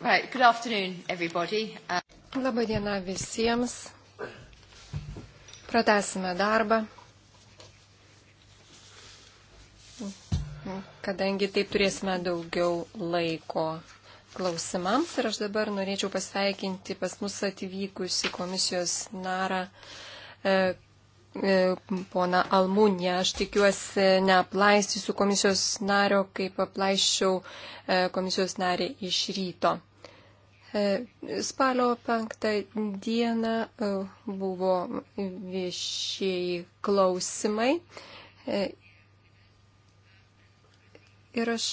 Right, good afternoon, everybody. Uh... Labą dieną visiems. Pratesime darbą. Kadangi taip turėsime daugiau laiko klausimams ir aš dabar norėčiau pasveikinti pas mus atvykusi komisijos narą e, E, pona Almūnė. Aš tikiuosi neaplaistysiu komisijos nario, kaip aplaiščiau e, komisijos narį iš ryto. E, spalio penktą dieną buvo viešieji klausimai. Ir aš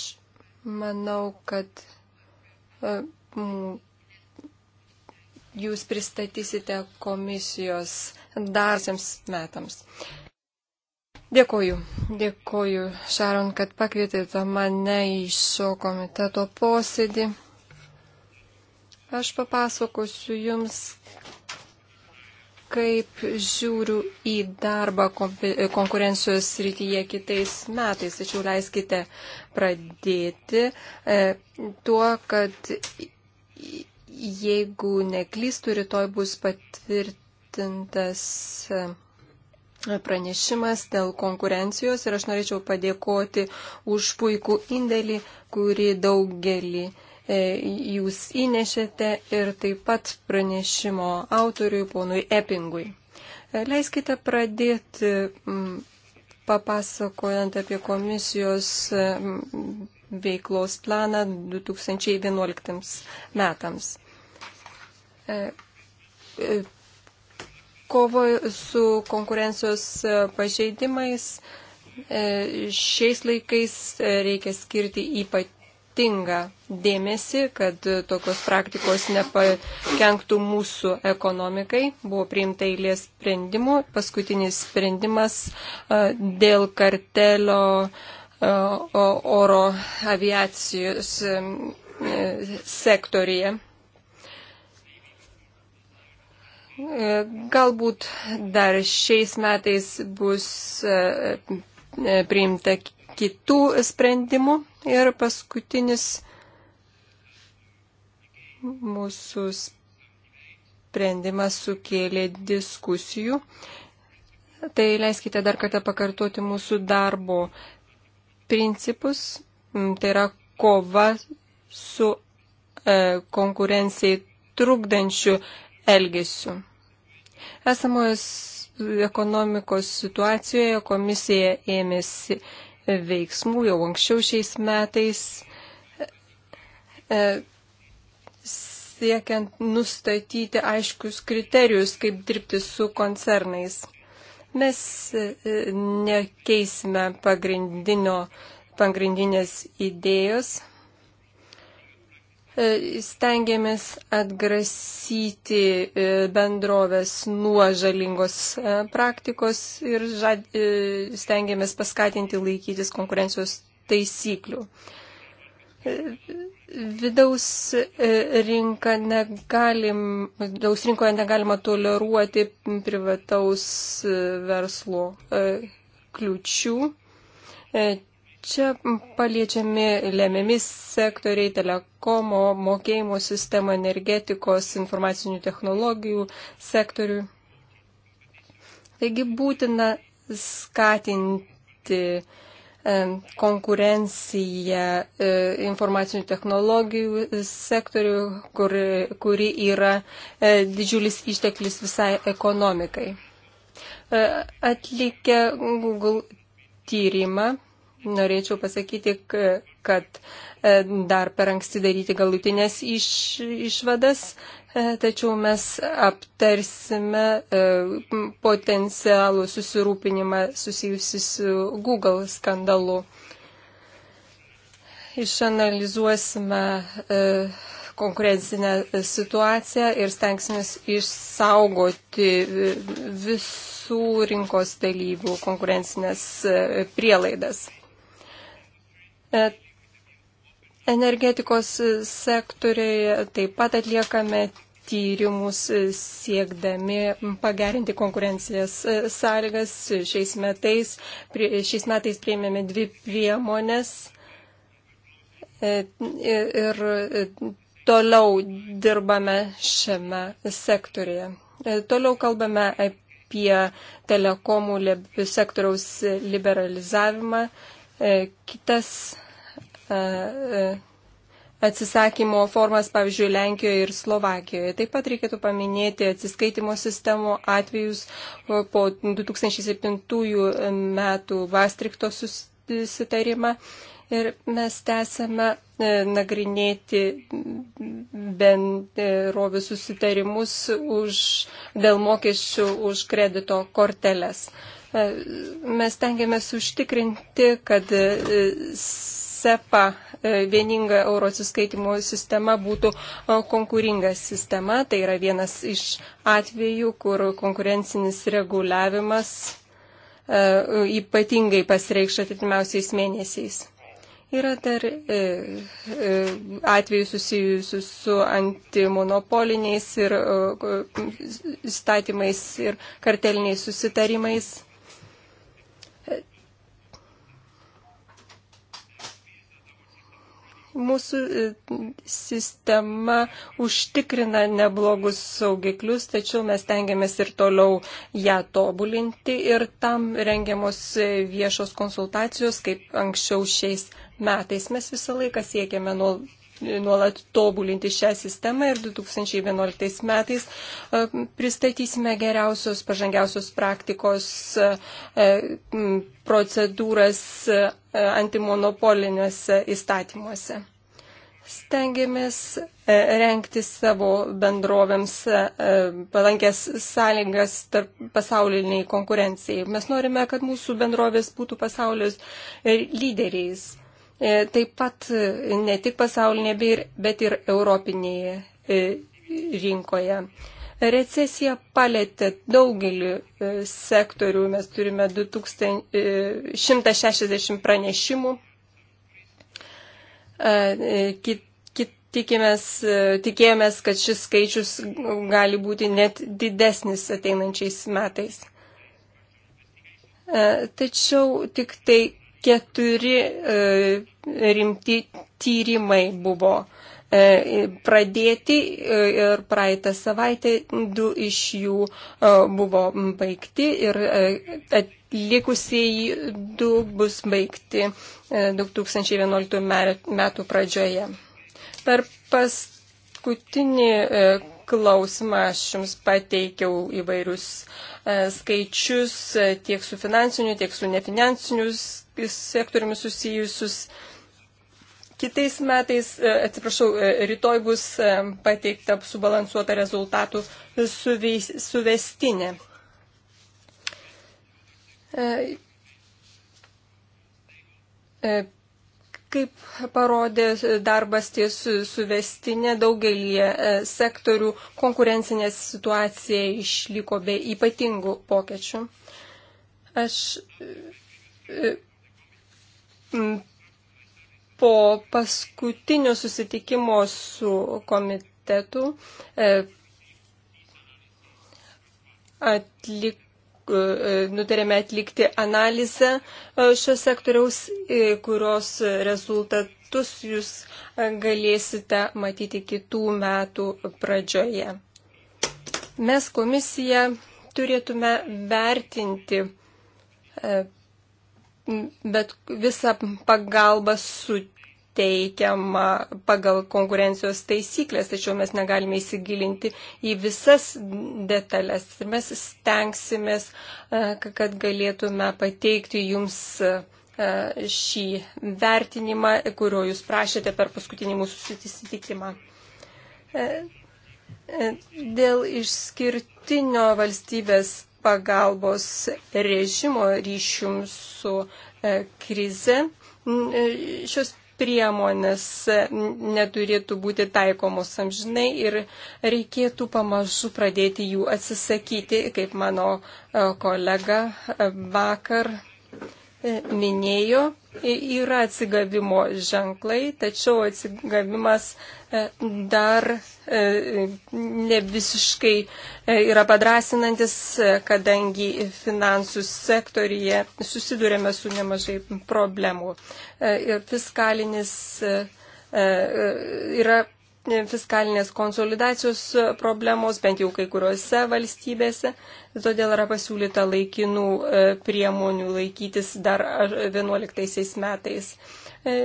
manau, kad jūs pristatysite komisijos darsiems metams. Dėkoju. Dėkoju, Šaron, kad pakvietėte mane į šio komiteto posėdį. Aš papasakosiu Jums, kaip žiūriu į darbą konkurencijos srityje kitais metais. Tačiau leiskite pradėti e, tuo, kad jeigu neklystų, rytoj bus patvirt, patvirtintas e, pranešimas dėl konkurencijos ir aš norėčiau padėkoti už puikų indėlį, kurį daugelį e, jūs įnešėte ir taip pat pranešimo autoriui ponui Epingui. E, leiskite pradėti papasakojant apie komisijos veiklos planą 2011 metams kovai su konkurencijos e, pažeidimais e, šiais laikais e, reikia skirti ypatingą dėmesį, kad tokios praktikos nepakenktų mūsų ekonomikai. Buvo priimta eilės sprendimų. Paskutinis sprendimas dėl kartelio oro aviacijos sektorija. E, galbūt dar šiais metais bus e, e, priimta kitų sprendimų ir paskutinis mūsų sprendimas sukėlė diskusijų. Tai leiskite dar kartą pakartoti mūsų darbo principus. Mm, tai yra kova su e, konkurencijai trukdančiu elgesiu. Esamos ekonomikos situacijoje komisija ėmėsi veiksmų jau anksčiau šiais metais e, siekiant nustatyti aiškius kriterijus, kaip dirbti su koncernais. Mes e, nekeisime pagrindinės idėjos, E, stengiamės atgrasyti e, bendrovės nuo žalingos e, praktikos ir žad, stengiamės paskatinti laikytis konkurencijos taisyklių. Vidaus, rinka negalim, vidaus rinkoje negalima toleruoti privataus verslo kliučių Čia paliečiami lemiami sektoriai - telekomo, mokėjimo sistema, energetikos, informacinių technologijų sektorių. Taigi būtina skatinti e, konkurenciją e, informacinių technologijų sektorių, kur, kuri yra e, didžiulis išteklis visai ekonomikai. Atlikę Google tyrimą norėčiau pasakyti, kad e, dar per anksti daryti galutinės iš, išvadas, e, tačiau mes aptarsime e, potencialų susirūpinimą susijusi su Google skandalu. Išanalizuosime konkurencinę situaciją ir stengsime išsaugoti visų rinkos dalyvių konkurencinės prielaidas. Energetikos sektoriai taip pat atliekame tyrimus siekdami pagerinti konkurencijas e, sąlygas. Šiais metais, šiais metais prieimėme dvi priemonės e, ir e, toliau dirbame šiame sektorėje. Toliau kalbame apie telekomų sektoriaus liberalizavimą. Kitas atsisakymo formas, pavyzdžiui, Lenkijoje ir Slovakijoje. Taip pat reikėtų paminėti atsiskaitimo sistemų atvejus po 2007 metų Vastrikto susitarimą. Ir mes tęsėme e, nagrinėti bendrovių susitarimus už, dėl mokesčių už kredito korteles. E, mes tengiamės užtikrinti, kad e, SEPA e, vieninga euro atsiskaitimo sistema būtų e, konkuringa sistema. Tai yra vienas iš atvejų, kur konkurencinis reguliavimas e, ypatingai pasireikš atitimiausiais mėnesiais. Yra dar e, e, atvejų susijusių su antimonopoliniais ir e, statymais ir karteliniais susitarimais Mūsų e, sistema užtikrina neblogus saugiklius, tačiau mes tengiamės ir toliau ją tobulinti ir tam rengiamos e, viešos konsultacijos, kaip anksčiau šiais metais. Mes visą laiką siekiame nuo nuolat tobulinti šią sistemą ir 2011 metais e, pristatysime geriausios, pažangiausios praktikos e, e, procedūras antimonopolinėse įstatymuose. Stengiamės renkti savo bendrovėms palankės sąlygas tarp pasauliniai konkurencijai. Mes norime, kad mūsų bendrovės būtų pasaulios lyderiais E, taip pat ne tik pasaulinėje, bet ir europinėje e, rinkoje. Recesija palėtė daugelį e, sektorių, mes turime 2160 pranešimų. Tikimės, tikėjomės, kad šis skaičius gali būti net didesnis ateinančiais metais. Tačiau tik tai Keturi e, rimti tyrimai buvo e, pradėti e, ir praeitą savaitę du iš jų buvo baigti ir likusieji du bus baigti 2011 metų pradžioje. Per paskutinį klausimą aš jums pateikiau įvairius e, skaičius e, tiek su finansiniu, tiek su nefinansiniu sektoriumi susijusius. Kitais metais, e, atsiprašau, rytoj bus pateikta subalansuota rezultatų suvestinė. Su Kaip parodė darbas ties suvestinė, daugelį e, sektorių konkurencinė situacija išliko be ypatingų pokėčių. Aš e, e, po paskutinio susitikimo su komitetu atlik E, nutarėme atlikti analizę e, šio sektoriaus, e, kurios rezultatus jūs galėsite matyti kitų metų pradžioje. Mes komisiją turėtume vertinti bet visą pagalbą su teikiama pagal konkurencijos taisyklės, tačiau mes negalime įsigilinti į visas detalės. Ir mes stengsimės, e, kad galėtume pateikti jums e, šį vertinimą, kurio jūs prašėte per paskutinį mūsų susitikimą. E, dėl išskirtinio valstybės pagalbos režimo ryšium su krize. Šios priemonės neturėtų būti taikomos amžinai ir reikėtų pamažu pradėti jų atsisakyti, kaip mano e, kolega e, vakar minėjo, yra atsigavimo ženklai, tačiau atsigavimas e, dar e, ne visiškai e, yra padrasinantis, kadangi finansų sektorija susidurėme su nemažai problemų. Ir fiskalinis yra fiskalinės konsolidacijos problemos, bent jau kai kuriuose valstybėse. Todėl yra pasiūlyta laikinų e, priemonių laikytis dar 11 metais. E,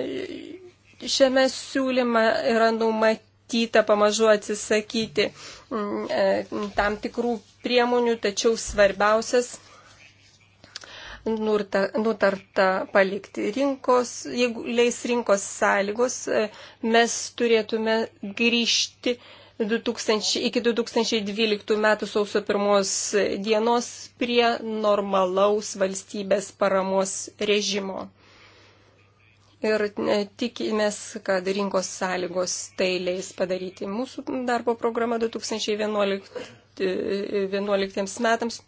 šiame siūlyme yra numatyta pamažu atsisakyti mm, e, tam tikrų priemonių, tačiau svarbiausias nurta, nutarta palikti rinkos, jeigu leis rinkos sąlygos, e, mes turėtume grįžti 2000, iki 2012 metų sausio pirmos dienos prie normalaus valstybės paramos režimo. Ir e, tikimės, kad rinkos sąlygos tai leis padaryti. Mūsų darbo programa 2011 2011 metams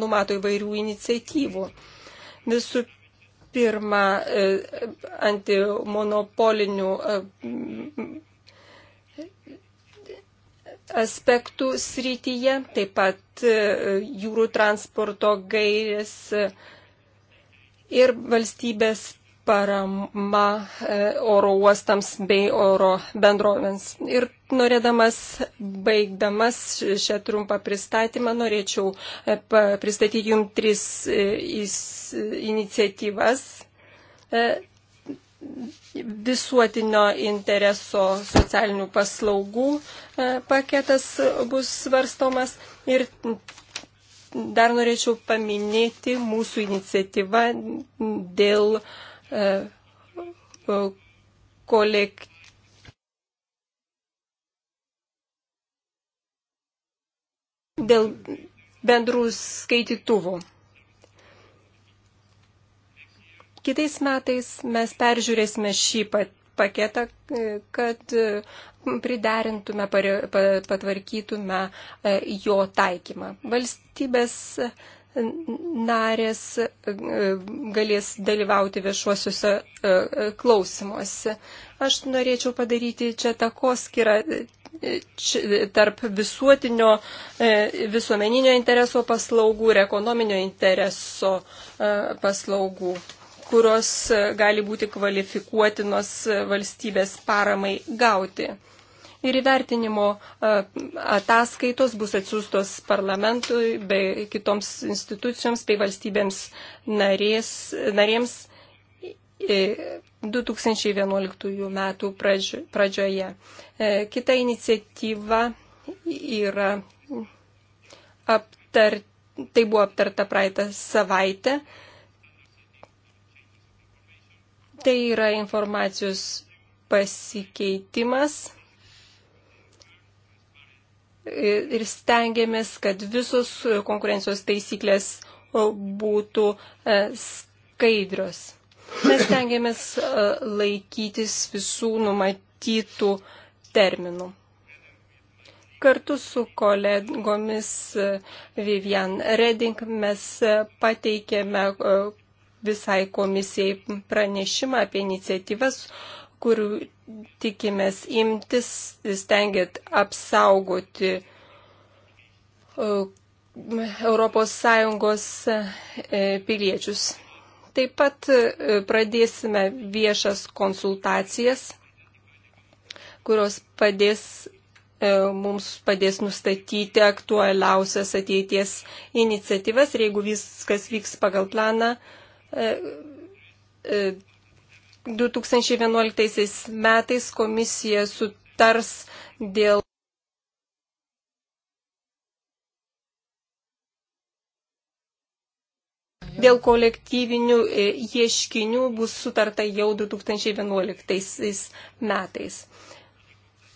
numato įvairių iniciatyvų. Visų pirma, e, antimonopolinių e, aspektų srityje, taip pat e, jūrų transporto gairės ir valstybės parama e, oro uostams bei oro bendrovėms. Ir norėdamas, baigdamas šią trumpą pristatymą, norėčiau e, pristatyti jums tris e, iniciatyvas visuotinio intereso socialinių paslaugų paketas bus svarstomas. Ir dar norėčiau paminėti mūsų iniciatyvą dėl uh, kolektyvų dėl bendrų skaitytuvų. Kitais metais mes peržiūrėsime šį paketą, e, kad e, priderintume, patvarkytume e, jo taikymą. Valstybės narės e, galės dalyvauti viešuosiuose e, e, klausimuose. Aš norėčiau padaryti čia takoskirą tarp visuotinio visuomeninio intereso paslaugų ir ekonominio intereso paslaugų, kurios gali būti kvalifikuotinos valstybės paramai gauti ir įvertinimo e, ataskaitos bus atsiūstos parlamentui bei kitoms institucijoms bei valstybėms narės, narėms 2011 e, metų pradžioje. E, kita iniciatyva yra aptarti, tai buvo aptarta praeitą savaitę. Tai yra informacijos pasikeitimas ir stengiamės, kad visos konkurencijos taisyklės būtų e, skaidrios. Mes stengiamės e, laikytis visų numatytų terminų. Kartu su kolegomis e, Vivian Reding mes pateikėme visai komisijai pranešimą apie iniciatyvas, kurių tikimės imtis, stengiat apsaugoti uh, ES uh, piliečius. Taip pat uh, pradėsime viešas konsultacijas, kurios padės mums padės nustatyti aktualiausias ateities iniciatyvas ir jeigu viskas vyks pagal planą, 2011 metais komisija sutars dėl. Dėl kolektyvinių e, ieškinių bus sutarta jau 2011 metais.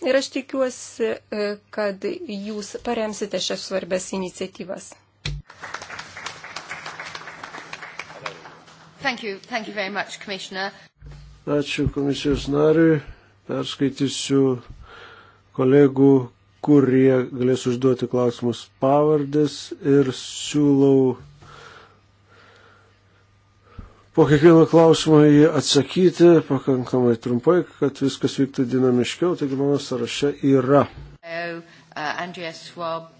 Ir aš tikiuosi, e, kad jūs paremsite šias svarbias iniciatyvas. Thank you. Thank you very much, Commissioner. Ačiū komisijos nariui. Perskaitysiu kolegų, kurie galės užduoti klausimus pavardės ir siūlau po kiekvieno klausimo jį atsakyti pakankamai trumpai, kad viskas vyktų dinamiškiau. Taigi mano sąraše yra. Oh, uh, Schwab,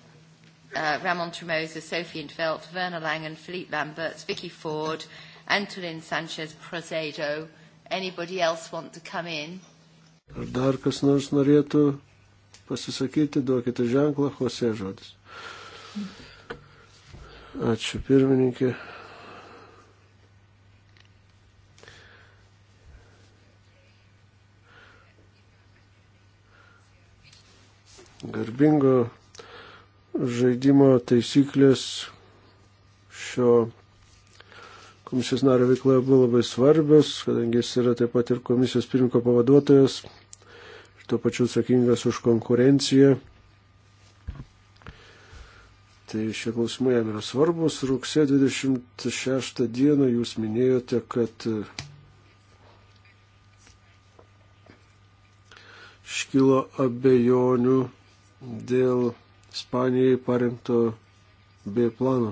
Uh, Ramon Tremosa, Sophie Infelt, Werner Langen, Fleet Lamberts, Vicky Ford, Antolin Sanchez Prozedo, Anybody else want to come in? Ar dar kas nors norėtų pasisakyti, duokite ženklą, Hosė žodis. Ačiū pirmininkė. Garbingo žaidimo taisyklės šio komisijos nario veikloje buvo labai svarbios, kadangi jis yra taip pat ir komisijos pirmininko pavaduotojas, ir tuo pačiu atsakingas už konkurenciją. Tai šie klausimai jam yra svarbus. Rugsė 26 dieną jūs minėjote, kad e, iškilo abejonių dėl Ispanijai parengto B plano.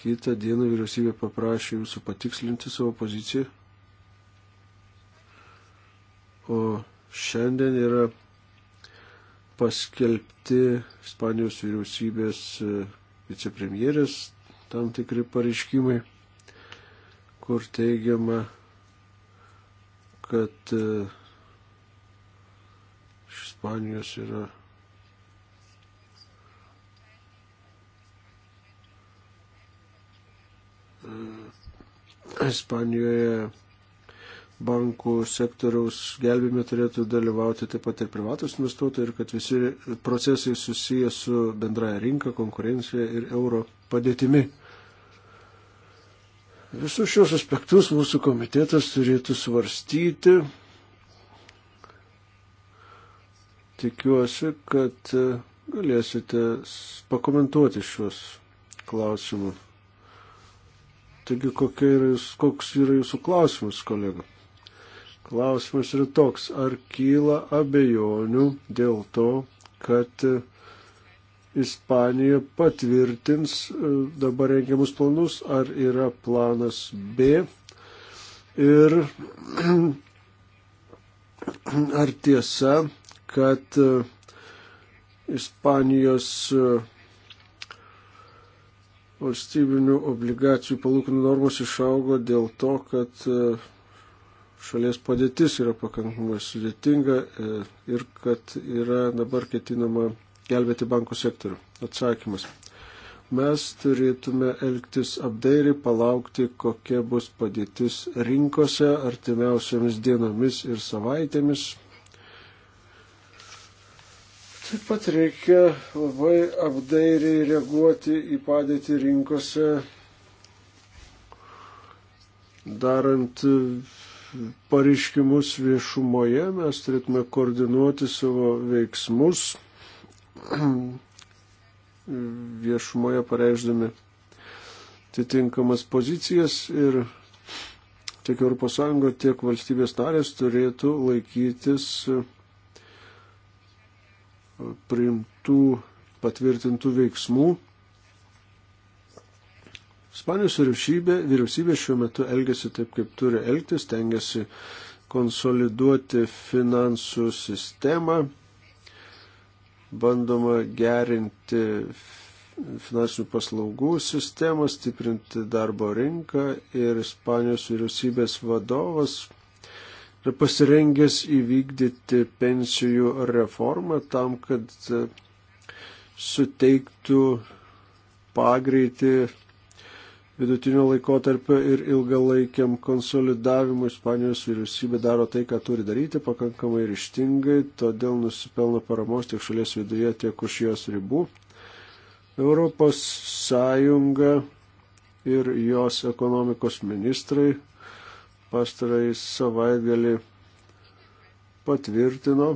Kita diena vyriausybė paprašė jūsų patikslinti savo poziciją. O šiandien yra paskelbti Ispanijos vyriausybės e, vicepremjerės tam tikri pareiškimai, kur teigiama, kad e, iš Ispanijos yra Ispanijoje bankų sektoriaus gelbime turėtų dalyvauti taip pat ir privatus investuotojai ir kad visi procesai susiję su bendraja rinka, konkurencija ir euro padėtimi. Visus šios aspektus mūsų komitetas turėtų svarstyti. Tikiuosi, kad galėsite pakomentuoti šios klausimus. Taigi, yra, koks yra jūsų klausimas, kolega? Klausimas yra toks, ar kyla abejonių dėl to, kad e, Ispanija patvirtins e, dabar rengiamus planus, ar yra planas B ir ar tiesa, kad e, Ispanijos valstybinių obligacijų palūkanų normos išaugo dėl to, kad e, šalies padėtis yra pakankamai sudėtinga e, ir kad yra dabar ketinama gelbėti bankų sektorių. Atsakymas. Mes turėtume elgtis apdairiai, palaukti, kokia bus padėtis rinkose artimiausiamis dienomis ir savaitėmis, Taip pat reikia labai apdairiai reaguoti į padėtį rinkose, darant pareiškimus viešumoje, mes turėtume koordinuoti savo veiksmus viešumoje pareišdami atitinkamas pozicijas ir tiek ES, tiek valstybės narės turėtų laikytis priimtų patvirtintų veiksmų. Ispanijos vyriausybė, vyriausybė šiuo metu elgesi taip, kaip turi elgtis, tengiasi konsoliduoti finansų sistemą, bandoma gerinti finansinių paslaugų sistemą, stiprinti darbo rinką ir Ispanijos vyriausybės vadovas pasirengęs įvykdyti pensijų reformą tam, kad e, suteiktų pagreitį vidutinio laikotarpio ir ilgalaikiam konsolidavimui Ispanijos vyriausybė daro tai, ką turi daryti, pakankamai ryštingai, todėl nusipelno paramos tiek šalies viduje, tiek už jos ribų. Europos Sąjunga ir jos ekonomikos ministrai pastarąjį savaitgalį patvirtino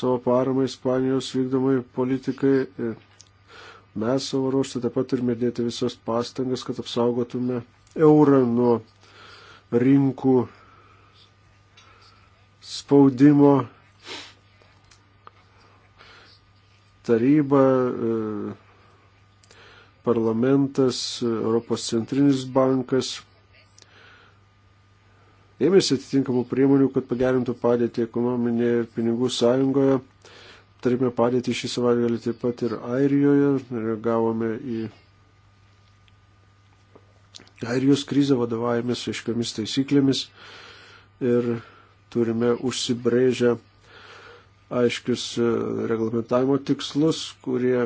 savo paramą Ispanijos vykdomai politikai. Mes savo ruoštą taip pat turime dėti visas pastangas, kad apsaugotume eurą nuo rinkų spaudimo taryba. E, parlamentas, Europos centrinis bankas ėmėsi atitinkamų priemonių, kad pagerintų padėtį ekonominėje ir pinigų sąjungoje. Tarime padėtį šį savaitgalį taip pat ir Airijoje. Reagavome į Airijos krizę, vadovavomės aiškiamis taisyklėmis ir turime užsibrėžę aiškius reglamentavimo tikslus, kurie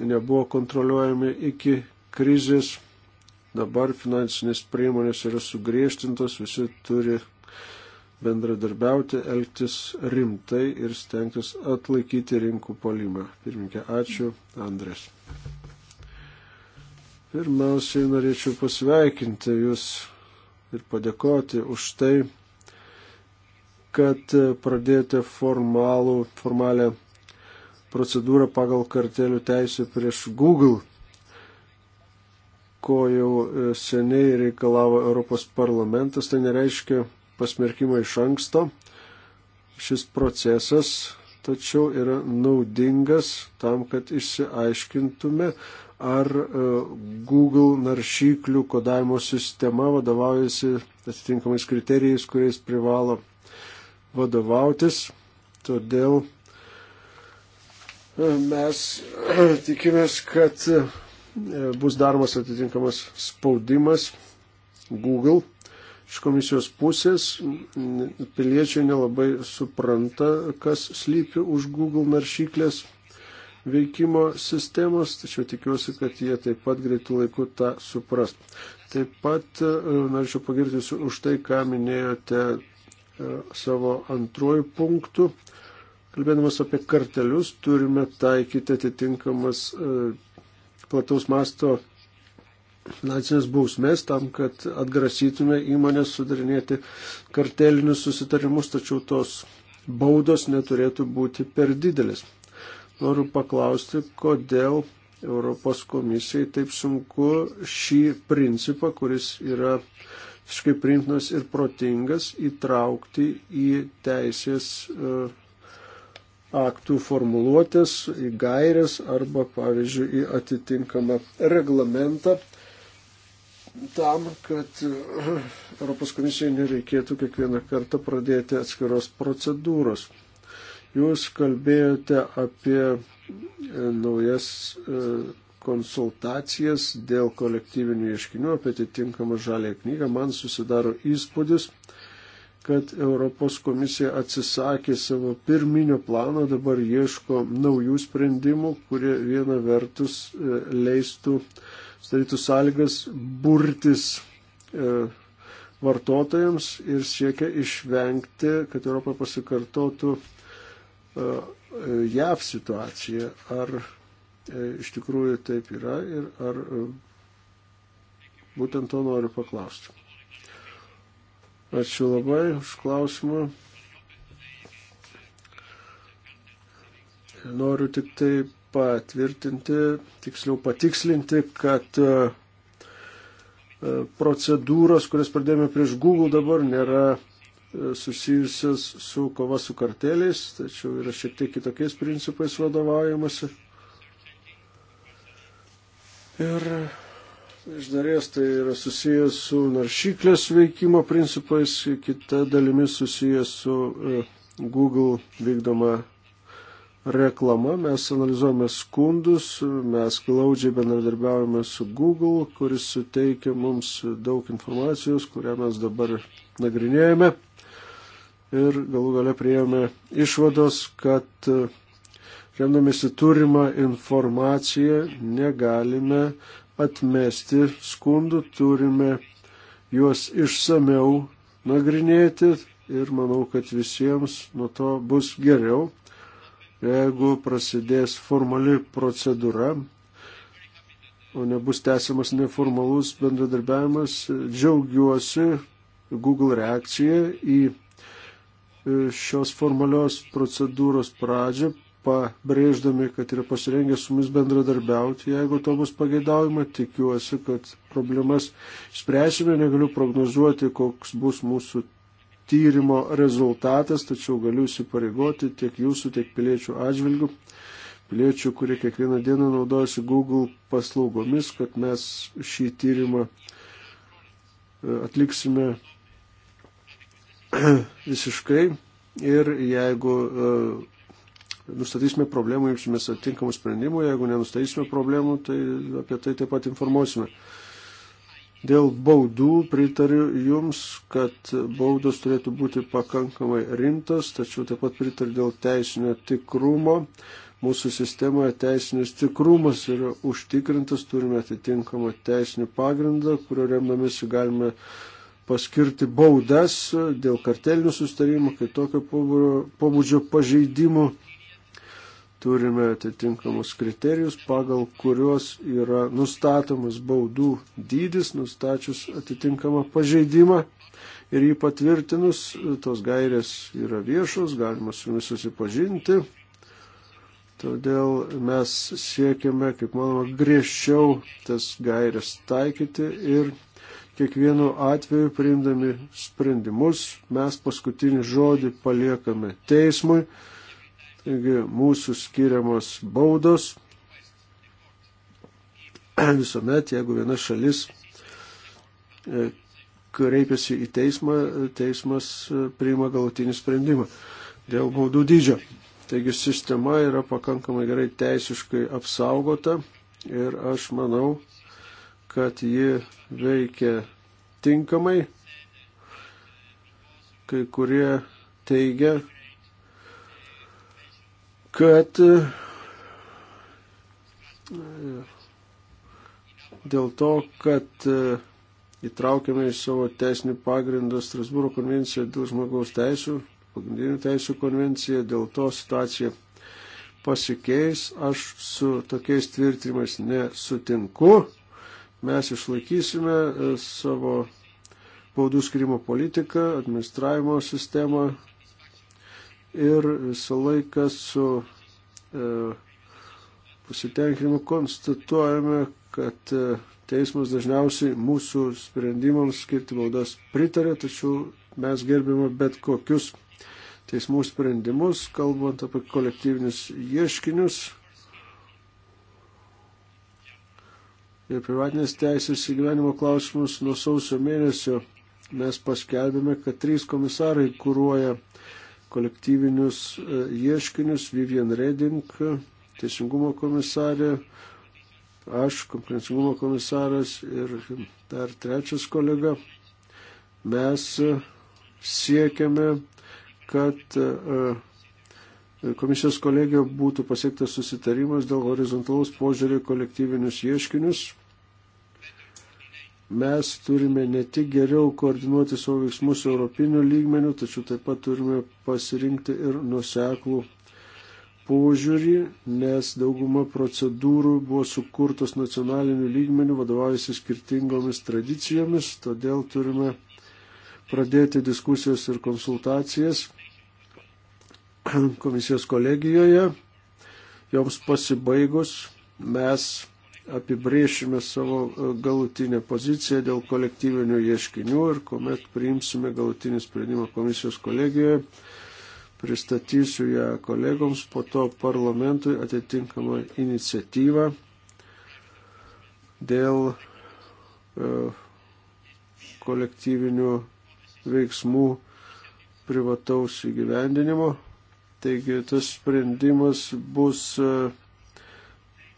nebuvo kontroliuojami iki krizės. Dabar finansinės priemonės yra sugriežtintos, visi turi bendradarbiauti, elgtis rimtai ir stengtis atlaikyti rinkų polimą. Pirminkė, ačiū, Andrės. Pirmiausiai norėčiau pasveikinti Jūs ir padėkoti už tai, kad pradėjote formalų, formalę procedūrą pagal kartelių teisę prieš Google, ko jau e, seniai reikalavo Europos parlamentas, tai nereiškia pasmerkimo iš anksto. Šis procesas tačiau yra naudingas tam, kad išsiaiškintume, ar e, Google naršyklių kodavimo sistema vadovaujasi atitinkamais kriterijais, kuriais privalo vadovautis. Todėl Mes eh, tikimės, kad eh, bus daromas atitinkamas spaudimas Google iš komisijos pusės. Piliečiai nelabai supranta, kas slypi už Google naršyklės veikimo sistemos, tačiau tikiuosi, kad jie taip pat greitų laikų tą supras. Taip pat eh, norėčiau pagirti už tai, ką minėjote savo antrojų punktų Kalbėdamas apie kartelius, turime taikyti atitinkamas e, plataus masto finansinės bausmės tam, kad atgrasytume įmonės sudarinėti kartelinius susitarimus, tačiau tos baudos neturėtų būti per didelis. Noriu paklausti, kodėl Europos komisijai taip sunku šį principą, kuris yra visiškai priimtinas ir protingas, įtraukti į teisės uh, aktų formuluotės, į gairias arba, pavyzdžiui, į atitinkamą reglamentą tam, kad Europos komisijai nereikėtų kiekvieną kartą pradėti atskiros procedūros. Jūs kalbėjote apie e, naujas e, konsultacijas dėl kolektyvinių ieškinių, apie atitinkamą žalę knygą. Man susidaro įspūdis, kad Europos komisija atsisakė savo pirminio plano, dabar ieško naujų sprendimų, kurie viena vertus e, leistų, sudarytų sąlygas burtis e, vartotojams ir siekia išvengti, kad Europą pasikartotų e, JAV situacija. Ar iš tikrųjų taip yra ir ar būtent to noriu paklausti. Ačiū labai už klausimą. Noriu tik tai patvirtinti, tiksliau patikslinti, kad e, procedūros, kurias pradėjome prieš Google dabar, nėra e, susijusios su kova su karteliais, tačiau yra šiek tiek kitokiais principais vadovaujamasi. Ir iš dalies tai yra susijęs su naršyklės veikimo principais, kita dalimi susijęs su e, Google vykdoma reklama. Mes analizuojame skundus, mes glaudžiai bendradarbiaujame su Google, kuris suteikia mums daug informacijos, kurią mes dabar nagrinėjame. Ir galų gale prieėmė išvados, kad e, remdamėsi turimą informaciją negalime atmesti skundų, turime juos išsameu nagrinėti ir manau, kad visiems nuo to bus geriau, jeigu prasidės formali procedūra, o nebus tęsiamas neformalus bendradarbiavimas. Džiaugiuosi Google reakcija į e, šios formalios procedūros pradžią, pabrėždami, kad yra pasirengę su mumis bendradarbiauti, jeigu to bus pageidaujama, tikiuosi, kad problemas spręsime, negaliu prognozuoti, koks bus mūsų tyrimo rezultatas, tačiau galiu įsipareigoti tiek jūsų, tiek piliečių atžvilgių, piliečių, kurie kiekvieną dieną naudojasi Google paslaugomis, kad mes šį tyrimą e, atliksime visiškai ir jeigu uh, nustatysime problemų, imsimės atitinkamų sprendimų, jeigu nenustatysime problemų, tai apie tai taip pat informuosime. Dėl baudų pritariu Jums, kad baudos turėtų būti pakankamai rimtos, tačiau taip pat pritariu dėl teisinio tikrumo. Mūsų sistemoje teisinis tikrumas yra užtikrintas, turime atitinkamą teisinį pagrindą, kurio remdamėsi galime paskirti baudas dėl kartelinių sustarimų, kai tokio pobūdžio pažeidimų turime atitinkamus kriterijus, pagal kuriuos yra nustatomas baudų dydis, nustačius atitinkamą pažeidimą ir jį patvirtinus, tos gairės yra viešos, galima su jumis susipažinti. Todėl mes siekiame, kaip manoma, griežčiau tas gairės taikyti ir kiekvienu atveju priimdami sprendimus mes paskutinį žodį paliekame teismui Taigi mūsų skiriamos baudos visuomet, jeigu viena šalis e, kreipiasi į teismą, teismas e, priima galutinį sprendimą dėl baudų dydžio. Taigi sistema yra pakankamai gerai teisiškai apsaugota ir aš manau, kad ji veikia tinkamai. Kai kurie teigia, kad e, dėl to, kad e, įtraukiame į savo teisinį pagrindą Strasbūro konvenciją dėl žmogaus teisų, pagrindinių teisų konvenciją, dėl to situacija pasikeis, aš su tokiais tvirtinimais nesutinku. Mes išlaikysime e, savo baudų skirimo politiką, administravimo sistemą, ir visą laiką su e, pasitenkinimu konstatuojame, kad e, teismas dažniausiai mūsų sprendimams skirti baudas pritarė, tačiau mes gerbėme bet kokius teismų sprendimus, kalbant apie kolektyvinius ieškinius. Ir privatinės teisės įgyvenimo klausimus nuo sausio mėnesio mes paskelbėme, kad trys komisarai kūruoja kolektyvinius e, ieškinius Vivian Reding, teisingumo komisarė, aš, konkurencingumo komisaras ir dar trečias kolega. Mes e, siekiame, kad e, komisijos kolegija būtų pasiektas susitarimas dėl horizontalaus požiūrį kolektyvinius ieškinius mes turime ne tik geriau koordinuoti savo veiksmus europinių lygmenių, tačiau taip pat turime pasirinkti ir nuseklų požiūrį, nes dauguma procedūrų buvo sukurtos nacionaliniu lygmeniu, vadovaujasi skirtingomis tradicijomis, todėl turime pradėti diskusijas ir konsultacijas komisijos kolegijoje. Joms pasibaigus mes apibrėšime savo e, galutinę poziciją dėl kolektyvinių ieškinių ir kuomet priimsime galutinį sprendimą komisijos kolegijoje, pristatysiu ją kolegoms, po to parlamentui atitinkamą iniciatyvą dėl e, kolektyvinių veiksmų privataus įgyvendinimo. Taigi tas sprendimas bus uh,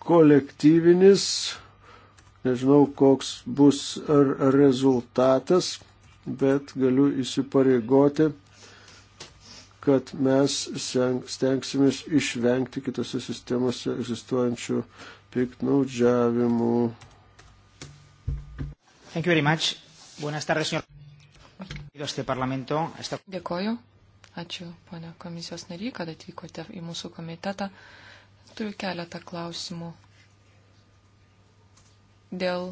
kolektyvinis, nežinau, koks bus rezultatas, bet galiu įsipareigoti, kad mes stengsimės išvengti kitose sistemose egzistuojančių piknaudžiavimų. Thank you very much. Buenas tardes, señor. Dėkoju. Ačiū, ponia komisijos nary, kad atvykote į mūsų komitetą. Turiu keletą klausimų dėl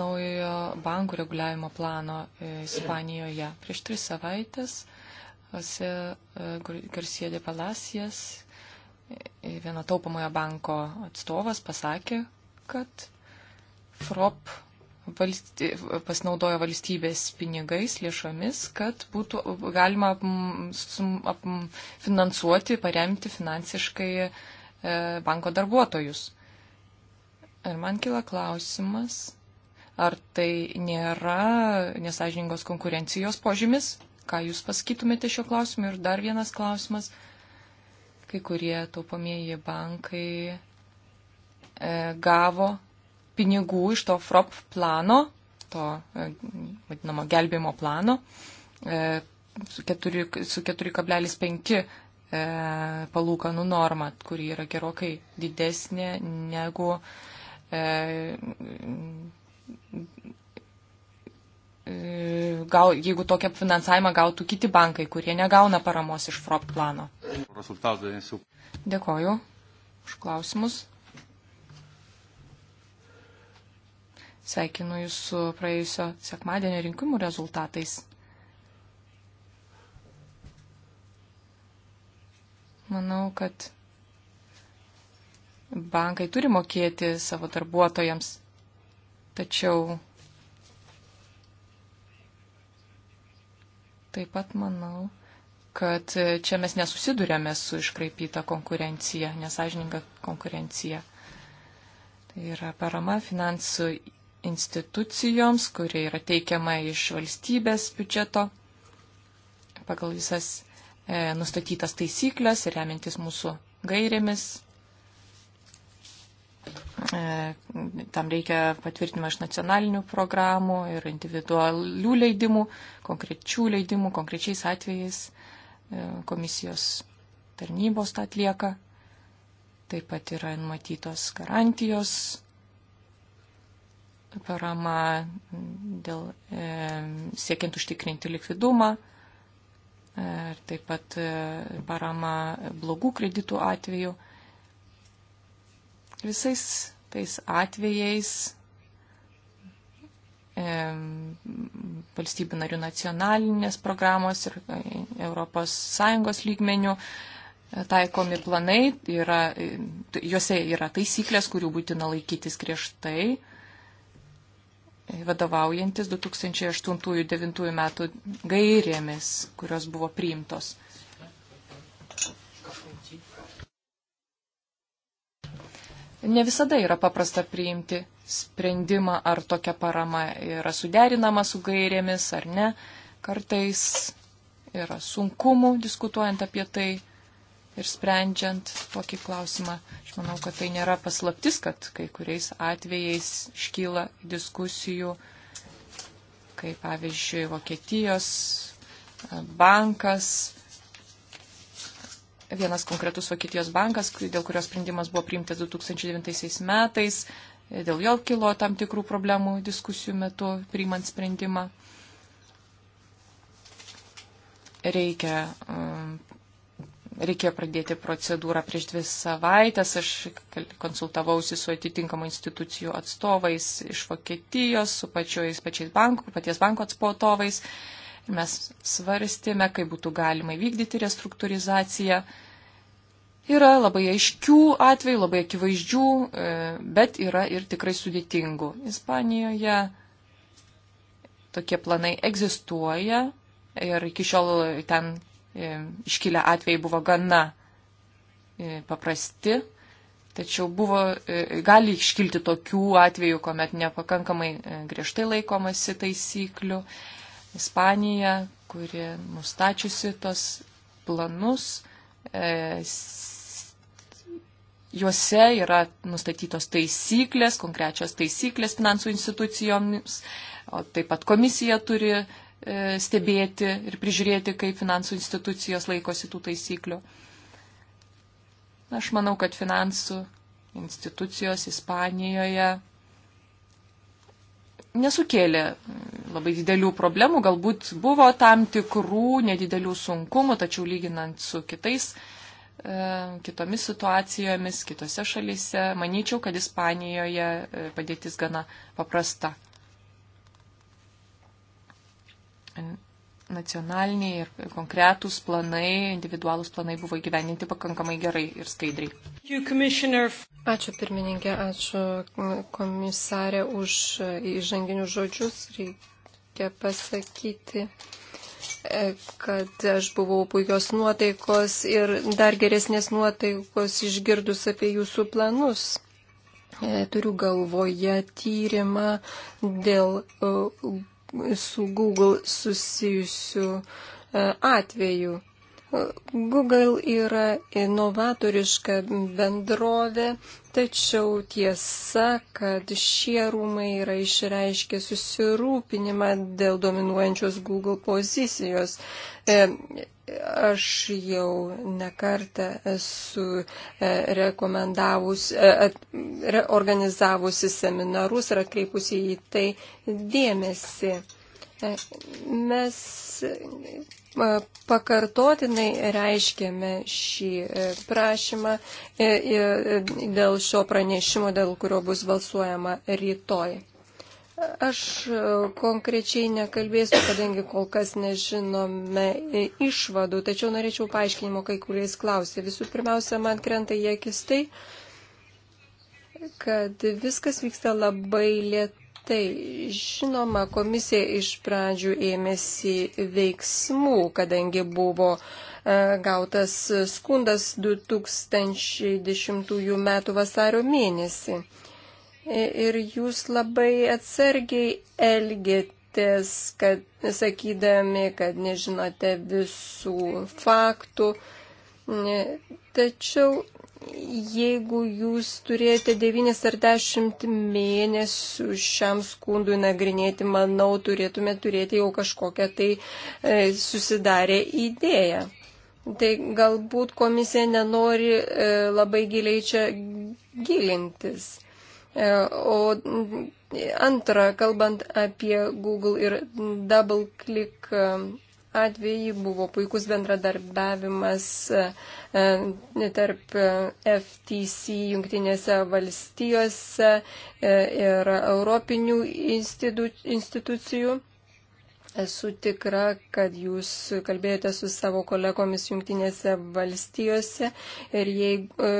naujojo bankų reguliavimo plano e, Ispanijoje. Prieš tris savaitės Ose e, e, Garcia de Palacias, vieno taupamojo banko atstovas, pasakė, kad FROP valsty, pasinaudojo valstybės pinigais, lėšomis, kad būtų galima finansuoti, paremti finansiškai e, banko darbuotojus. Ir man kila klausimas, ar tai nėra nesažiningos konkurencijos požymis? Ką Jūs pasakytumėte šio klausimu? Ir dar vienas klausimas. Kai kurie taupomieji bankai e, gavo pinigų iš to FROP plano, to e, vadinamo gelbėjimo plano, e, su 4,5 e, palūkanų norma, kuri yra gerokai didesnė negu gal, jeigu tokią finansavimą gautų kiti bankai, kurie negauna paramos iš FROP plano. Dėkoju už klausimus. Sveikinu Jūs su praėjusio sekmadienio rinkimų rezultatais. Manau, kad bankai turi mokėti savo darbuotojams, tačiau taip pat manau, kad čia mes nesusidurėme su iškraipyta konkurencija, nesažininga konkurencija. Tai yra parama finansų institucijoms, kurie yra teikiama iš valstybės biudžeto pagal visas e, nustatytas taisyklės ir remintis mūsų gairėmis. E, tam reikia patvirtinimo iš nacionalinių programų ir individualių leidimų, konkrečių leidimų, konkrečiais atvejais e, komisijos tarnybos tą atlieka. Taip pat yra numatytos garantijos parama dėl e, siekiant užtikrinti likvidumą, e, ir taip pat e, parama blogų kreditų atveju. Visais tais atvejais e, valstybių narių nacionalinės programos ir ES lygmenių e, taikomi planai, yra, juose yra taisyklės, kurių būtina laikytis griežtai vadovaujantis 2008-2009 metų gairėmis, kurios buvo priimtos. Ne visada yra paprasta priimti sprendimą, ar tokia parama yra suderinama su gairėmis ar ne. Kartais yra sunkumų diskutuojant apie tai ir sprendžiant tokį klausimą. Aš manau, kad tai nėra paslaptis, kad kai kuriais atvejais iškyla diskusijų, kai pavyzdžiui Vokietijos e, bankas, vienas konkretus Vokietijos bankas, dėl kurio sprendimas buvo priimtas 2009 metais, dėl jo kilo tam tikrų problemų diskusijų metu priimant sprendimą reikia um, reikėjo pradėti procedūrą prieš dvi savaitės. Aš konsultavausi su atitinkamų institucijų atstovais iš Vokietijos, su pačiais, pačiais bankų, paties banko atstovais. Mes svarstėme, kaip būtų galima įvykdyti restruktūrizaciją. Yra labai aiškių atvejų, labai akivaizdžių, e, bet yra ir tikrai sudėtingų. Ispanijoje tokie planai egzistuoja ir iki šiol ten E, iškilę atvejai buvo gana e, paprasti, tačiau buvo, e, gali iškilti tokių atvejų, kuomet nepakankamai griežtai laikomasi taisyklių. Ispanija, kuri nustačiusi tos planus, juose yra nustatytos taisyklės, konkrečios taisyklės finansų institucijoms, o taip pat komisija turi E, stebėti ir prižiūrėti, kaip finansų institucijos laikosi tų taisyklių. Aš manau, kad finansų institucijos Ispanijoje nesukėlė labai didelių problemų, galbūt buvo tam tikrų nedidelių sunkumų, tačiau lyginant su kitais, e, kitomis situacijomis, kitose šalyse, manyčiau, kad Ispanijoje e, padėtis gana paprasta nacionaliniai ir konkretūs planai, individualūs planai buvo įgyveninti pakankamai gerai ir skaidriai. Ačiū pirmininkė, ačiū komisarė už įžanginius žodžius. Reikia pasakyti, e, kad aš buvau puikios nuotaikos ir dar geresnės nuotaikos išgirdus apie jūsų planus. E, turiu galvoje tyrimą dėl e, su Google susijusių e, atvejų. Google yra inovatoriška bendrovė, tačiau tiesa, kad šie rūmai yra išreiškę susirūpinimą dėl dominuojančios Google pozicijos. E, aš jau nekartą esu e, rekomendavus, e, organizavusi seminarus ir atkreipusi į tai dėmesį. Mes pakartotinai reiškėme šį e, prašymą e, e, dėl šio pranešimo, dėl kurio bus balsuojama rytoj. Aš konkrečiai nekalbėsiu, kadangi kol kas nežinome išvadų, tačiau norėčiau paaiškinimo kai kuriais klausė. Visų pirmiausia, man krenta į akis tai, kad viskas vyksta labai lietai Tai žinoma, komisija iš pradžių ėmėsi veiksmų, kadangi buvo e, gautas skundas 2010 m. vasario mėnesį. Ir jūs labai atsargiai elgėtės, kad, sakydami, kad nežinote visų faktų. Tačiau jeigu jūs turėjote 9 ar 10 mėnesių šiam skundui nagrinėti, manau, turėtume turėti jau kažkokią tai e, susidarę idėją. Tai galbūt komisija nenori e, labai giliai čia gilintis. E, o antra, kalbant apie Google ir DoubleClick atvejį buvo puikus bendradarbiavimas e, e, tarp e, FTC jungtinėse valstijose ir europinių institucijų. Esu tikra, kad jūs kalbėjote su savo kolegomis jungtinėse valstijose ir, jei, e,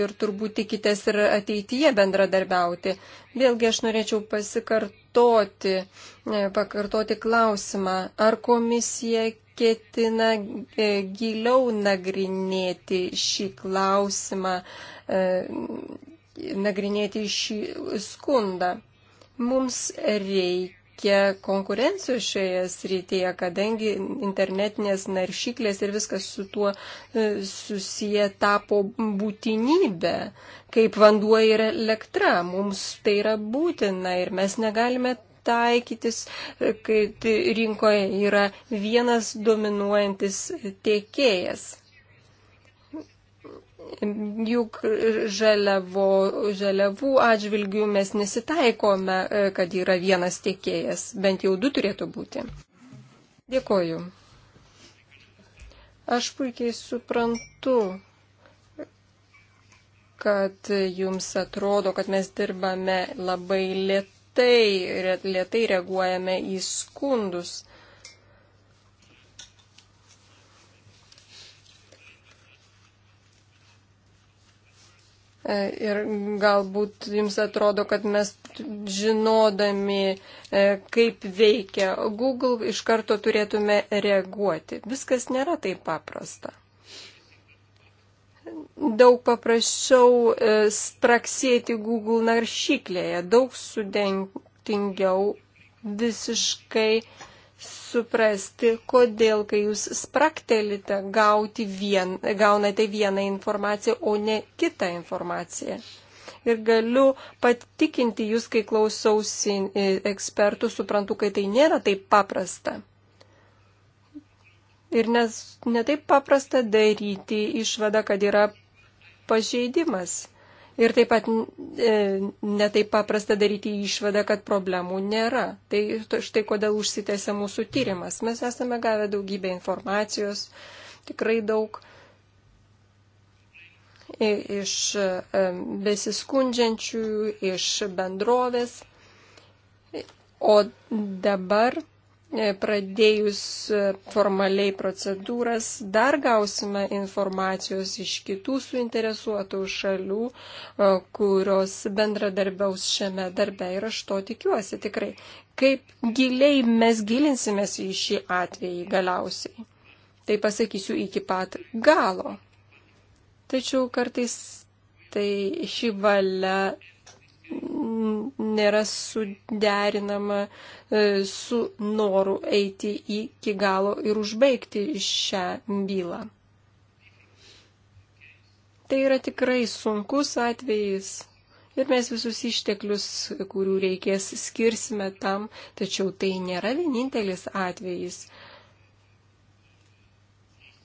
ir turbūt tikitės ir ateityje bendradarbiauti. Vėlgi aš norėčiau pasikartoti, e, pakartoti klausimą, ar komisija ketina e, giliau nagrinėti šį klausimą, nagrinėti šį skundą. Mums reikia reikia konkurencijos šioje srityje, kadangi internetinės naršyklės ir viskas su tuo e, susiję tapo būtinybė, kaip vanduo ir elektra. Mums tai yra būtina ir mes negalime taikytis, e, kai rinkoje yra vienas dominuojantis tiekėjas. Juk žaliavo, žaliavų atžvilgių mes nesitaikome, e, kad yra vienas tiekėjas, bent jau du turėtų būti. Dėkoju. Aš puikiai suprantu, kad jums atrodo, kad mes dirbame labai lietai, lietai reaguojame į skundus. E, ir galbūt jums atrodo, kad mes žinodami, e, kaip veikia Google, iš karto turėtume reaguoti. Viskas nėra taip paprasta. Daug paprasčiau e, straksėti Google naršyklėje, daug sudėtingiau visiškai suprasti, kodėl, kai jūs spraktelite, vien, gaunate vieną informaciją, o ne kitą informaciją. Ir galiu patikinti jūs, kai klausausi e, ekspertų, suprantu, kad tai nėra taip paprasta. Ir nes netaip paprasta daryti išvadą, kad yra pažeidimas. Ir taip pat e, netaip paprasta daryti išvadą, kad problemų nėra. Tai štai kodėl užsitęsia mūsų tyrimas. Mes esame gavę daugybę informacijos, tikrai daug iš e, besiskundžiančių, iš bendrovės. O dabar E, pradėjus e, formaliai procedūras, dar gausime informacijos iš kitų suinteresuotų šalių, e, kurios bendradarbiaus šiame darbe ir aš to tikiuosi tikrai. Kaip giliai mes gilinsimės į šį atvejį galiausiai. Tai pasakysiu iki pat galo. Tačiau kartais tai ši valia nėra suderinama e, su noru eiti iki galo ir užbaigti šią bylą. Tai yra tikrai sunkus atvejis ir mes visus išteklius, kurių reikės, skirsime tam, tačiau tai nėra vienintelis atvejis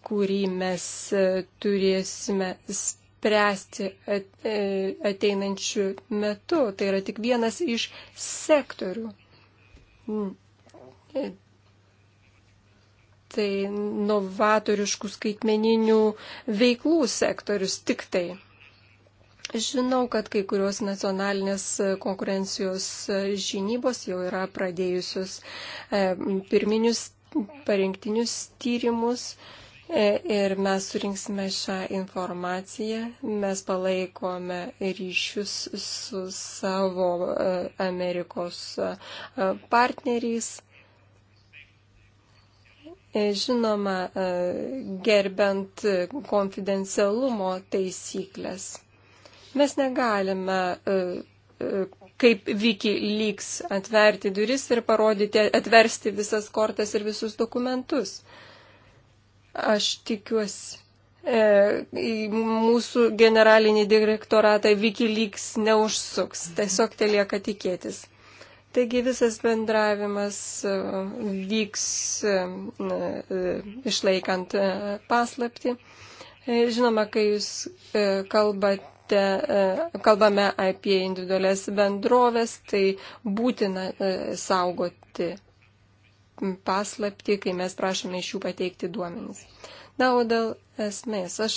kurį mes e, turėsime spręsti spręsti e, ateinančių metų. Tai yra tik vienas iš sektorių. Mm. E, tai novatoriškų skaitmeninių veiklų sektorius tik tai. Žinau, kad kai kurios nacionalinės konkurencijos žinybos jau yra pradėjusios e, pirminius parinktinius tyrimus. E, E, ir mes surinksime šią informaciją. Mes palaikome ryšius su savo e, Amerikos e, partneriais. Žinoma, gerbent konfidencialumo taisyklės. Mes negalime kaip Wikileaks atverti duris ir parodyti, atversti visas kortas ir visus dokumentus. Aš tikiuosi. E, mūsų generalinį direktoratą Wikileaks neužsuks, tiesiog tai lieka tikėtis. Taigi visas bendravimas e, vyks e, išlaikant paslapti. Žinoma, kai jūs kalbate te, kalbame apie individualias bendrovės, tai būtina saugoti paslapti, kai mes prašome iš jų pateikti duomenys. Na, o dėl esmės, aš,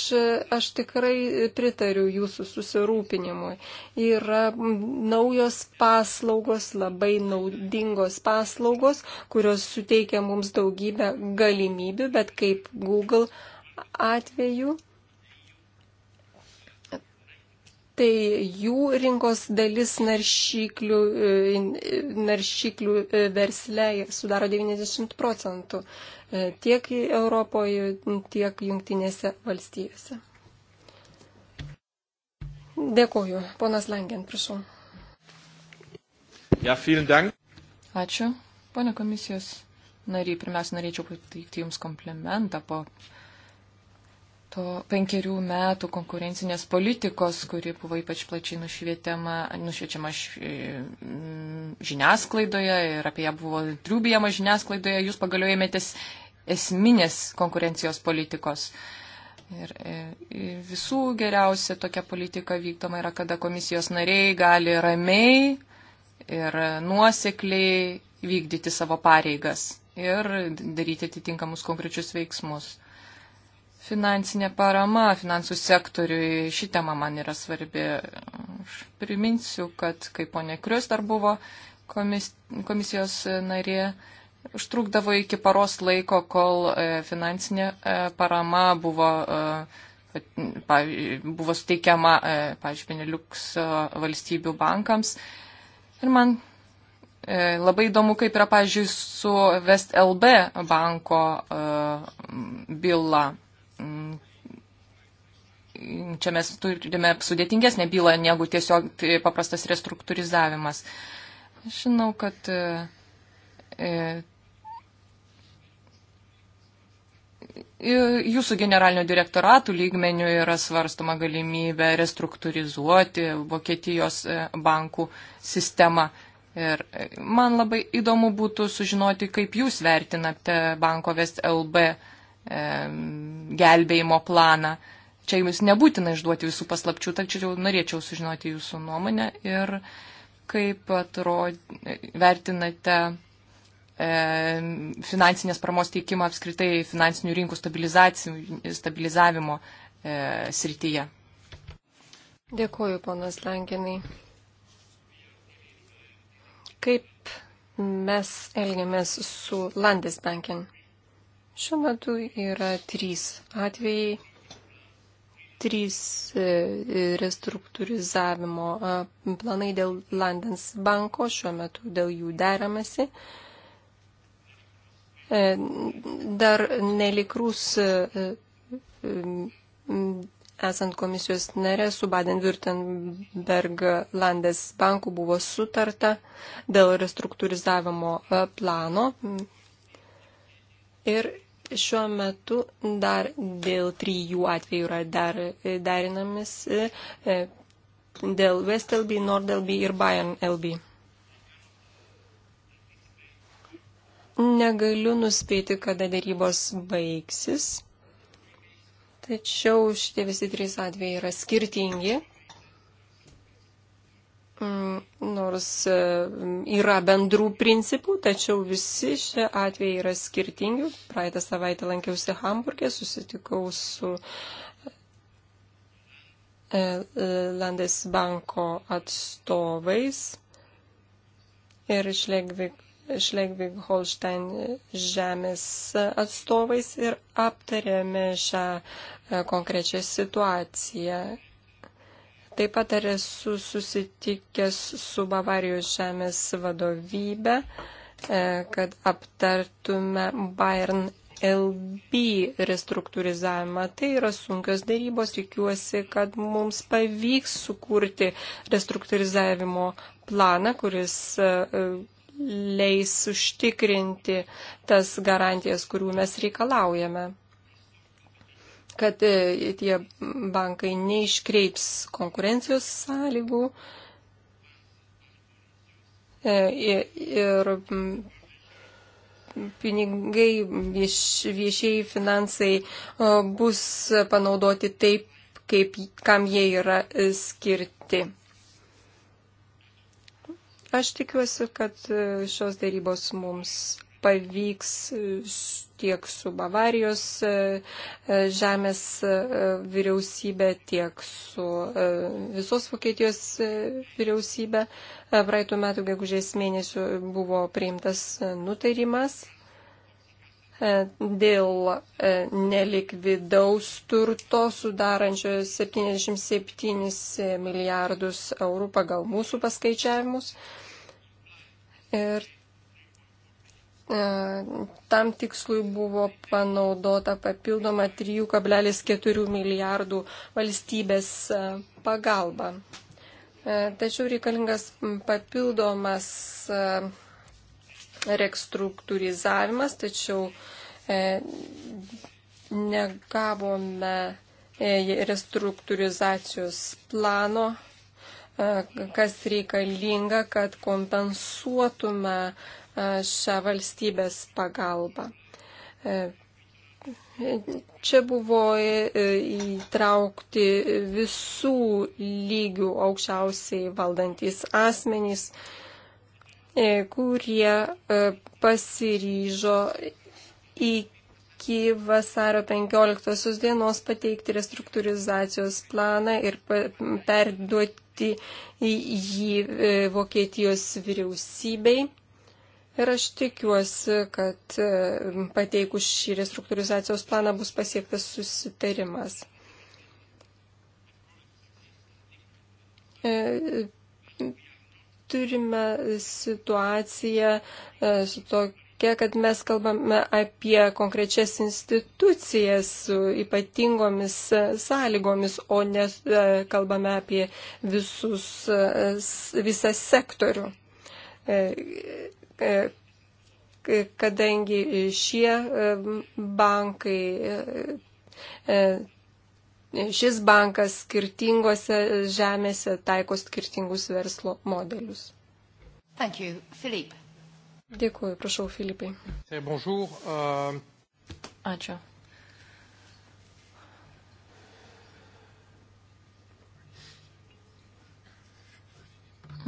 aš tikrai pritariu jūsų susirūpinimui. Yra naujos paslaugos, labai naudingos paslaugos, kurios suteikia mums daugybę galimybių, bet kaip Google atveju tai jų rinkos dalis naršyklių, e, e, naršyklių e, versle sudaro 90 procentų tiek Europoje, tiek jungtinėse valstijose. Dėkuoju. Ponas Langen, prašau. Ja, dank. Ačiū. Pane komisijos nariai, pirmiausia, norėčiau pateikti Jums komplementą po. Pa to penkerių metų konkurencinės politikos, kuri buvo ypač plačiai nušviečiama e, žiniasklaidoje ir apie ją buvo triubijama žiniasklaidoje, jūs pagaliau ėmėtės esminės konkurencijos politikos. Ir e, visų geriausia tokia politika vykdoma yra, kada komisijos nariai gali ramiai ir nuosekliai vykdyti savo pareigas ir daryti atitinkamus konkrečius veiksmus. Finansinė parama finansų sektoriui, ši tema man yra svarbi. Aš priminsiu, kad kai ponė Krius dar buvo komis, komisijos narė, užtrukdavo iki paros laiko, kol e, finansinė e, parama buvo e, buvo suteikiama, pavyzdžiui, Beniliuks valstybių bankams. Ir man labai įdomu, kaip yra, pavyzdžiui, su West LB banko byla. Mm, čia mes turime sudėtingesnę bylą negu tiesiog tai paprastas restruktūrizavimas. Žinau, kad e, e, jūsų generalinio direktoratų lygmenių yra svarstoma galimybė restruktūrizuoti Vokietijos e, bankų sistemą. Ir man labai įdomu būtų sužinoti, kaip jūs vertinate banko Vest LB gelbėjimo planą. Čia jums nebūtina išduoti visų paslapčių, tačiau norėčiau sužinoti jūsų nuomonę ir kaip atrod, vertinate e, finansinės paramos teikimą apskritai finansinių rinkų stabilizavimo e, srityje. Dėkuoju, ponas Lenkinai. Kaip mes elgiamės su Landesbanken? Šiuo metu yra trys atvejai, trys e, e, restruktūrizavimo planai dėl Landens banko, šiuo metu dėl jų deramasi. E, dar nelikrus esant komisijos nare su Baden-Württemberg Landes banku buvo sutarta dėl restruktūrizavimo plano. Ir šiuo metu dar dėl trijų atvejų yra dar e, derinamis e, e, dėl West LB, Nord LB ir Bayern LB. Negaliu nuspėti, kada darybos baigsis, tačiau šitie visi trys atvejai yra skirtingi Mm, nors e, yra bendrų principų, tačiau visi šie atvejai yra skirtingi. Praeitą savaitę lankiausi Hamburgė, susitikau su e, e, Landesbanko atstovais ir Šlegvig-Holstein žemės atstovais ir aptarėme šią konkrečią situaciją Taip pat ar esu susitikęs su Bavarijos žemės vadovybė, e, kad aptartume Bayern LB restruktūrizavimą. Tai yra sunkios darybos, tikiuosi, kad mums pavyks sukurti restruktūrizavimo planą, kuris e, e, leis užtikrinti tas garantijas, kurių mes reikalaujame kad e, tie bankai neiškreips konkurencijos sąlygų e, ir pinigai, vieš, viešieji finansai e, bus panaudoti taip, kaip, kam jie yra skirti. Aš tikiuosi, kad šios darybos mums pavyks tiek su Bavarijos e, e, žemės e, vyriausybė, tiek su visos Vokietijos vyriausybė. Praeitų metų gegužės mėnesių buvo priimtas nutarimas dėl nelikvidaus turto sudarančio 77 milijardus eurų pagal mūsų paskaičiavimus. Ir E, tam tikslui buvo panaudota papildoma 3,4 milijardų valstybės e, pagalba. E, tačiau reikalingas papildomas rekstruktūrizavimas, tačiau negavome restruktūrizacijos plano, kas reikalinga, kad kompensuotume šią valstybės pagalbą. E, čia buvo e, įtraukti visų lygių aukščiausiai valdantis asmenys, e, kurie pasiryžo iki vasario 15 dienos pateikti restruktūrizacijos planą ir perduoti jį Vokietijos vyriausybei Ir aš tikiuosi, kad e, pateikus šį restruktūrizacijos planą bus pasiektas susitarimas. E, turime situaciją e, su tokiu tokia, kad mes kalbame apie konkrečias institucijas su ypatingomis sąlygomis, o ne kalbame apie visus, visą sektorių. E, kadangi šie e, bankai, e, šis bankas skirtingose žemėse taiko skirtingus verslo modelius. Thank you, Filip. Dėkuoju, prašau, Filipai. Bonjour, uh... Ačiū.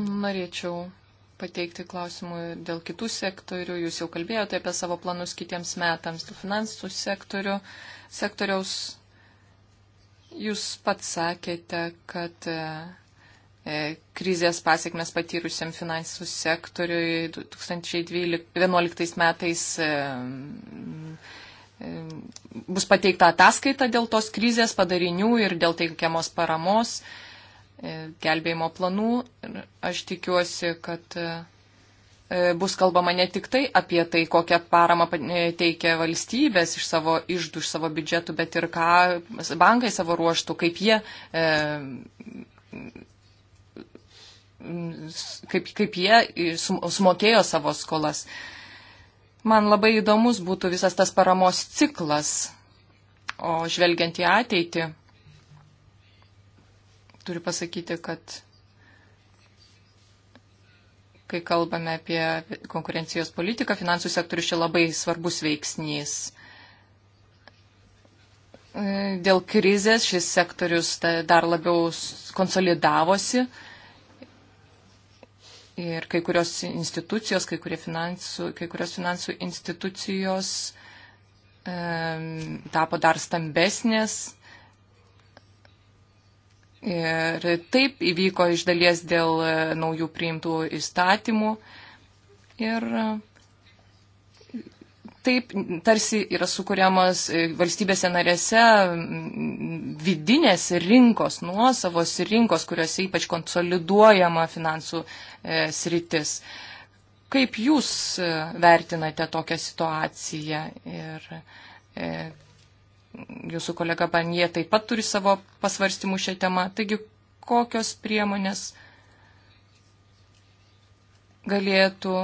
Norėčiau pateikti klausimų dėl kitų sektorių. Jūs jau kalbėjote apie savo planus kitiems metams, dėl finansų sektorių, sektoriaus. Jūs pats sakėte, kad e, krizės pasiekmes patyrusiam finansų sektoriui 2011 metais e, bus pateikta ataskaita dėl tos krizės padarinių ir dėl teikiamos paramos. E, gelbėjimo planų. Ir aš tikiuosi, kad e, e, bus kalbama ne tik tai apie tai, kokią paramą teikia valstybės iš savo išdų, iš savo biudžetų, bet ir ką bankai savo ruoštų, kaip jie, kaip, kaip jie sumokėjo savo skolas. Man labai įdomus būtų visas tas paramos ciklas. O žvelgiant į ateitį, turiu pasakyti, kad kai kalbame apie konkurencijos politiką, finansų sektorius čia labai svarbus veiksnys. Dėl krizės šis sektorius dar labiau konsolidavosi ir kai kurios institucijos, kai, finansų, kai kurios finansų institucijos e, tapo dar stambesnės Ir taip įvyko iš dalies dėl e, naujų priimtų įstatymų. Ir e, taip tarsi yra sukūriamas e, valstybėse narėse vidinės rinkos, nuosavos rinkos, kuriuose ypač konsoliduojama finansų sritis. Kaip Jūs vertinate tokią situaciją ir Jūsų kolega Banie taip pat turi savo pasvarstymų šią temą. Taigi, kokios priemonės galėtų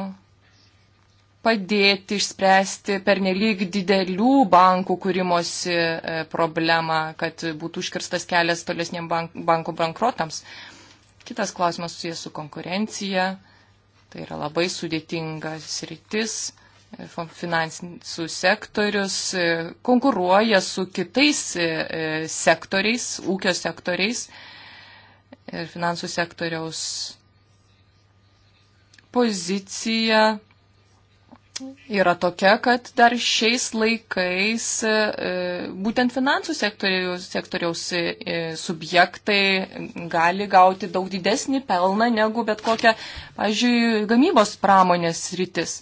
padėti išspręsti pernelyg didelių bankų kūrimosi e, problemą, kad būtų užkirstas kelias tolesniem bank, bankų bankrotams. Kitas klausimas susijęs su konkurencija. Tai yra labai sudėtingas rytis finansų sektorius e, konkuruoja su kitais e, e, sektoriais, ūkio sektoriais ir finansų sektoriaus pozicija yra tokia, kad dar šiais laikais būtent finansų sektoriaus, sektoriaus subjektai gali gauti daug didesnį pelną negu bet kokia, pažiūrėjau, gamybos pramonės rytis.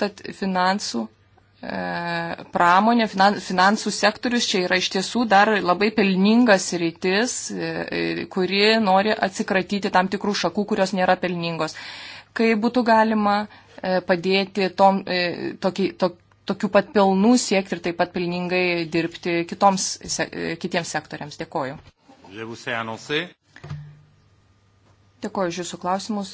Tad finansų e, pramonė, finansų sektorius čia yra iš tiesų dar labai pelningas rytis, e, e, kuri nori atsikratyti tam tikrų šakų, kurios nėra pelningos. Kai būtų galima padėti tom, tokį, to, tokių pat pelnų siekti ir taip pat pelningai dirbti kitoms, kitiems sektoriams. Dėkoju. Dėkoju už Jūsų klausimus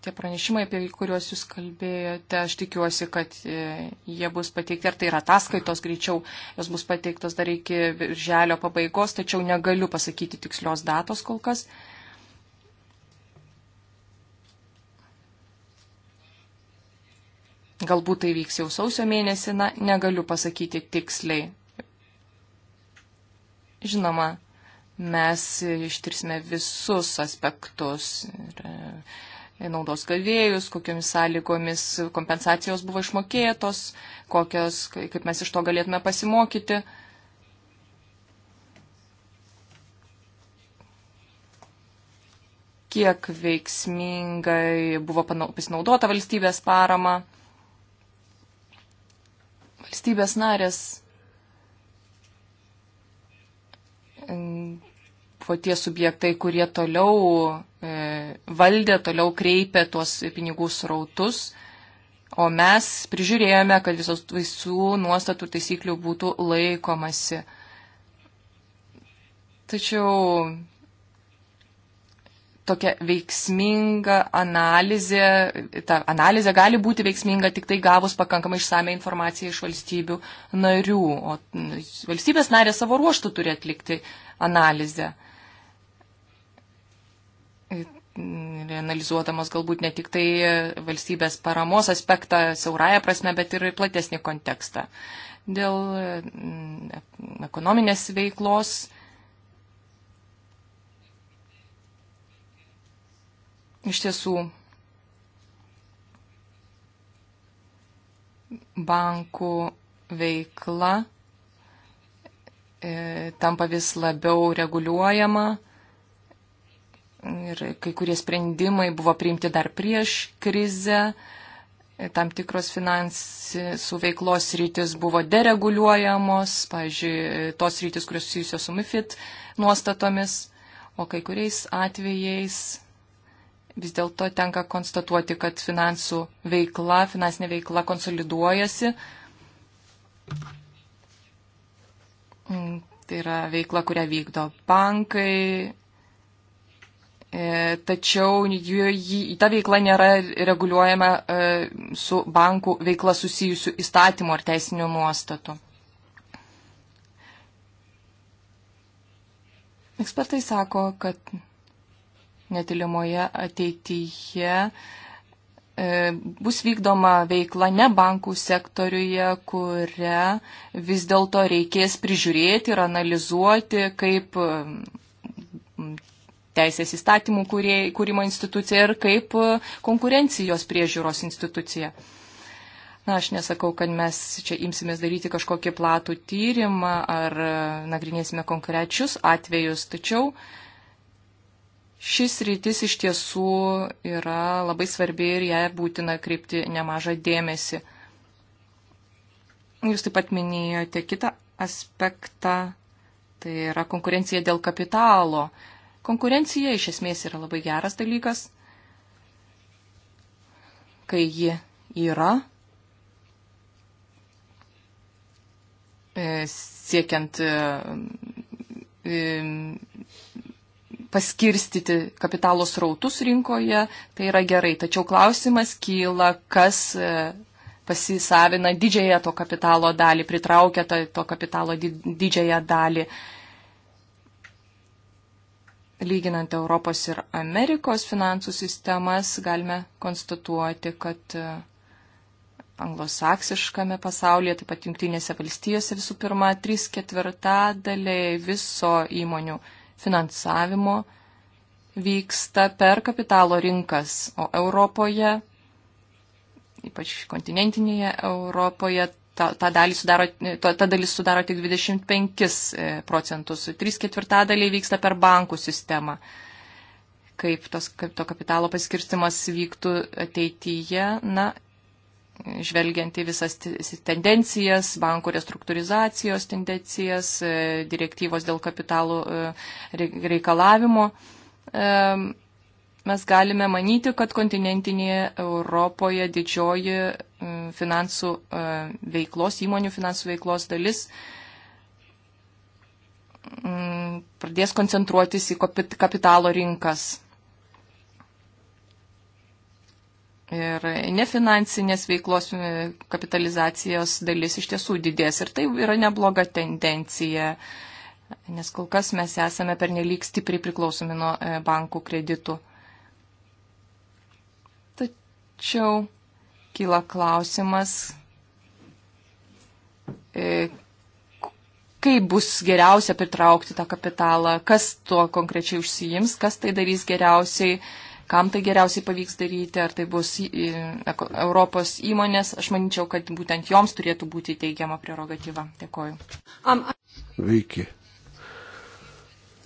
tie pranešimai, apie kuriuos jūs kalbėjote, aš tikiuosi, kad e, jie bus pateikti, ar tai yra ataskaitos greičiau, jos bus pateiktos dar iki birželio pabaigos, tačiau negaliu pasakyti tikslios datos kol kas. Galbūt tai vyks jau sausio mėnesį, na, negaliu pasakyti tiksliai. Žinoma, mes ištirsime visus aspektus ir naudos gavėjus, kokiamis sąlygomis kompensacijos buvo išmokėtos, kokios, kaip mes iš to galėtume pasimokyti. kiek veiksmingai buvo pasinaudota valstybės parama. Valstybės narės tie subjektai, kurie toliau e, valdė, toliau kreipė tuos pinigų srautus, o mes prižiūrėjome, kad visos visų nuostatų ir taisyklių būtų laikomasi. Tačiau tokia veiksminga analizė, ta analizė gali būti veiksminga tik tai gavus pakankamai išsame informaciją iš valstybių narių, o valstybės narė savo ruoštų turi atlikti analizę analizuodamas galbūt ne tik tai valstybės paramos aspektą siaurąją prasme, bet ir platesnį kontekstą. Dėl mm, ekonominės veiklos. Iš tiesų, bankų veikla e, tampa vis labiau reguliuojama ir kai kurie sprendimai buvo priimti dar prieš krizę, tam tikros finansų veiklos rytis buvo dereguliuojamos, pavyzdžiui, tos rytis, kurios susijusios su MIFID nuostatomis, o kai kuriais atvejais vis dėlto tenka konstatuoti, kad finansų veikla, finansinė veikla konsoliduojasi. Mm, tai yra veikla, kurią vykdo bankai, E, tačiau jį, ta veikla nėra reguliuojama e, su bankų veikla susijusių įstatymų ar teisinių nuostatų. Ekspertai sako, kad netilimoje ateityje e, bus vykdoma veikla ne bankų sektoriuje, kurią vis dėlto reikės prižiūrėti ir analizuoti, kaip teisės įstatymų kurie, kūrimo institucija ir kaip e, konkurencijos priežiūros institucija. Na, aš nesakau, kad mes čia imsimės daryti kažkokį platų tyrimą ar e, nagrinėsime konkrečius atvejus, tačiau šis rytis iš tiesų yra labai svarbi ir ją būtina kreipti nemažą dėmesį. Jūs taip pat minėjote kitą aspektą, tai yra konkurencija dėl kapitalo. Konkurencija iš esmės yra labai geras dalykas, kai ji yra e, siekiant e, e, paskirstyti kapitalo srautus rinkoje, tai yra gerai. Tačiau klausimas kyla, kas pasisavina didžiąją to kapitalo dalį, pritraukia to kapitalo didžiąją dalį lyginant Europos ir Amerikos finansų sistemas, galime konstatuoti, kad e, anglosaksiškame pasaulyje, taip pat jungtinėse valstijose visų pirma, trys ketvirtadaliai viso įmonių finansavimo vyksta per kapitalo rinkas, o Europoje, ypač kontinentinėje Europoje, ta, ta, dalis sudaro, ta, ta dalis sudaro tik 25 e, procentus, 3 ketvirtadaliai vyksta per bankų sistemą. Kaip, tos, kaip to kapitalo paskirstimas vyktų ateityje, na, žvelgiant į visas tendencijas, bankų restruktūrizacijos tendencijas, e, direktyvos dėl kapitalų e, reikalavimo mes galime manyti, kad kontinentinėje Europoje didžioji finansų e, veiklos, įmonių finansų veiklos dalis pradės koncentruotis į kapitalo rinkas. Ir nefinansinės veiklos kapitalizacijos dalis iš tiesų didės. Ir tai yra nebloga tendencija, nes kol kas mes esame pernelyg stipriai priklausomi nuo e, bankų kreditų. Tačiau kyla klausimas, e, kaip bus geriausia pritraukti tą kapitalą, kas tuo konkrečiai užsijims, kas tai darys geriausiai, kam tai geriausiai pavyks daryti, ar tai bus Europos įmonės. Aš manyčiau, kad būtent joms turėtų būti teigiama prerogatyva. Dėkoju. Veikia.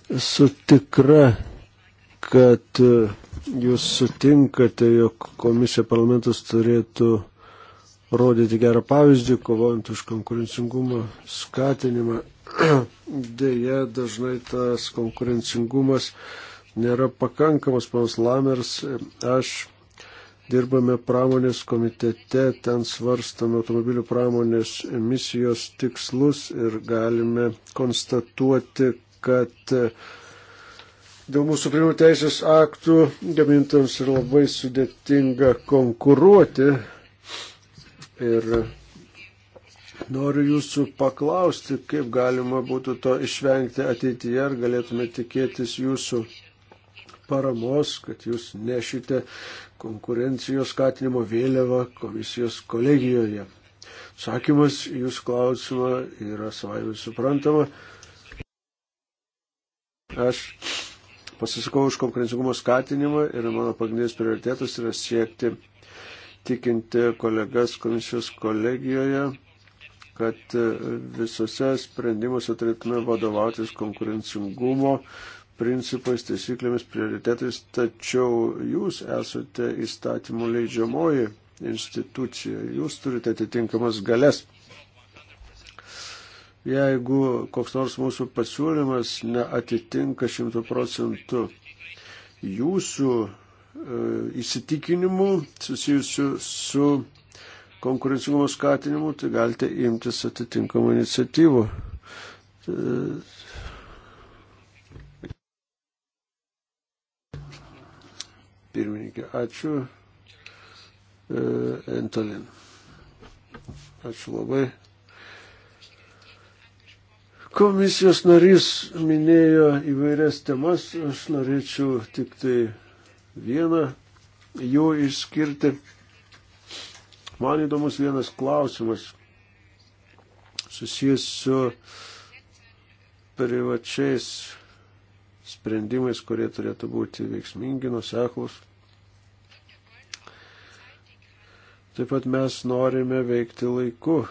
Esu tikra, kad uh, jūs sutinkate, jog komisija parlamentas turėtų rodyti gerą pavyzdį, kovojant už konkurencingumo skatinimą. Deja, dažnai tas konkurencingumas nėra pakankamas, panas Lamers. Aš dirbame pramonės komitete, ten svarstame automobilių pramonės emisijos tikslus ir galime konstatuoti, kad dėl mūsų primų teisės aktų gamintams yra labai sudėtinga konkuruoti. Ir noriu jūsų paklausti, kaip galima būtų to išvengti ateityje, ar galėtume tikėtis jūsų paramos, kad jūs nešite konkurencijos skatinimo vėliavą komisijos kolegijoje. Sakymas jūsų klausimą yra savai suprantama. Aš pasisakau už konkurencingumo skatinimą ir mano pagrindinis prioritetas yra siekti tikinti kolegas komisijos kolegijoje, kad e, visose sprendimuose turėtume vadovautis konkurencingumo principais, taisyklėmis, prioritetais, tačiau jūs esate įstatymų leidžiamoji institucija, jūs turite atitinkamas galės Jeigu koks nors mūsų pasiūlymas neatitinka šimtų procentų jūsų e, įsitikinimų susijusių su konkurencingumo skatinimu, tai galite imtis atitinkamą iniciatyvą. E, pirmininkė, ačiū. Entolin. Ačiū labai. Komisijos narys minėjo įvairias temas, aš norėčiau tik tai vieną jų išskirti. Man įdomus vienas klausimas susijęs su privačiais sprendimais, kurie turėtų būti veiksmingi, nuseklus. Taip pat mes norime veikti laiku,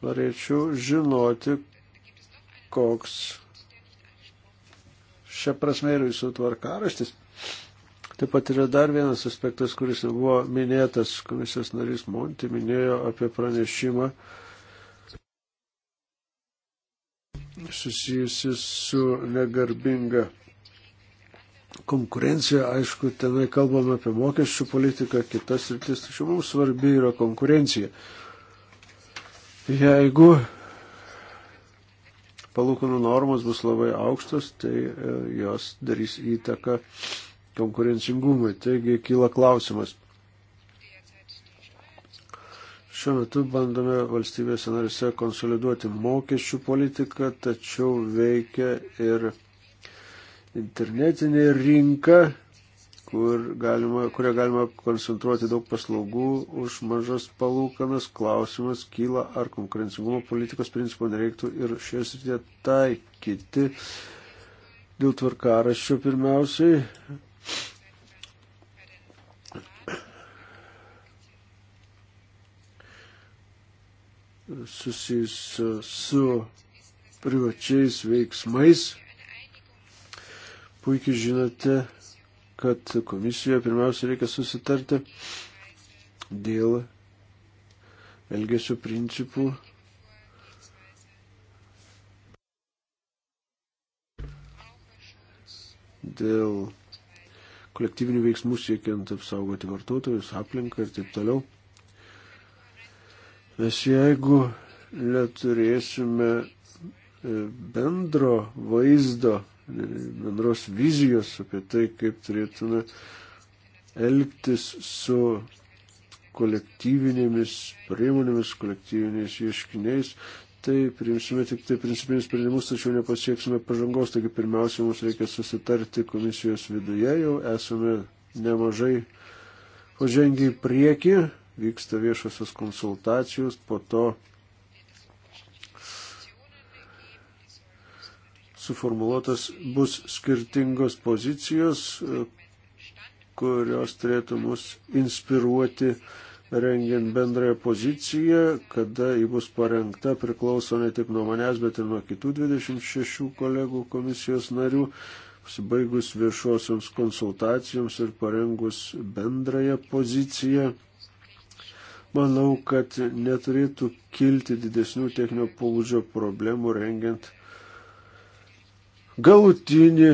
Norėčiau žinoti, koks šia prasme yra jūsų tvarkaraštis. Taip pat yra dar vienas aspektas, kuris buvo minėtas, komisijos narys Monti minėjo apie pranešimą susijusi su negarbinga konkurencija. Aišku, tenai kalbame apie mokesčių politiką, kitas rytis, tačiau mums svarbi yra konkurencija. Jeigu palūkanų normos bus labai aukštos, tai e, jos darys įtaką konkurencingumui. Taigi kyla klausimas. Šiuo metu bandome valstybėse narise konsoliduoti mokesčių politiką, tačiau veikia ir internetinė rinka, kur galima, kurią galima koncentruoti daug paslaugų už mažas palūkanas. Klausimas kyla, ar konkurencingumo politikos principų nereiktų ir šioje srityje taikyti. Dėl tvarkaraščio pirmiausiai. susijusiu su privačiais veiksmais. Puikiai žinote, kad komisijoje pirmiausia reikia susitarti dėl elgesio principų dėl kolektyvinių veiksmų siekiant apsaugoti vartotojus, aplinką ir taip toliau. Nes jeigu neturėsime e, bendro vaizdo bendros vizijos apie tai, kaip turėtume elgtis su kolektyvinėmis priemonėmis, kolektyviniais ieškiniais, tai priimsime tik tai principinius sprendimus, tačiau nepasieksime pažangos. Taigi pirmiausia, mums reikia susitarti komisijos viduje, jau esame nemažai pažengę į priekį, vyksta viešosios konsultacijos, po to suformuoluotas bus skirtingos pozicijos, kurios turėtų mus inspiruoti rengiant bendrąją poziciją, kada ji bus parengta priklauso ne tik nuo manęs, bet ir nuo kitų 26 kolegų komisijos narių. Pasibaigus viešosioms konsultacijoms ir parengus bendrąją poziciją, manau, kad neturėtų kilti didesnių techninio pobūdžio problemų rengiant galutinį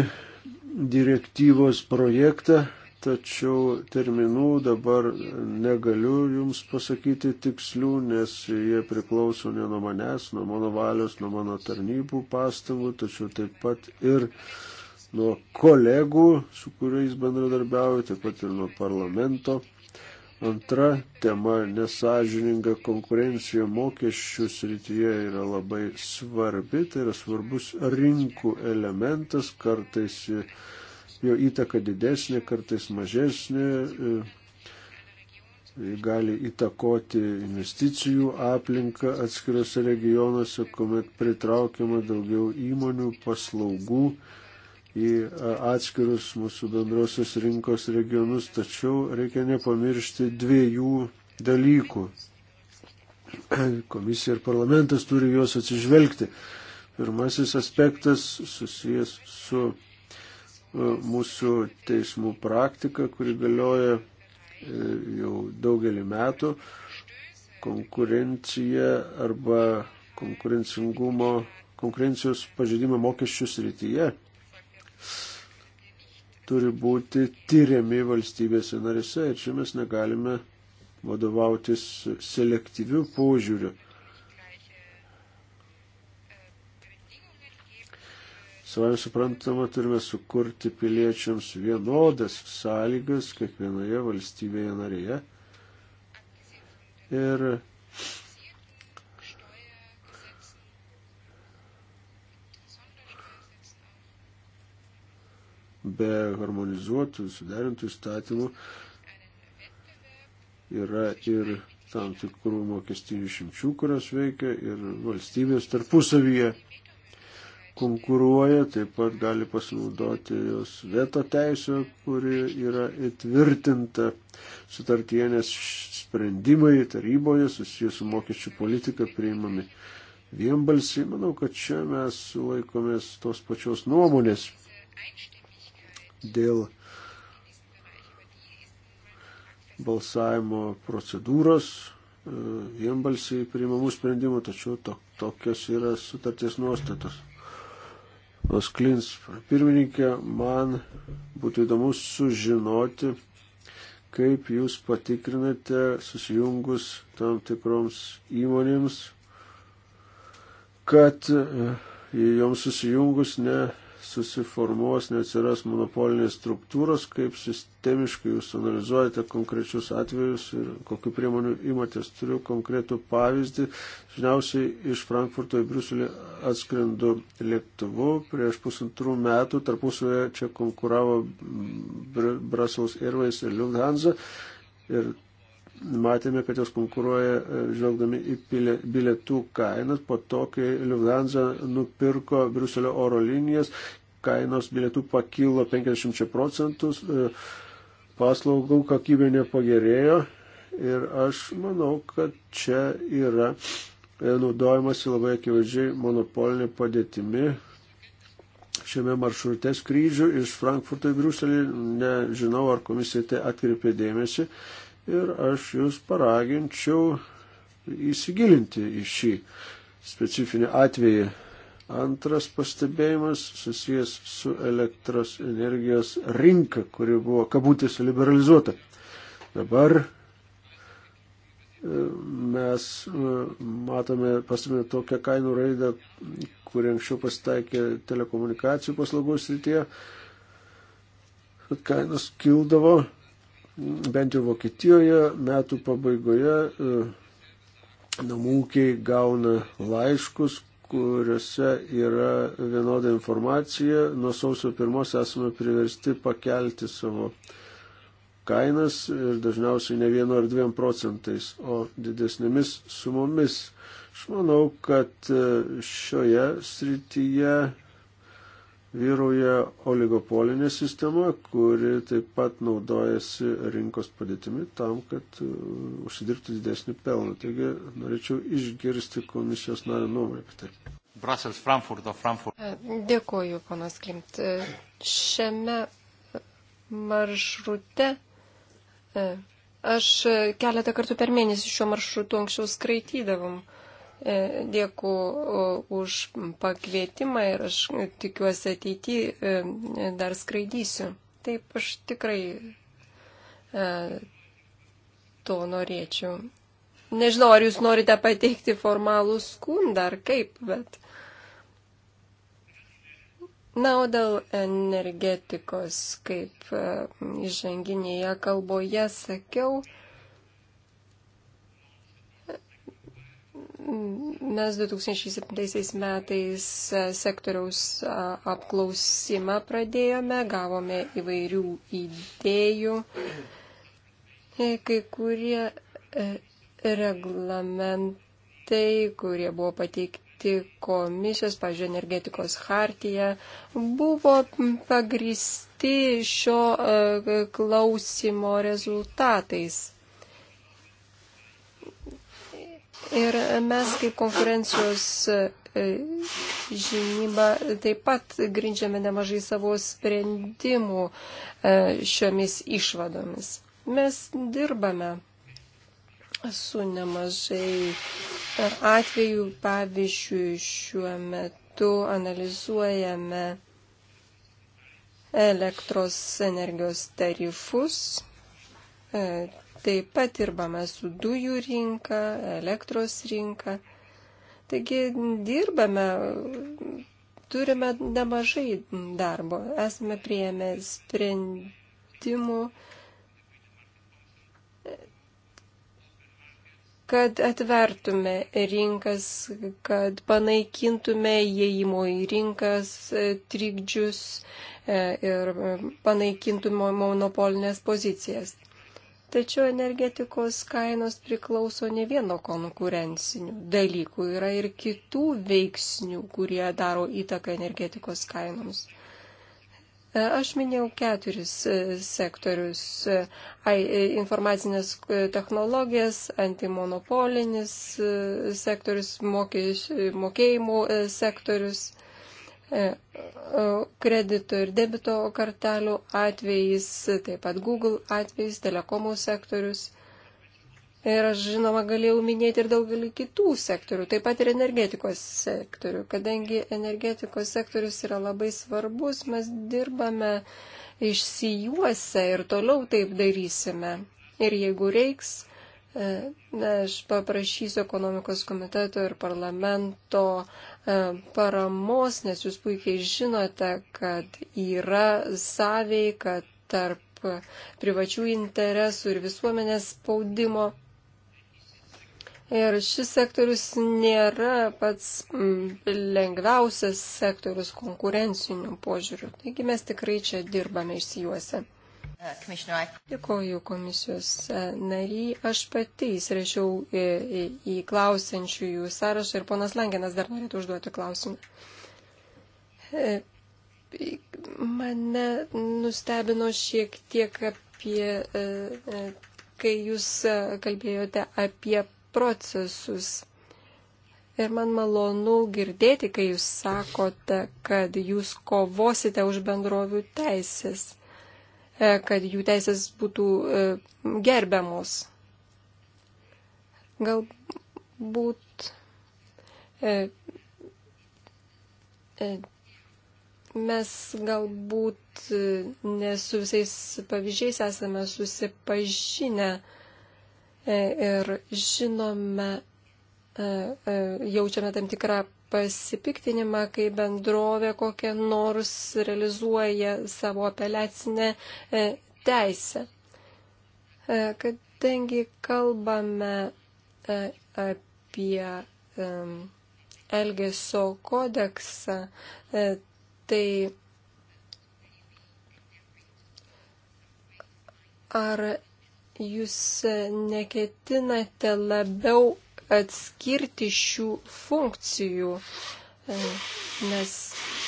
direktyvos projektą, tačiau terminų dabar negaliu jums pasakyti tikslių, nes jie priklauso ne nuo manęs, nuo mano valios, nuo mano tarnybų pastangų, tačiau taip pat ir nuo kolegų, su kuriais bendradarbiauju, taip pat ir nuo parlamento Antra tema - nesažininga konkurencija mokesčių srityje yra labai svarbi, tai yra svarbus rinkų elementas, kartais jo įtaka didesnė, kartais mažesnė, e, gali įtakoti investicijų aplinką atskiriuose regionuose, kuomet pritraukiama daugiau įmonių, paslaugų į atskirus mūsų bendrosios rinkos regionus, tačiau reikia nepamiršti dviejų dalykų. Komisija ir parlamentas turi juos atsižvelgti. Pirmasis aspektas susijęs su mūsų teismų praktika, kuri galioja e, jau daugelį metų. Konkurencija arba konkurencingumo, konkurencijos pažeidimo mokesčių srityje turi būti tyriami valstybėse narise ir čia mes negalime vadovautis selektyviu požiūriu. Savai suprantama, turime sukurti piliečiams vienodas sąlygas kiekvienoje valstybėje narėje. Ir be harmonizuotų, suderintų įstatymų yra ir tam tikrų mokestinių šimčių, kurios veikia ir valstybės tarpusavyje konkuruoja, taip pat gali pasinaudoti jos veto teisę, kuri yra įtvirtinta sutartyje, nes sprendimai taryboje susijęs su mokesčių politika priimami vienbalsiai. Manau, kad čia mes laikomės tos pačios nuomonės dėl balsavimo procedūros, e, vienbalsiai priimamų sprendimų, tačiau to, tokios yra sutarties nuostatos. Pasklins pirmininkė, man būtų įdomu sužinoti, kaip jūs patikrinate susijungus tam tikroms įmonėms, kad e, joms susijungus ne susiformuos, neatsiras monopolinės struktūros, kaip sistemiškai jūs analizuojate konkrečius atvejus ir kokiu priemonių imatės. Turiu konkretų pavyzdį. Žiniausiai iš Frankfurto į Briuselį atskrendu lėktuvu. Prieš pusantrų metų tarpusavėje čia konkuravo Brussels Airways ir Lufthansa. Ir matėme, kad jos konkuruoja e, žvelgdami į bilietų kainas, po to, kai Lufthansa nupirko Briuselio oro linijas, kainos bilietų pakilo 50 procentus, e, paslaugų kokybė nepagerėjo ir aš manau, kad čia yra e, naudojamasi labai akivaizdžiai monopolinė padėtimi. Šiame maršrute skrydžių iš Frankfurto į Briuselį, nežinau, ar komisija tai atkreipė dėmesį, ir aš jūs paraginčiau įsigilinti į šį specifinį atvejį. Antras pastebėjimas susijęs su elektros energijos rinka, kuri buvo kabutėse liberalizuota. Dabar e, mes e, matome, pastebime tokią kainų raidą, kuri anksčiau pasitaikė telekomunikacijų paslaugų srityje, kad kainos kildavo bent jau Vokietijoje metų pabaigoje e, namūkiai gauna laiškus, kuriuose yra vienoda informacija. Nuo sausio pirmos esame priversti pakelti savo kainas ir dažniausiai ne vienu ar dviem procentais, o didesnėmis sumomis. Aš manau, kad e, šioje srityje vyrauja oligopolinė sistema, kuri taip pat naudojasi rinkos padėtimi tam, kad e, užsidirbtų didesnį pelną. Taigi norėčiau išgirsti komisijos nario nuomonę apie tai. Brussels, Frankfurto, Frankfurt. E, Dėkuoju, ponas Klimt. E, šiame maršrute aš keletą kartų per mėnesį šiuo maršrutu anksčiau skraitydavom. E, Dėku už pakvietimą ir aš tikiuosi ateityje dar skraidysiu. Taip, aš tikrai e, to norėčiau. Nežinau, ar jūs norite pateikti formalų skundą ar kaip, bet. Na, o dėl energetikos, kaip e, įžanginėje kalboje sakiau, Mes 2007 metais sektoriaus apklausimą pradėjome, gavome įvairių idėjų. Kai kurie e, reglamentai, kurie buvo pateikti komisijos, pažiūrėjau, energetikos hartija, buvo pagristi šio e, klausimo rezultatais. Ir mes kaip konkurencijos e, e, žinybą taip pat grindžiame nemažai savo sprendimų e, šiomis išvadomis. Mes dirbame su nemažai atvejų, pavyzdžiui, šiuo metu analizuojame elektros energijos tarifus Taip pat dirbame su dujų rinka, elektros rinka. Taigi dirbame, turime nemažai darbo. Esame prieėmę sprendimų, kad atvertume rinkas, kad panaikintume įėjimo į rinkas e, trikdžius e, ir e, panaikintume monopolinės pozicijas. Tačiau energetikos kainos priklauso ne vieno konkurencinių dalykų, yra ir kitų veiksnių, kurie daro įtaką energetikos kainoms. E, aš minėjau keturis e, sektorius e, - informacinės technologijas, antimonopolinis sektorius, mokėjimų sektorius E, e, kredito ir debito kartelių atvejais, taip pat Google atvejais, telekomų sektorius. Ir aš, žinoma, galėjau minėti ir daugelį kitų sektorių, taip pat ir energetikos sektorių. Kadangi energetikos sektorius yra labai svarbus, mes dirbame išsijuose ir toliau taip darysime. Ir jeigu reiks, e, aš paprašysiu ekonomikos komiteto ir parlamento E, paramos, nes jūs puikiai žinote, kad yra sąveika tarp privačių interesų ir visuomenės spaudimo. Ir šis sektorius nėra pats mm, lengviausias sektorius konkurencinių požiūrių. Taigi mes tikrai čia dirbame išsijuose. Dėkoju komisijos e, nariai. Aš pati įsirašiau į, į, į klausiančiųjų sąrašą ir ponas Langenas dar norėtų užduoti klausimą. E, mane nustebino šiek tiek apie, e, kai jūs kalbėjote apie procesus. Ir man malonu girdėti, kai jūs sakote, kad jūs kovosite už bendrovių teisės. E, kad jų teisės būtų e, gerbiamos. Galbūt e, mes galbūt ne su visais pavyzdžiais esame susipažinę ir žinome, jaučiame tam tikrą pasipiktinimą, kai bendrovė kokią nors realizuoja savo apeliacinę e, teisę. E, kadangi kalbame e, apie Elgesio kodeksą, tai ar jūs neketinate labiau atskirti šių funkcijų, e, nes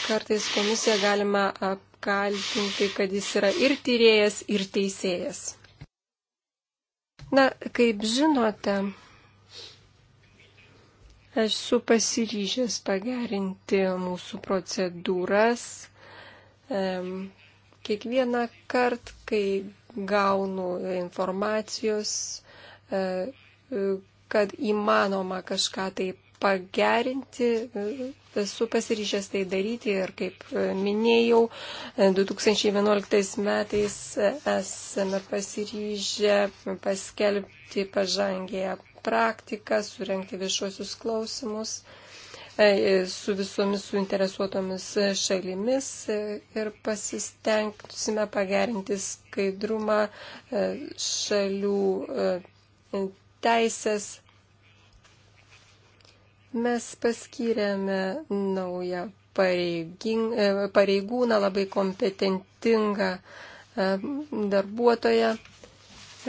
kartais komisiją galima apkaltinti, kad jis yra ir tyrėjas, ir teisėjas. Na, kaip žinote, esu pasiryžęs pagerinti mūsų procedūras. Kiekvieną kartą, kai gaunu informacijos, e, kad įmanoma kažką tai pagerinti ir esu pasiryžęs tai daryti ir kaip minėjau, 2011 metais esame pasiryžę paskelbti pažangėją praktiką, surenkti viešuosius klausimus e, su visomis suinteresuotomis šalimis ir pasistengsime pagerinti skaidrumą e, šalių e, teisės. Mes paskyrėme naują e, pareigūną, labai kompetentingą e, darbuotoją.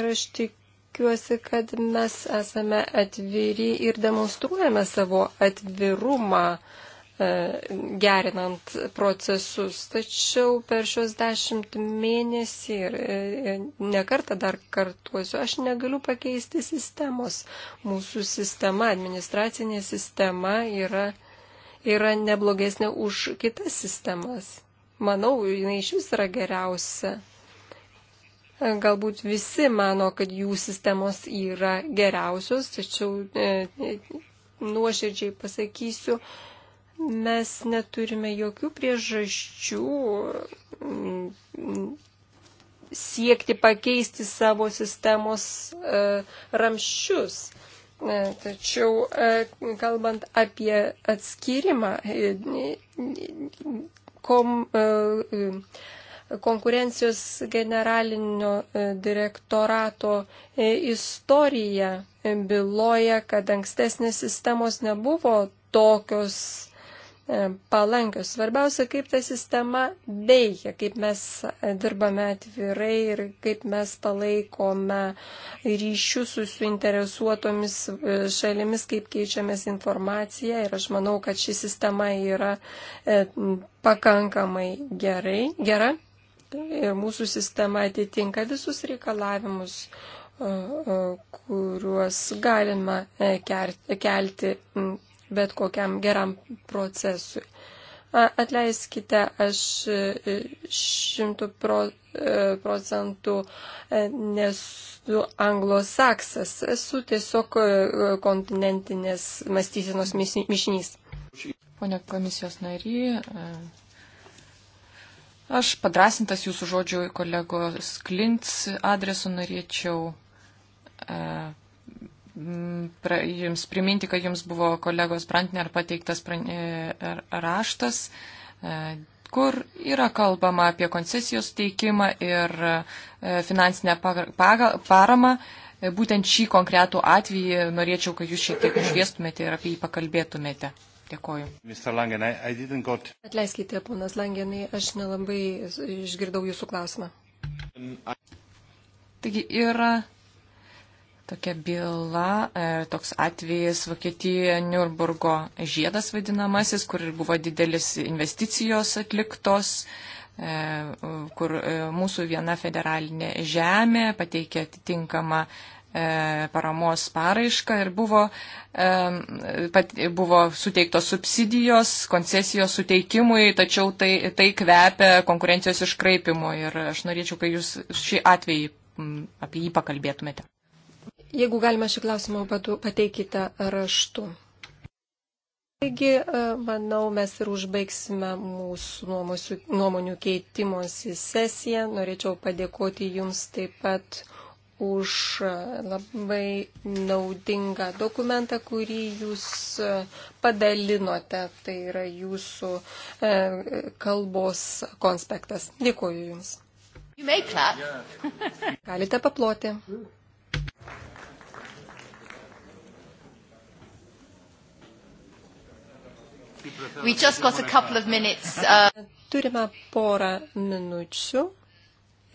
Ir aš tikiuosi, kad mes esame atviri ir demonstruojame savo atvirumą uh, E, gerinant procesus. Tačiau per šios dešimt mėnesį ir e, e, nekartą dar kartuosiu, aš negaliu pakeisti sistemos. Mūsų sistema, administracinė sistema yra, yra neblogesnė už kitas sistemas. Manau, jinai iš vis yra geriausia. Galbūt visi mano, kad jų sistemos yra geriausios, tačiau e, nuoširdžiai pasakysiu, e, Mes neturime jokių priežasčių mm, siekti pakeisti savo sistemos e, ramščius. E, tačiau, e, kalbant apie atskirimą, kom, konkurencijos generalinio direktorato istorija byloja, kad ankstesnės sistemos nebuvo tokios E, palankios. Svarbiausia, kaip ta sistema veikia, kaip mes dirbame atvirai ir kaip mes palaikome ryšius su suinteresuotomis e, šalimis, kaip keičiamės informaciją. Ir aš manau, kad ši sistema yra e, pakankamai gerai, gera. Ir mūsų sistema atitinka visus reikalavimus, kuriuos galima kelti bet kokiam geram procesui. Atleiskite, aš e, šimtų e, procentų e, nesu anglosaksas, esu tiesiog kontinentinės mąstysenos mišinys. Pone komisijos nary, aš padrasintas jūsų žodžių kolegos Klints adresu norėčiau Mm, pra, jums priminti, kad jums buvo kolegos Brantner pateiktas prane, raštas, e, kur yra kalbama apie koncesijos teikimą ir e, finansinę paramą. E, būtent šį konkretų atvejį norėčiau, kad jūs šiek tiek išviestumėte ir apie jį pakalbėtumėte. Dėkoju. Langen, I, I got... Atleiskite, ponas Langenai, aš nelabai išgirdau jūsų klausimą. Taigi yra tokia byla, e, toks atvejis Vokietijoje Nürburgo žiedas vadinamasis, kur buvo didelis investicijos atliktos, e, kur e, mūsų viena federalinė žemė pateikė atitinkamą paramos paraišką ir buvo, buvo suteiktos subsidijos koncesijos suteikimui, tačiau tai, tai kvepia konkurencijos iškraipimu ir aš norėčiau, kad jūs šį atvejį apie jį pakalbėtumėte. Jeigu galima šį klausimą pateikite raštu. Taigi, e, manau, mes ir užbaigsime mūsų nuomosių, nuomonių keitimosi sesiją. Norėčiau padėkoti Jums taip pat už e, labai naudingą dokumentą, kurį Jūs e, padalinote. Tai yra Jūsų kalbos konspektas. Dėkuoju Jums. Galite paploti. We just got a couple of minutes. Uh... Turime porą minučių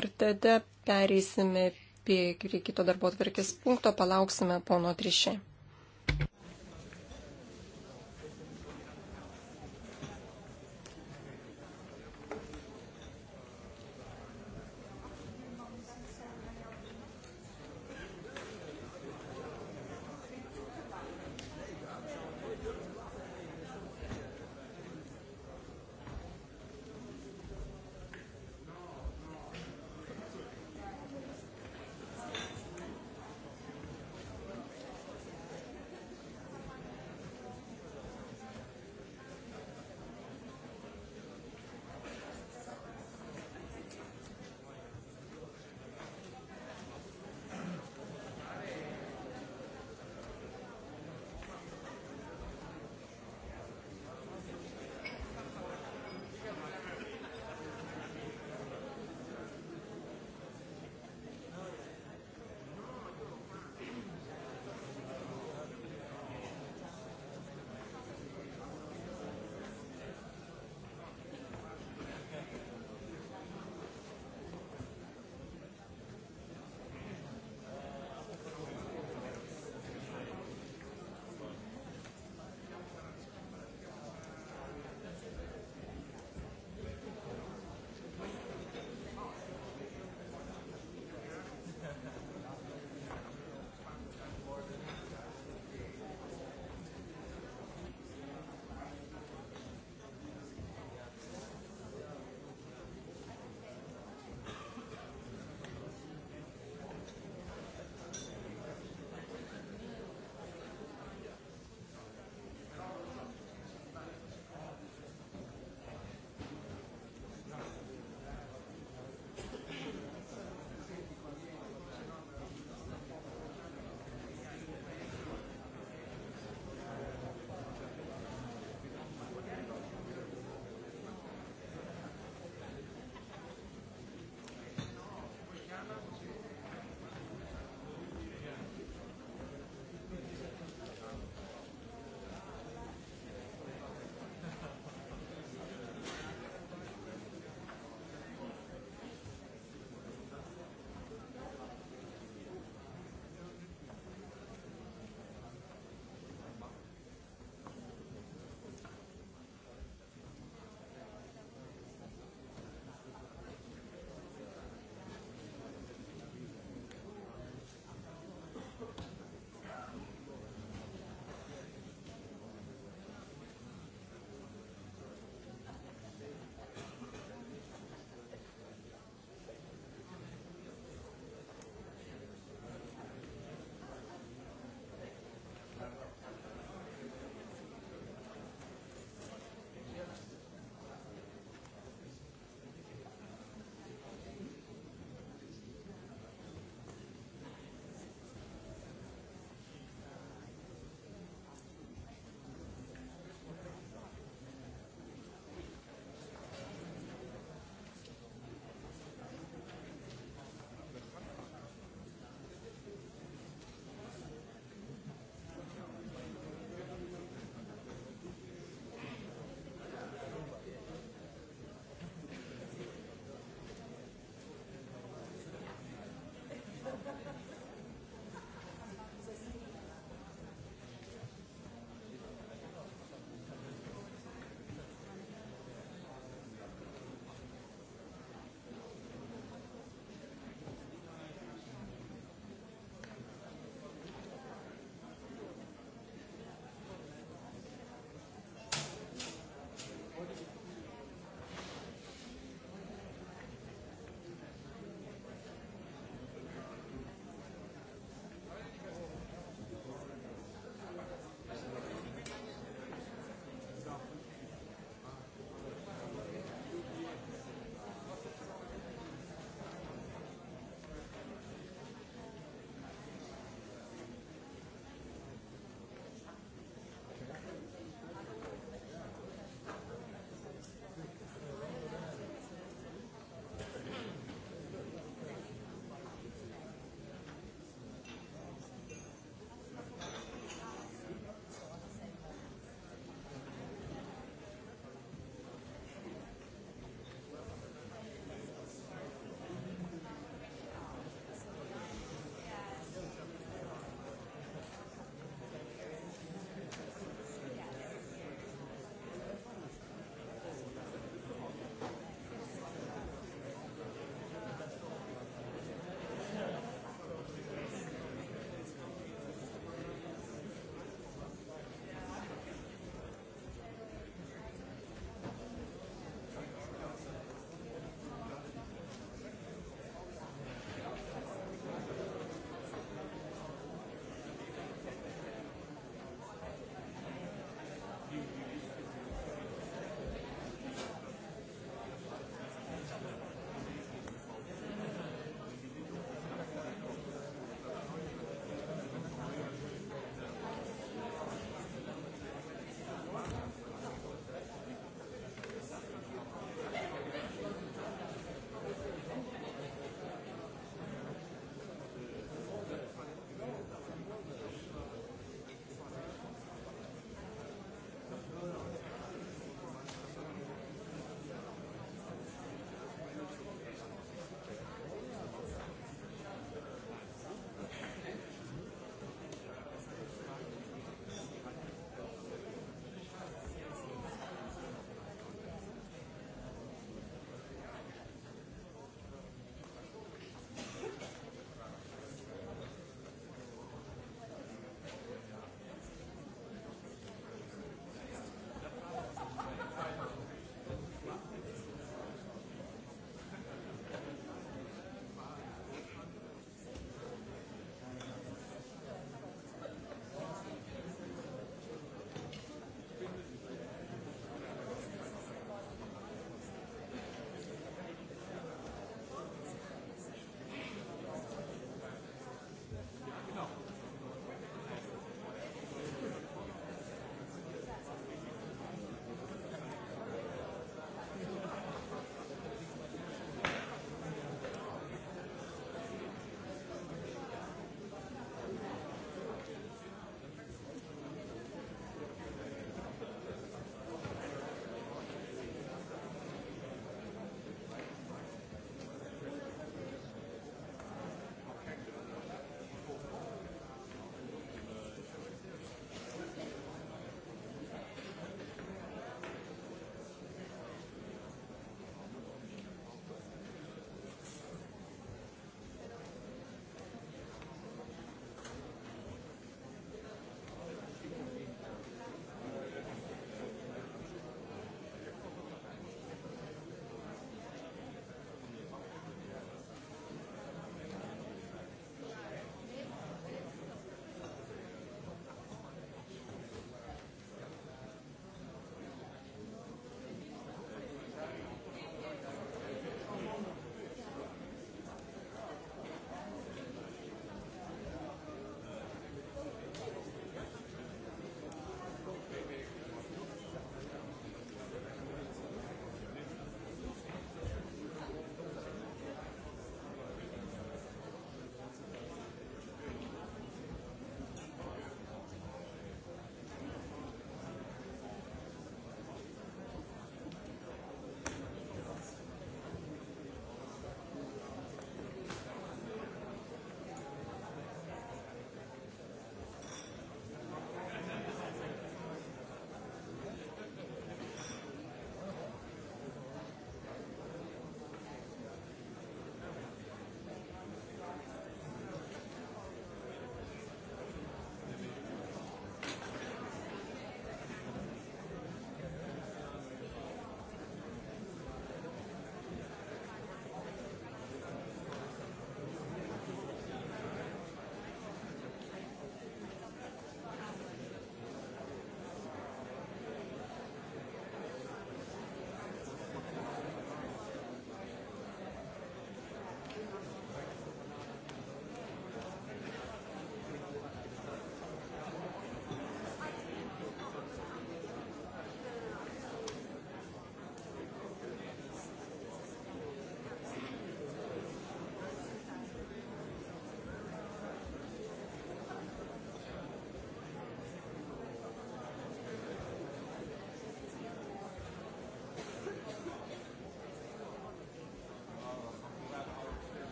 ir tada pereisime prie kito darbo tvarkės punkto, palauksime pono Trišė.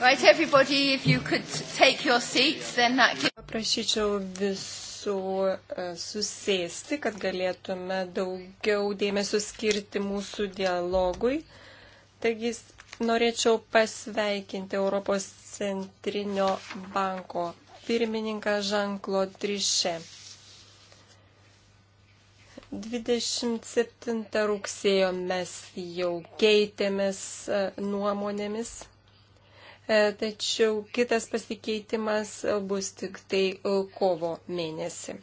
Right, everybody, if you could take your seats, then that can... Paprašyčiau visų e, susėsti, kad galėtume daugiau dėmesio skirti mūsų dialogui. Taigi norėčiau pasveikinti Europos centrinio banko pirmininką Žanklo Trišė. 27 rugsėjo mes jau keitėmės e, nuomonėmis E, tačiau kitas pasikeitimas bus tik tai e, kovo mėnesį.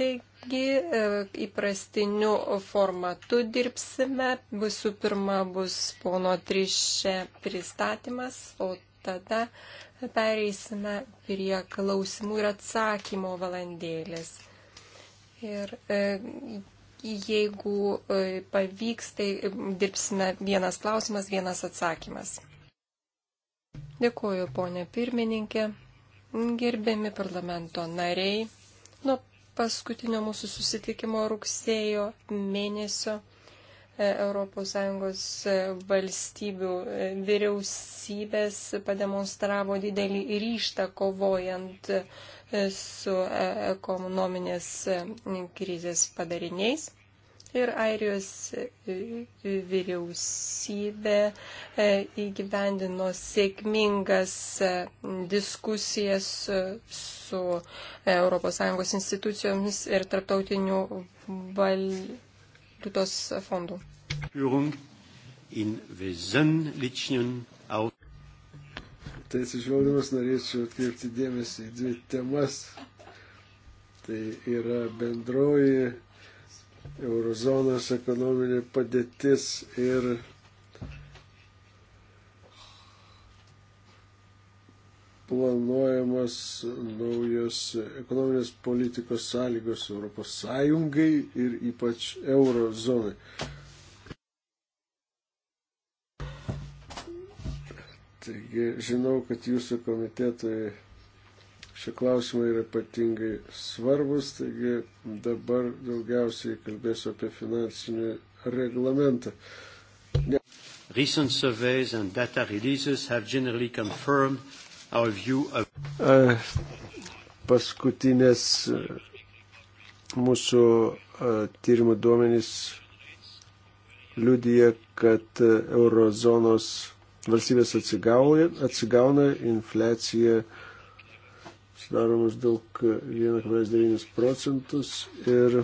Taigi e, įprastiniu formatu dirbsime. Visų pirma bus pono trišė pristatymas, o tada pereisime prie klausimų ir atsakymo valandėlės. Ir jeigu pavyks, tai dirbsime vienas klausimas, vienas atsakymas. Dėkuoju, ponė pirmininkė, gerbiami parlamento nariai. Nuo paskutinio mūsų susitikimo rugsėjo mėnesio ES e, valstybių e, vyriausybės pademonstravo didelį ryštą kovojant e, su ekonominės krizės padariniais ir Airijos e, e, vyriausybė e, įgyvendino sėkmingas diskusijas su ES institucijomis ir tarptautiniu valiutos fondu. Tai atsižvelgdamas norėčiau atkreipti dėmesį į dvi temas. Tai yra bendroji eurozonos ekonominė padėtis ir planuojamos naujos ekonominės politikos sąlygos Europos Sąjungai ir ypač eurozonai. Taigi žinau, kad jūsų komitetui Šie klausimai yra ypatingai svarbus, taigi dabar daugiausiai kalbėsiu apie finansinį reglamentą. Recent surveys and data releases have generally confirmed our view of. Paskutinės mūsų tyrimų duomenys liudyje, kad eurozonos valstybės atsigauna, infliacija sudaro maždaug 1,9 procentus ir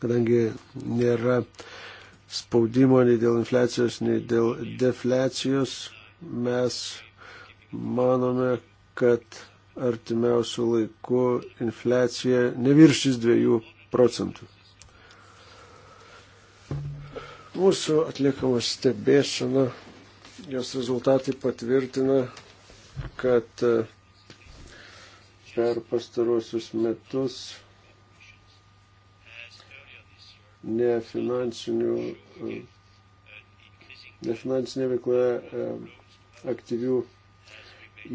kadangi nėra spaudimo nei dėl infliacijos, nei dėl defliacijos, mes manome, kad artimiausių laikų infliacija neviršys 2 procentų. Mūsų atliekama stebėsena jos rezultatai patvirtina, kad e, per pastarosius metus nefinansinių e, nefinansinė veikloje aktyvių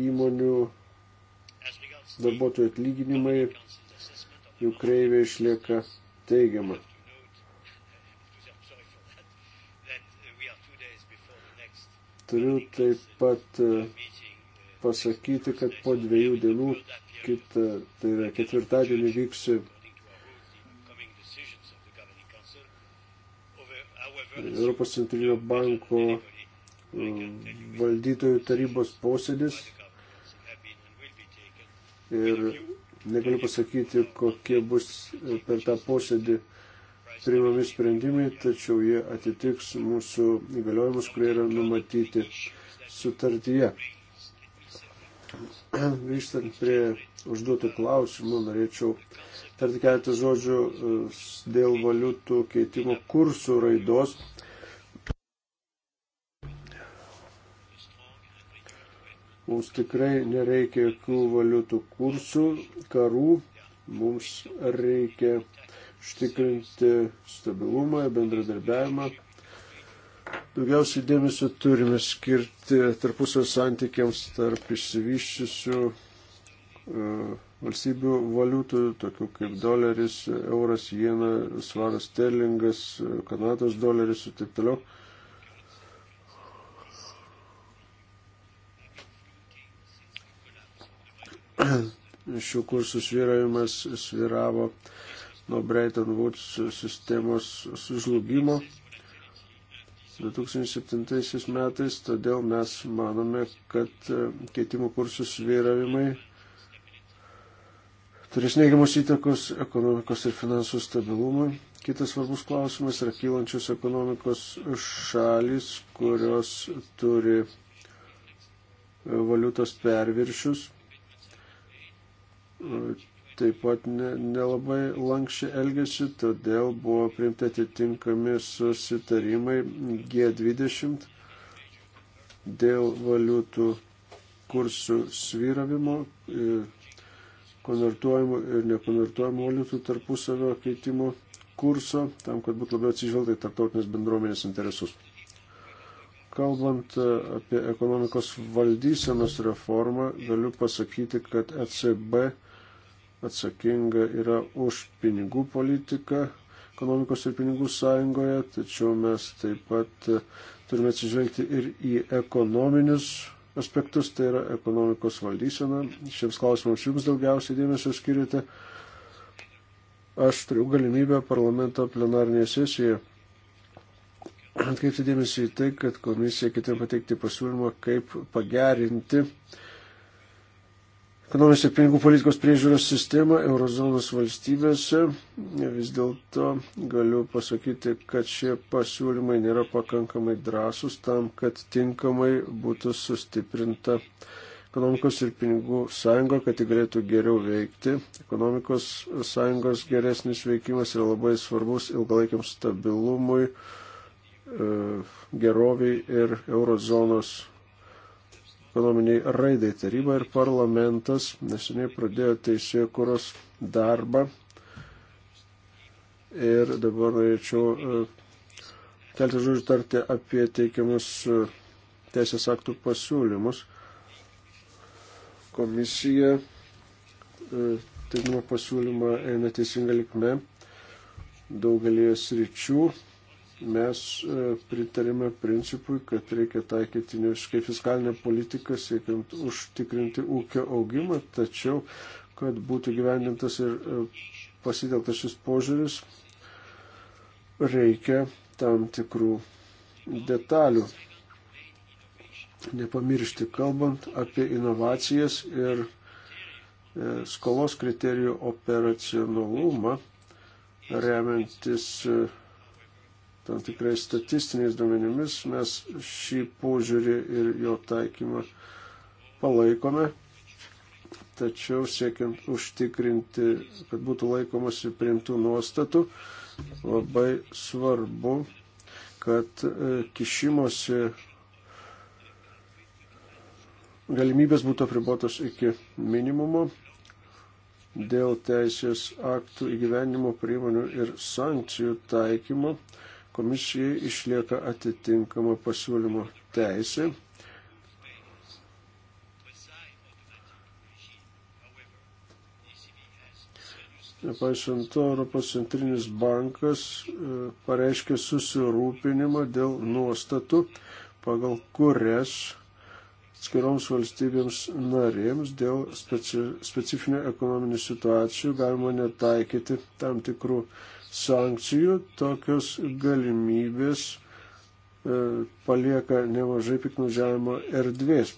įmonių darbuotojų atlyginimai jų kreivė išlieka teigiama. Turiu taip pat e, pasakyti, kad po dviejų dienų, kitą, tai yra ketvirtadienį vyks e, Europos centrinio banko e, valdytojų tarybos posėdis. Ir negaliu pasakyti, kokie bus per tą posėdį priimami sprendimai, tačiau jie atitiks mūsų įgaliojimus, kurie yra numatyti sutartyje. Grįžtant prie užduotų klausimų, norėčiau tarti keletą žodžių e, dėl valiutų keitimo kursų raidos. Mums tikrai nereikia jokių valiutų kursų, karų, mums reikia užtikrinti stabilumą, bendradarbiavimą. Daugiausiai dėmesio turime skirti tarpusio santykiams tarp išsivyščiusių e, valstybių valiutų, tokių kaip doleris, euras, jena, svaras, sterlingas, Kanados doleris ir taip toliau. Šių kursų sviravimas sviravo nuo Bretton Woods sistemos sužlugimo 2007 metais, todėl mes manome, kad e, keitimo kursų svyravimai turės neigiamus įtakos ekonomikos ir finansų stabilumui. Kitas svarbus klausimas yra kylančios ekonomikos šalis, kurios turi e, valiutos perviršius. E, taip pat nelabai ne, ne lankščiai elgėsi, todėl buvo priimti atitinkami susitarimai G20 dėl valiutų kursų svyravimo, e, konvertuojamų ir nekonvertuojamų valiutų tarpusavio keitimo kurso, tam, kad būtų labiau atsižvelgta į tarptautinės bendruomenės interesus. Kalbant e, apie ekonomikos valdysenos reformą, galiu pasakyti, kad ECB atsakinga yra už pinigų politiką ekonomikos ir pinigų sąjungoje, tačiau mes taip pat turime atsižvelgti ir į ekonominius aspektus, tai yra ekonomikos valdysena. Šiems klausimams jums daugiausiai dėmesio skiriate. Aš turiu galimybę parlamento plenarnėje sesijoje atkreipti dėmesį į tai, kad komisija ketina pateikti pasiūlymą, kaip pagerinti uh, ekonominės ir pinigų politikos priežiūros sistemą eurozonos valstybėse. Vis dėlto galiu pasakyti, kad šie pasiūlymai nėra pakankamai drąsūs tam, kad tinkamai būtų sustiprinta ekonomikos ir pinigų sąjunga, kad ji galėtų geriau veikti. Ekonomikos sąjungos geresnis veikimas yra labai svarbus ilgalaikiam stabilumui, e, geroviai ir eurozonos ekonominiai raidai. Taryba ir parlamentas neseniai pradėjo teisėjų kuros darbą. Ir dabar norėčiau e, keltą žodžių tarti apie teikiamus e, teisės aktų pasiūlymus. Komisija e, teikimo pasiūlymą eina teisinga likme daugelį sričių mes e, pritarėme principui, kad reikia taikyti neiškai fiskalinę politiką, siekiant užtikrinti ūkio augimą, tačiau, kad būtų gyvendintas ir e, pasiteltas šis požiūris, reikia tam tikrų detalių. Nepamiršti, kalbant apie inovacijas ir e, skolos kriterijų operacionalumą, remiantis tam tikrais statistiniais duomenimis mes šį požiūrį ir jo taikymą palaikome, tačiau siekiant užtikrinti, kad būtų laikomasi priimtų nuostatų, labai svarbu, kad e, kišimosi galimybės būtų apribotos iki minimumo dėl teisės aktų įgyvenimo priemonių ir sankcijų taikymo Komisijai išlieka atitinkama pasiūlymo teisė. Nepaisant to, Europos centrinis bankas e, pareiškė susirūpinimą dėl nuostatų, pagal kurias atskiroms valstybėms narėms dėl speci, specifinio ekonominių situacijų galima netaikyti tam tikrų sankcijų, tokios galimybės e, palieka nemažai piknaudžiavimo erdvės.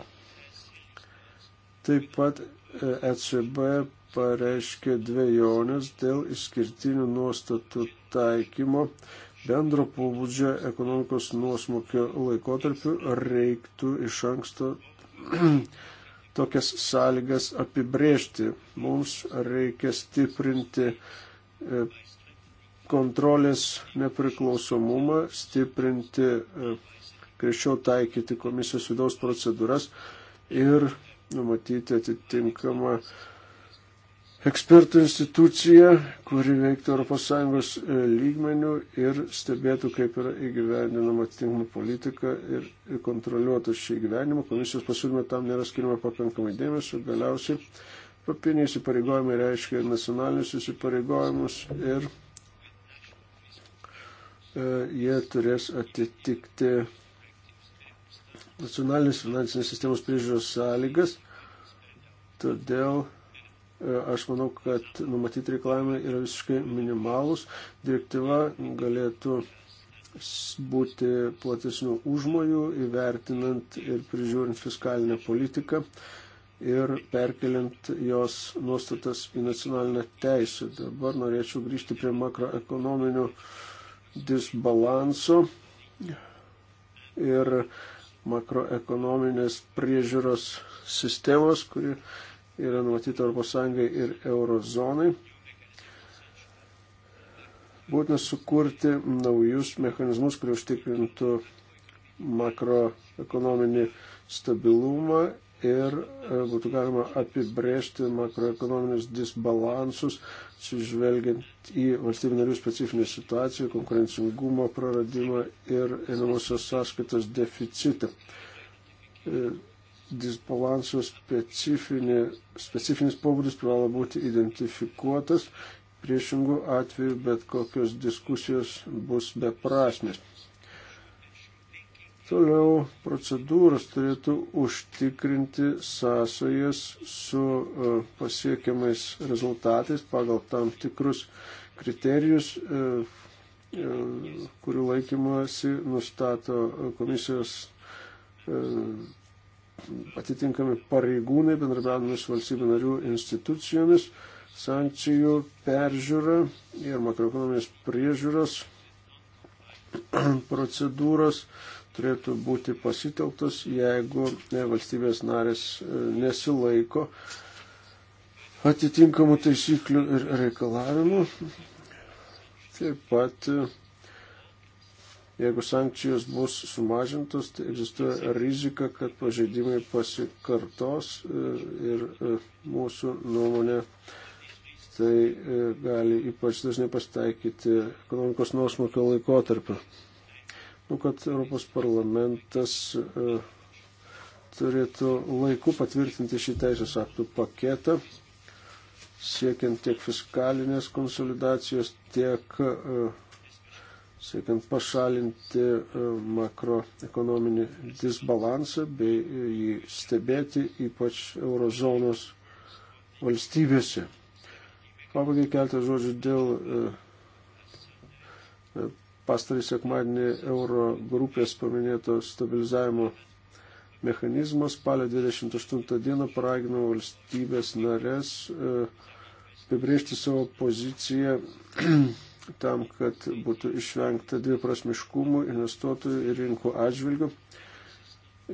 Taip pat ECB e pareiškė dviejonės dėl išskirtinių nuostatų taikymo bendro pobūdžio ekonomikos nuosmokio laikotarpiu reiktų iš anksto tokias sąlygas apibrėžti. Mums reikia stiprinti e, kontrolės nepriklausomumą, stiprinti, e, greičiau taikyti komisijos vidaus procedūras ir numatyti atitinkamą ekspertų instituciją, kuri veiktų ES e, lygmenių ir stebėtų, kaip yra įgyvendinama atitinkama politika ir kontroliuotų šį gyvenimą. Komisijos pasiūlymą tam nėra skirima pakankamai dėmesio. Galiausiai papiniai įsipareigojimai reiškia ir nacionalinius įsipareigojimus ir E, jie turės atitikti nacionalinės finansinės sistemos priežiūros sąlygas. Todėl e, aš manau, kad numatyti reikalavimai yra visiškai minimalūs. Direktyva galėtų būti platesnių užmojų, įvertinant ir prižiūrint fiskalinę politiką ir perkeliant jos nuostatas į nacionalinę teisę. Dabar norėčiau grįžti prie makroekonominių uh, disbalanso ir makroekonominės priežiūros sistemos, kuri yra numatyta ES ir eurozonai. Būtina sukurti naujus mechanizmus, kurie užtikrintų makroekonominį stabilumą ir e, būtų galima apibrėžti makroekonominius disbalansus, atsižvelgiant į valstybių narių specifinę situaciją, konkurencingumo praradimą ir einamosios sąskaitos deficitą. E, disbalanso specifinis pobūdis privalo būti identifikuotas, priešingų atveju bet kokios diskusijos bus beprasmės. Toliau procedūros turėtų užtikrinti sąsajas su e, pasiekiamais rezultatais pagal tam tikrus kriterijus, e, e, kurių laikymasi nustato komisijos atitinkami pareigūnai bendradarbiavimus valstybių narių institucijomis, sankcijų peržiūra ir makroekonominės priežiūros procedūros turėtų būti pasitelktos, jeigu e, valstybės narės e, nesilaiko atitinkamų taisyklių ir reikalavimų. Taip pat, e, jeigu sankcijos bus sumažintos, tai egzistuoja rizika, kad pažeidimai pasikartos ir mūsų nuomonė tai gali ypač dažnai pasitaikyti ekonomikos nuosmukio laikotarpiu nu, kad Europos parlamentas e, turėtų laiku patvirtinti šį teisės aktų paketą, siekiant tiek fiskalinės konsolidacijos, tiek e, siekiant pašalinti e, makroekonominį disbalansą bei jį stebėti ypač eurozonos valstybėse. Pabaigai keltą žodžių dėl pastarį sekmadienį euro grupės paminėto stabilizavimo mechanizmo spalio 28 dieną paragino valstybės narės e, apibriežti savo poziciją tam, kad būtų išvengta dviprasmiškumų investuotojų ir rinkų atžvilgių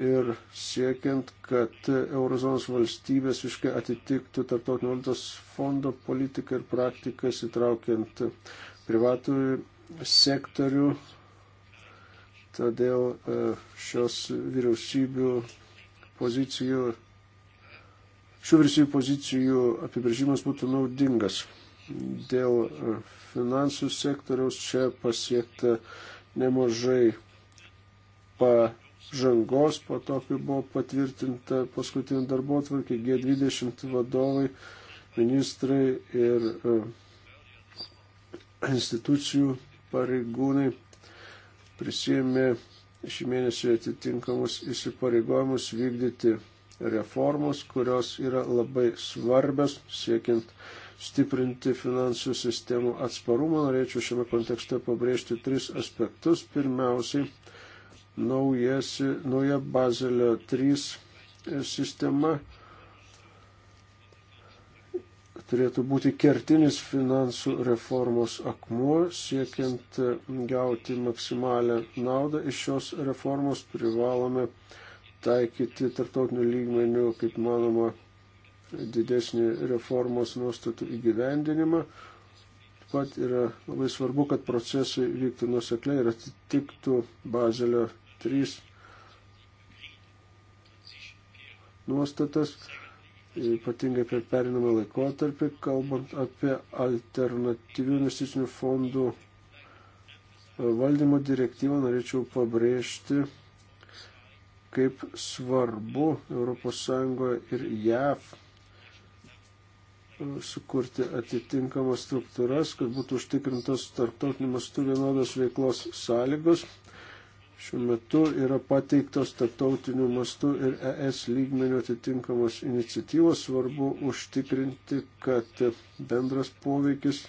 ir siekiant, kad eurozonos valstybės visiškai atitiktų Tartautinio valiutos fondo politiką ir praktiką, sitraukiant privatų sektorių, todėl e, šios vyriausybių pozicijų, šių vyriausybių pozicijų apibrėžimas būtų naudingas. Dėl e, finansų sektoriaus čia pasiekta nemažai pažangos po to, kai buvo patvirtinta paskutinė darbo tvarkė G20 vadovai, ministrai ir e, institucijų pareigūnai prisėmė šį mėnesį atitinkamus įsipareigojimus vykdyti reformos, kurios yra labai svarbios siekiant stiprinti finansų sistemų atsparumą. Norėčiau šiame kontekste pabrėžti tris aspektus. Pirmiausiai, naujasi, nauja Bazelio 3 sistema turėtų būti kertinis finansų reformos akmuo, siekiant e, gauti maksimalę naudą iš šios reformos privalome taikyti tarptautinių lygmenių, kaip manoma, didesnį reformos nuostatų įgyvendinimą. Taip pat yra labai svarbu, kad procesai vyktų nusekliai ir atitiktų Bazelio 3 nuostatas ypatingai per perinamą laikotarpį, kalbant apie alternatyvių investicinių fondų e, valdymo direktyvą, norėčiau pabrėžti, kaip svarbu ES ir JAV e, sukurti atitinkamas struktūras, kad būtų užtikrintos tarptautiniu mastu vienodos veiklos sąlygos Šiuo metu yra pateiktos tarptautiniu mastu ir ES lygmenių atitinkamos iniciatyvos. Svarbu užtikrinti, kad bendras poveikis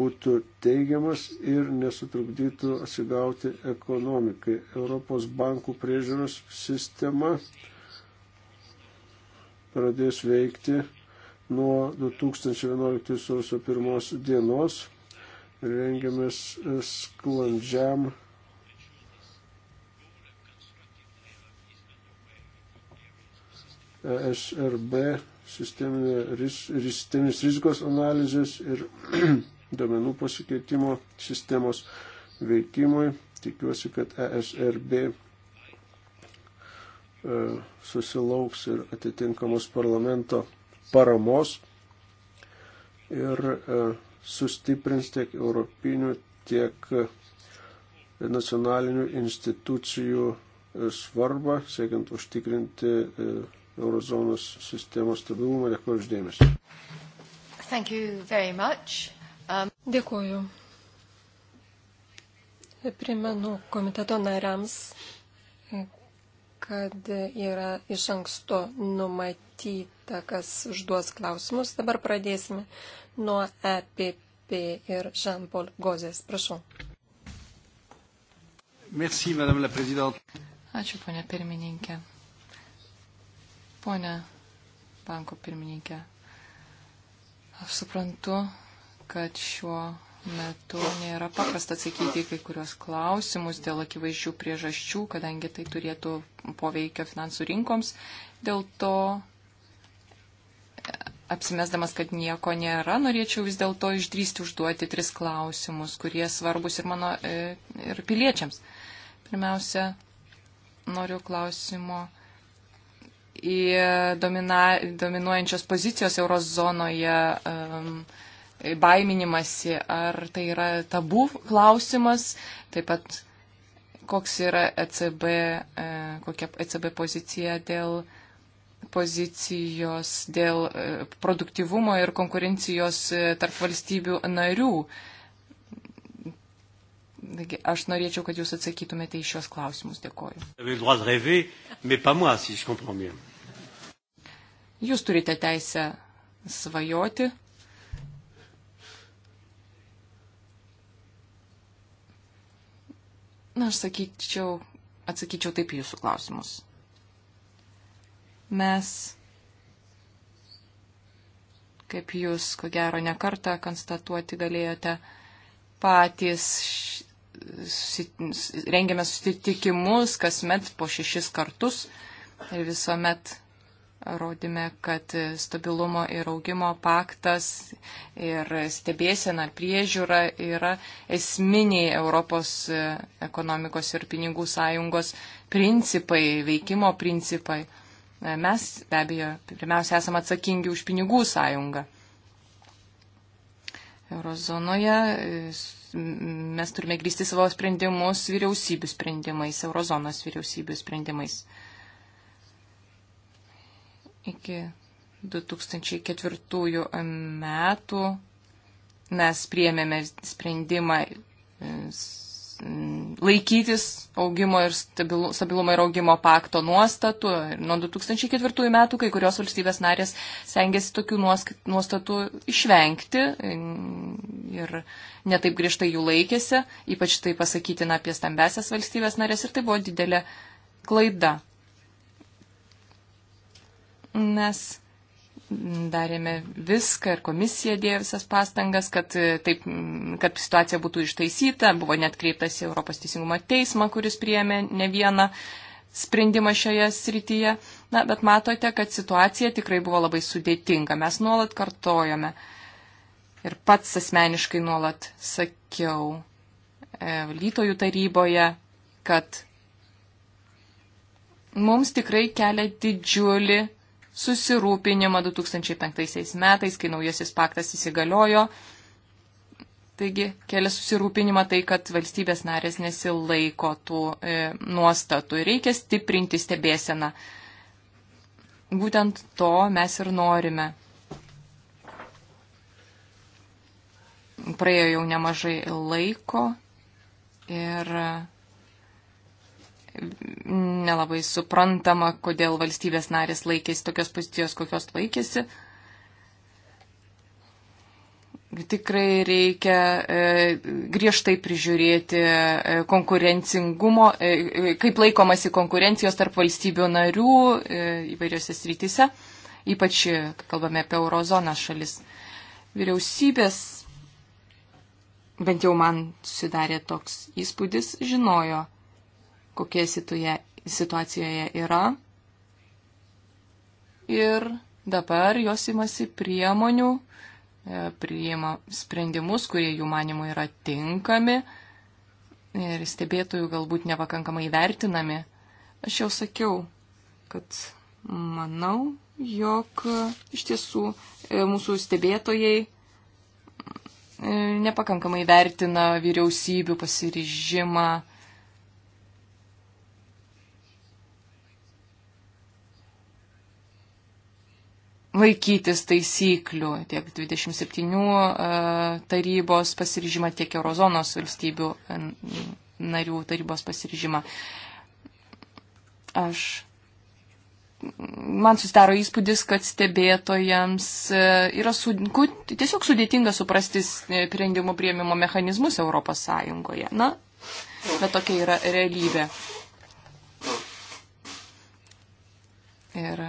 būtų teigiamas ir nesutrukdytų atsigauti ekonomikai. Europos bankų priežiūros sistema pradės veikti nuo 2011 sausio 1 dienos. Rengiamės sklandžiam E SRB sisteminės rizikos analizės ir domenų pasikeitimo sistemos veikimui. Tikiuosi, kad ESRB e, susilauks ir atitinkamos parlamento paramos ir e, sustiprins tiek europinių, tiek nacionalinių institucijų svarbą, siekiant užtikrinti eurozonos sistemos stabilumą. Dėkuoju uždėmesi. Um... Dėkuoju. Primenu komiteto nariams, kad yra iš anksto numatyta, kas užduos klausimus. Dabar pradėsime nuo EPP ir Jean-Paul Gozės. Prašau. Merci, Ačiū, ponė pirmininkė. Pone banko pirmininkė, aš suprantu, kad šiuo metu nėra paprasta atsakyti kai kurios klausimus dėl akivaizdžių priežasčių, kadangi tai turėtų poveikio finansų rinkoms. Dėl to, apsimesdamas, kad nieko nėra, norėčiau vis dėlto išdrysti užduoti tris klausimus, kurie svarbus ir mano, e, ir piliečiams. Pirmiausia, noriu klausimo į domina, dominuojančios pozicijos eurozonoje um, baiminimasi, ar tai yra tabų klausimas, taip pat koks yra ECB, e, kokia ECB pozicija dėl pozicijos dėl e, produktivumo ir konkurencijos e, tarp valstybių narių. Uh, Taigi aš norėčiau, kad jūs atsakytumėte į šios klausimus. Dėkoju. Jūs turite teisę svajoti. Na, aš sakyčiau, atsakyčiau taip į jūsų klausimus. Mes, kaip jūs, ko gero, nekartą konstatuoti galėjote, patys rengiame susitikimus kasmet po šešis kartus ir visuomet rodime, kad stabilumo ir augimo paktas ir stebėsena priežiūra yra esminiai Europos ekonomikos ir pinigų sąjungos principai, veikimo principai. Mes be abejo pirmiausia esame atsakingi už pinigų sąjungą. Eurozonoje mes turime grįsti savo sprendimus vyriausybių sprendimais, eurozonos vyriausybių sprendimais. Iki 2004 metų mes priėmėme sprendimą e, Mm, laikytis augimo ir stabilu, stabilumo ir augimo pakto nuostatų. Ir nuo 2004 metų kai kurios valstybės narės sengiasi tokių nuostatų išvengti mm, ir netaip griežtai jų laikėsi, ypač tai pasakytina apie stambesias valstybės narės ir tai buvo didelė klaida. Mes darėme viską ir komisija dėjo visas pastangas, kad, e, taip, kad situacija būtų ištaisyta. Buvo net kreiptas į Europos teisingumo teismą, kuris priėmė ne vieną sprendimą šioje srityje. Na, bet matote, kad situacija tikrai buvo labai sudėtinga. Mes nuolat kartojome. Ir pats asmeniškai nuolat sakiau valdytojų e, taryboje, kad mums tikrai kelia didžiulį susirūpinimą 2005 metais, kai naujasis paktas įsigaliojo. Taigi kelia susirūpinimą tai, kad valstybės narės nesilaiko tų e, nuostatų ir reikia stiprinti stebėseną. Būtent to mes ir norime. Praėjo jau nemažai laiko ir nelabai suprantama, kodėl valstybės narės laikėsi tokios pozicijos, kokios laikėsi. Tikrai reikia e, griežtai prižiūrėti e, konkurencingumo, e, e kaip laikomasi konkurencijos tarp valstybių narių e, įvairiose srityse, ypač e, kalbame apie eurozonas šalis. Vyriausybės, bent jau man susidarė toks įspūdis, žinojo, kokie situje, situacijoje yra. Ir dabar jos imasi priemonių, e, priima sprendimus, kurie jų manimų yra tinkami ir stebėtojų galbūt nepakankamai vertinami. Aš jau sakiau, kad manau, jog iš tiesų e, mūsų stebėtojai e, nepakankamai vertina vyriausybių pasiryžimą laikytis taisyklių, tiek 27 e, tarybos pasiryžimą, tiek Eurozonos valstybių e, narių tarybos pasiryžimą. Aš. Man susidaro įspūdis, kad stebėtojams e, yra sunku, tiesiog sudėtinga suprasti sprendimų prieimimo mechanizmus Europos Sąjungoje. Na, bet tokia yra realybė. Ir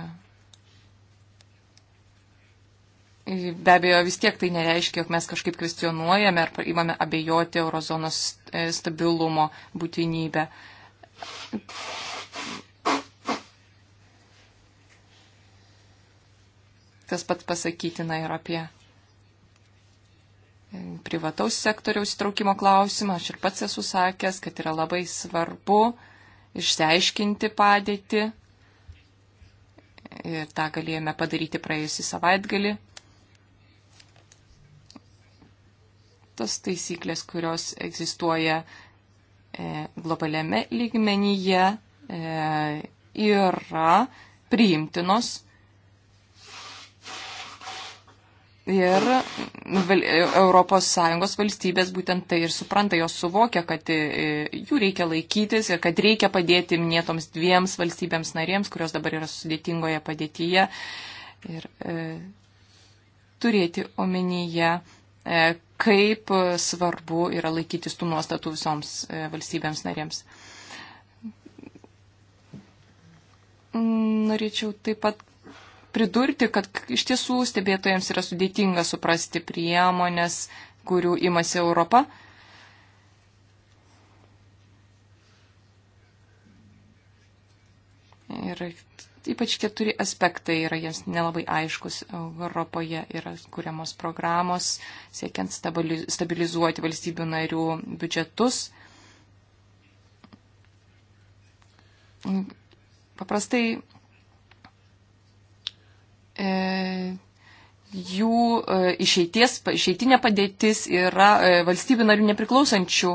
Be abejo, vis tiek tai nereiškia, jog mes kažkaip kvestionuojame ar įmame abejoti eurozonos e, stabilumo būtinybę. Tas pats pasakytina ir apie e, privataus sektoriaus įtraukimo klausimą. Aš ir pats esu sakęs, kad yra labai svarbu išsiaiškinti padėtį. Ir tą galėjome padaryti praėjusį savaitgalį tas taisyklės, kurios egzistuoja e, globaliame lygmenyje, e, yra priimtinos Ir ES valstybės būtent tai ir supranta, jos suvokia, kad e, jų reikia laikytis ir kad reikia padėti minėtoms dviems valstybėms narėms, kurios dabar yra sudėtingoje padėtyje. Ir e, turėti omenyje E, kaip svarbu yra laikytis tų nuostatų visoms e, valstybėms narėms. Norėčiau taip pat pridurti, kad iš tiesų stebėtojams yra sudėtinga suprasti priemonės, kurių imasi Europa. Ir Ypač keturi aspektai yra jiems nelabai aiškus. Europoje yra kuriamos programos, siekiant stabilizuoti valstybių narių biudžetus. Paprastai e, jų e, išeities, išeitinė padėtis yra e, valstybių narių nepriklausančių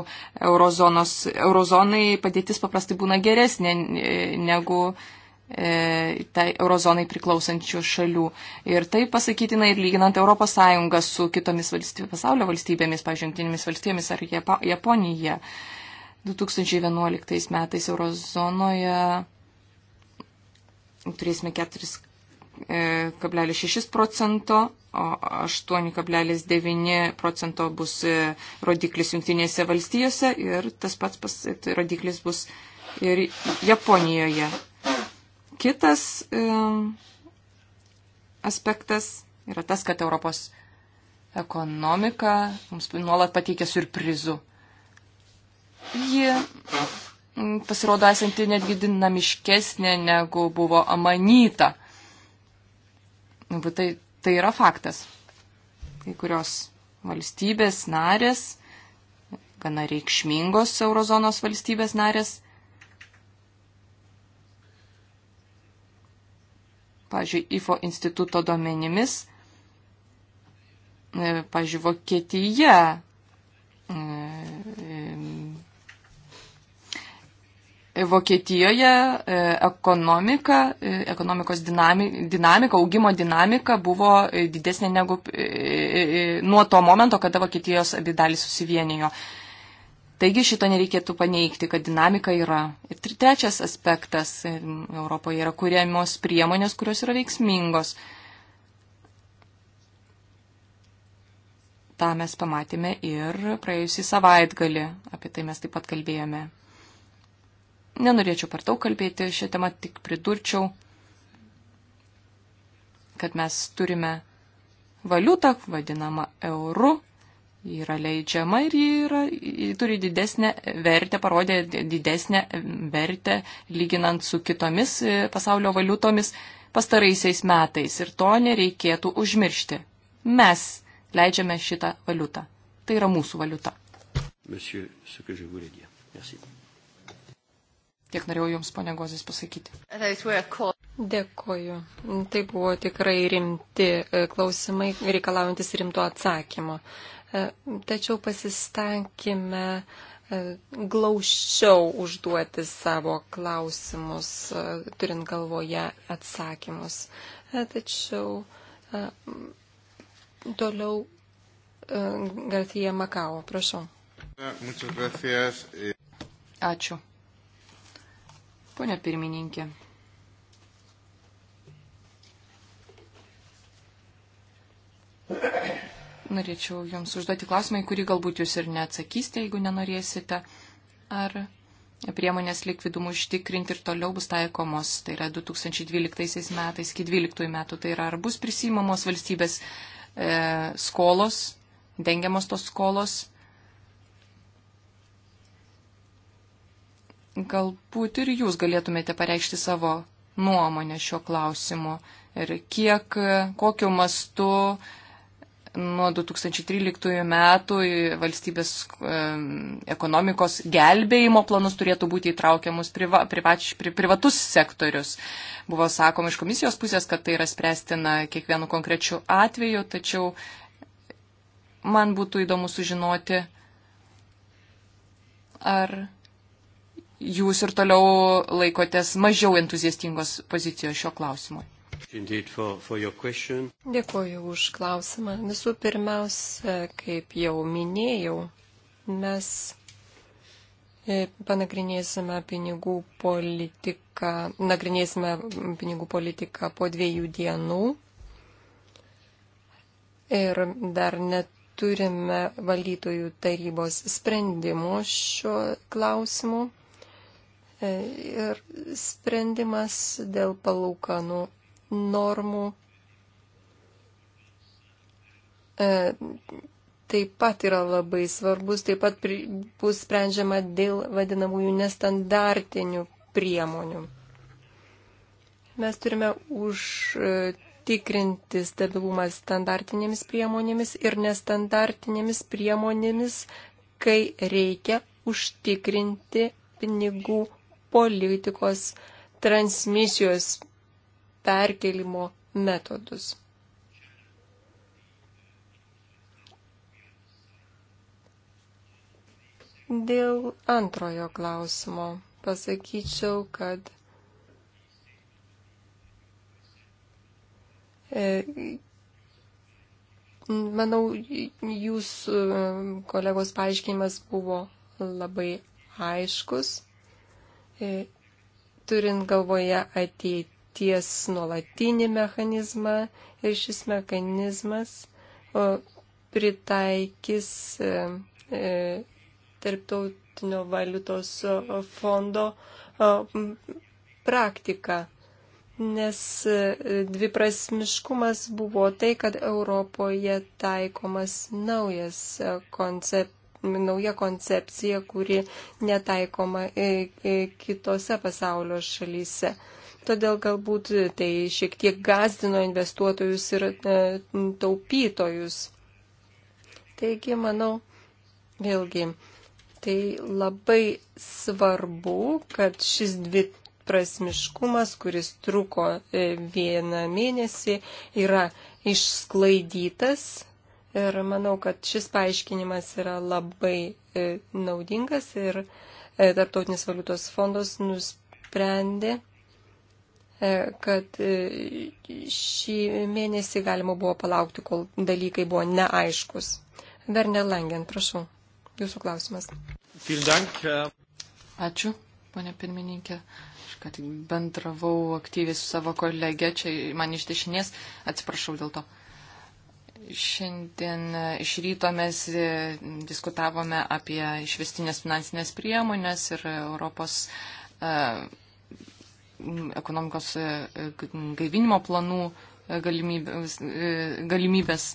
eurozonos. Eurozonai padėtis paprastai būna geresnė e, negu. Ne, E, tai eurozonai priklausančių šalių. Ir tai pasakytina ir lyginant ES su kitomis valstybė, pasaulio valstybėmis, pažiūrėtinėmis valstybėmis ar Japonija. 2011 metais eurozonoje turėsime 4,6 e, procento, o 8,9 procento bus e, rodiklis jungtinėse valstijose ir tas pats pas, tai rodiklis bus ir Japonijoje. Kitas e, aspektas yra tas, kad Europos ekonomika mums nuolat pateikia surprizų. Ji pasirodo esanti netgi dinamiškesnė negu buvo amanyta. Bet tai, tai yra faktas. Kai kurios valstybės narės, gana reikšmingos eurozonos valstybės narės, Pavyzdžiui, IFO instituto duomenimis, e, pavyzdžiui, Vokietija e, e, Vokietijoje ekonomika, ekonomikos dinamika, dinamika, augimo dinamika buvo didesnė negu nuo to momento, kada Vokietijos abi dalys susivienijo. Taigi šito nereikėtų paneigti, kad dinamika yra. Ir trečias aspektas e, Europoje yra kuriamos priemonės, kurios yra veiksmingos. tą mes pamatėme ir praėjusį savaitgalį, apie tai mes taip pat kalbėjome. Nenorėčiau per daug kalbėti šią temą, tik pridurčiau, kad mes turime valiutą, vadinamą eurų, yra leidžiama ir ji, yra, ji turi didesnę vertę, parodė didesnę vertę lyginant su kitomis e, pasaulio valiutomis pastaraisiais metais. Ir to nereikėtų užmiršti. Mes leidžiame šitą valiutą. Tai yra mūsų valiuta. Monsieur, Tiek norėjau Jums, ponė Gozis, pasakyti. Dėkoju. Tai buvo tikrai rimti e, klausimai, reikalaujantis rimto atsakymo. E, tačiau pasistengime glaušiau užduoti savo klausimus, e, turint galvoje atsakymus. E, tačiau toliau Garcija Makao, prašau. Ačiū. Pone pirmininkė. Thank you norėčiau Jums užduoti klausimą, į kurį galbūt Jūs ir neatsakysite, jeigu nenorėsite. Ar priemonės likvidumų ištikrinti ir toliau bus taikomos, tai yra 2012 metais iki 2012 metų, tai yra ar bus prisimamos valstybės e, skolos, dengiamos tos skolos. Galbūt ir Jūs galėtumėte pareikšti savo nuomonę šiuo klausimu ir kiek, kokiu mastu nuo 2013 metų valstybės e, ekonomikos gelbėjimo planus turėtų būti įtraukiamus priva, privač, pri, privatus sektorius. Buvo sakoma iš komisijos pusės, kad tai yra spręstina kiekvienu konkrečiu atveju, tačiau man būtų įdomu sužinoti, ar jūs ir toliau laikotės mažiau entuziastingos pozicijos šio klausimu. For, for Dėkuoju už klausimą. Visų pirmiausia, kaip jau minėjau, mes e, panagrinėsime pinigų politiką, nagrinėsime pinigų politiką po dviejų dienų. Ir dar neturime valdytojų tarybos sprendimų šiuo klausimu. E, ir sprendimas dėl palūkanų normų e, taip pat yra labai svarbus, taip pat pri, bus sprendžiama dėl vadinamųjų nestandartinių priemonių. Mes turime užtikrinti e, stabilumą standartinėmis priemonėmis ir nestandartinėmis priemonėmis, kai reikia užtikrinti pinigų politikos transmisijos perkelimo metodus. Dėl antrojo klausimo pasakyčiau, kad e, Manau, jūsų e, kolegos paaiškinimas buvo labai aiškus, e, turint galvoje ateitį ties nuolatinį mechanizmą ir šis mechanizmas pritaikys e, e, tarptautinio valiutos fondo praktiką. Nes e, dviprasmiškumas buvo tai, kad Europoje taikomas naujas koncept, nauja koncepcija, kuri netaikoma kitose pasaulio šalyse todėl galbūt tai šiek tiek gazdino investuotojus ir e, taupytojus. Taigi, manau, vėlgi, tai labai svarbu, kad šis dvi prasmiškumas, kuris truko e, vieną mėnesį, yra išsklaidytas. Ir manau, kad šis paaiškinimas yra labai e, naudingas ir Tarptautinis valiutos fondas nusprendė E, kad e, šį mėnesį galima buvo palaukti, kol dalykai buvo neaiškus. Werner Langen, prašau, jūsų klausimas. Ačiū, ponė pirmininkė. Aš ką tik bendravau aktyviai su savo kolege, čia man iš dešinės, atsiprašau dėl to. Šiandien iš ryto mes e, diskutavome apie išvestinės finansinės priemonės ir Europos uh, Mm, ekonomikos e, e, gaivinimo planų e, galimybės, galimybės.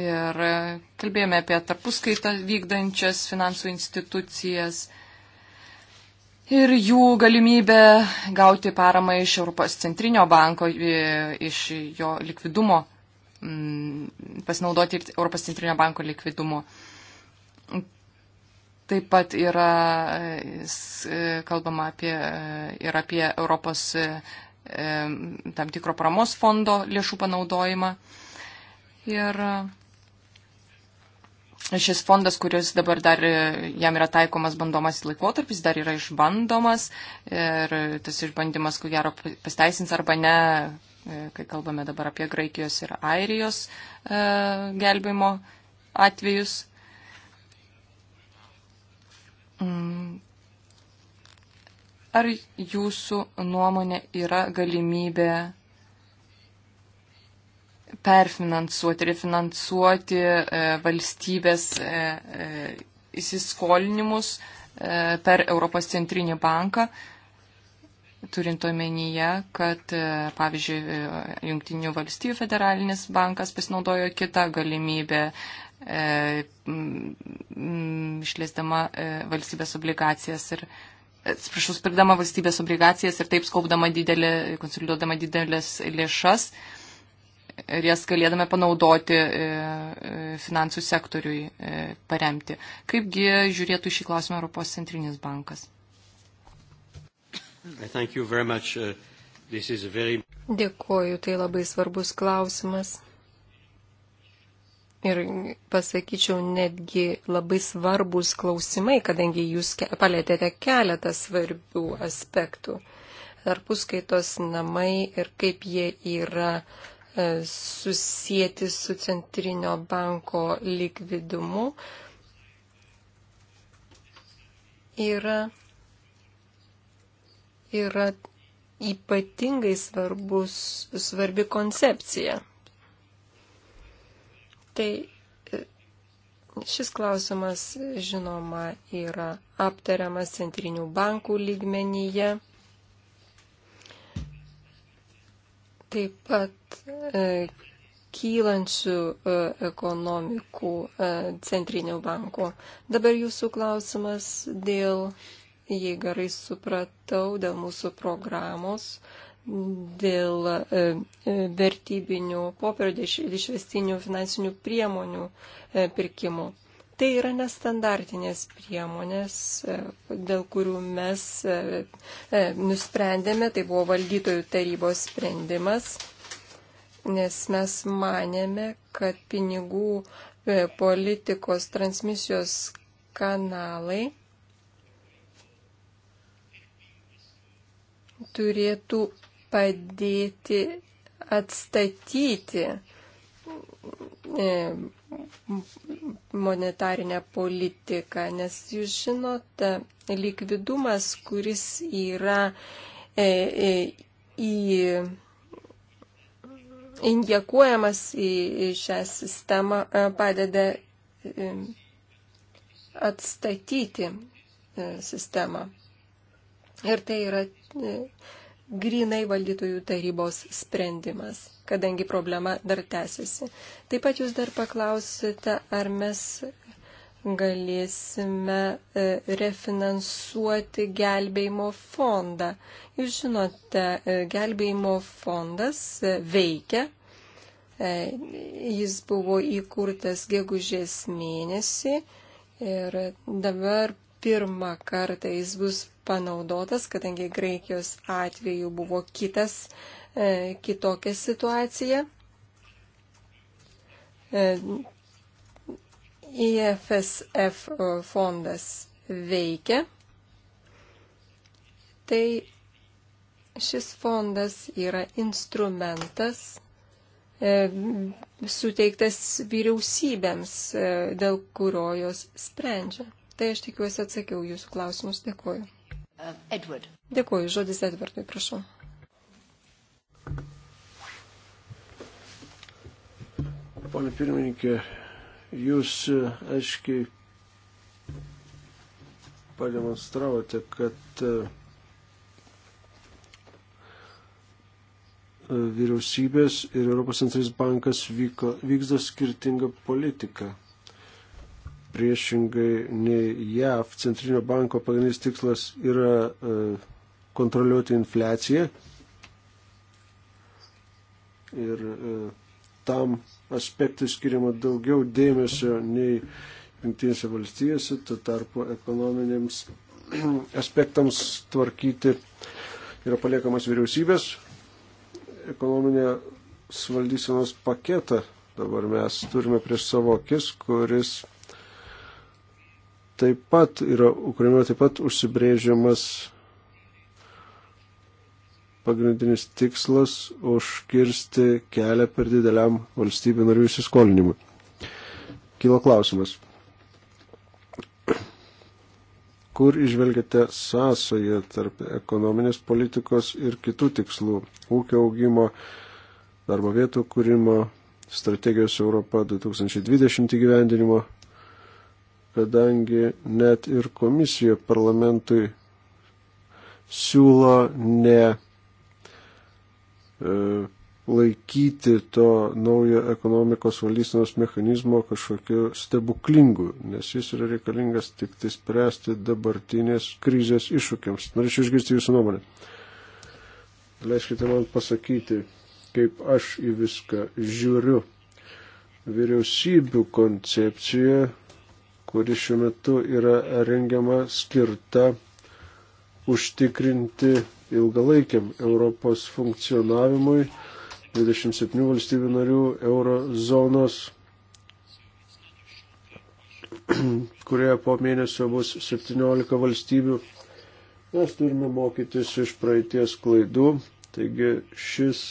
Ir kalbėjome apie tarpuskaitą vykdančias finansų institucijas ir jų galimybę gauti paramą iš Europos centrinio banko, iš jo likvidumo, mm, pasinaudoti Europos centrinio banko likvidumo. Taip pat yra e, e, kalbama apie, e, ir apie Europos tam tikro paramos fondo lėšų panaudojimą. Ir šis fondas, kuris dabar dar jam yra taikomas bandomas laikotarpis, dar yra išbandomas ir tas išbandymas, ko gero, pasteisins arba ne, kai kalbame dabar apie Graikijos ir Airijos gelbėjimo atvejus. Mm. Ar jūsų nuomonė yra galimybė perfinansuoti, refinansuoti e, valstybės e, e, įsiskolinimus per Europos centrinį banką, turint omenyje, kad, pavyzdžiui, Junktinių valstybių federalinis bankas pasinaudojo kitą galimybę E, išleisdama e, valstybės obligacijas ir, e, atsiprašau, pirkdama valstybės obligacijas ir taip skaupdama didelį, konsoliduodama didelės lėšas ir jas galėdame panaudoti finansų sektoriui paremti. Kaipgi žiūrėtų šį klausimą Europos centrinis bankas? Very... Uh, Dėkuoju, tai labai svarbus klausimas ir pasakyčiau netgi labai svarbus klausimai, kadangi jūs palėtėte keletą svarbių aspektų. Tarpuskaitos namai ir kaip jie yra e, susijęti su centrinio banko likvidumu yra, yra ypatingai svarbus, svarbi koncepcija. Tai e, šis klausimas, žinoma, yra aptariamas centrinių bankų lygmenyje. Taip pat e, kylančių e, ekonomikų e, centrinių bankų. Dabar jūsų klausimas dėl, jei gerai supratau, dėl mūsų programos. E, dėl e, e, vertybinių popierų išvestinių finansinių priemonių e, pirkimų. Tai yra nestandartinės priemonės, dėl kurių mes nusprendėme, tai buvo valdytojų tarybos sprendimas, nes mes manėme, kad pinigų politikos transmisijos kanalai turėtų padėti atstatyti e, monetarinę politiką, nes jūs žinote, likvidumas, kuris yra e, e, į, injekuojamas į, į šią sistemą, e, padeda e, atstatyti e, sistemą. Ir tai yra. E, grinai valdytojų tarybos sprendimas, kadangi problema dar tęsiasi. Taip pat jūs dar paklausite, ar mes galėsime e, refinansuoti gelbėjimo fondą. Jūs žinote, e, gelbėjimo fondas e, veikia. Jis buvo įkurtas gegužės mėnesį ir dabar pirmą kartą jis bus panaudotas, kadangi Graikijos atveju buvo kitas, e, kitokia situacija. E, IFSF e, fondas veikia. Tai šis fondas yra instrumentas e, suteiktas vyriausybėms, e, dėl kurio jos sprendžia. Tai aš tikiuosi atsakiau jūsų klausimus. Dėkuoju. Uh, Edward. Dėkuoju, žodis Edvardui, prašau. Pone pirmininkė, jūs uh, aiškiai pademonstravote, kad uh, vyriausybės ir Europos centrinis bankas vyko, vykdo skirtingą politiką priešingai nei JAV centrinio banko pagrindinis tikslas yra e, kontroliuoti infliaciją. Ir e, tam aspektui skiriama daugiau dėmesio nei Junktinėse valstijose, tuo tarpu ekonominiams aspektams tvarkyti yra paliekamas vyriausybės. Ekonominė valdysenos paketą dabar mes turime prieš savo akis, kuris taip pat yra, Ukrainoje taip pat užsibrėžiamas pagrindinis tikslas užkirsti kelią per dideliam valstybių narių įsiskolinimui. Kilo klausimas. Kur išvelgiate sąsoje tarp ekonominės politikos ir kitų tikslų - ūkio augimo, darbo vietų kūrimo, strategijos Europa 2020 įgyvendinimo kadangi net ir komisija parlamentui siūlo ne e, laikyti to naujo ekonomikos valdysenos mechanizmo kažkokiu stebuklingu, nes jis yra reikalingas tik tai spręsti dabartinės krizės iššūkiams. Norėčiau išgirsti jūsų nuomonę. Leiskite man pasakyti, kaip aš į viską žiūriu. Vyriausybių koncepcija kuri šiuo metu yra rengiama skirta užtikrinti ilgalaikiam Europos funkcionavimui 27 valstybių narių eurozonos, kurioje po mėnesio bus 17 valstybių. Mes turime mokytis iš praeities klaidų, taigi šis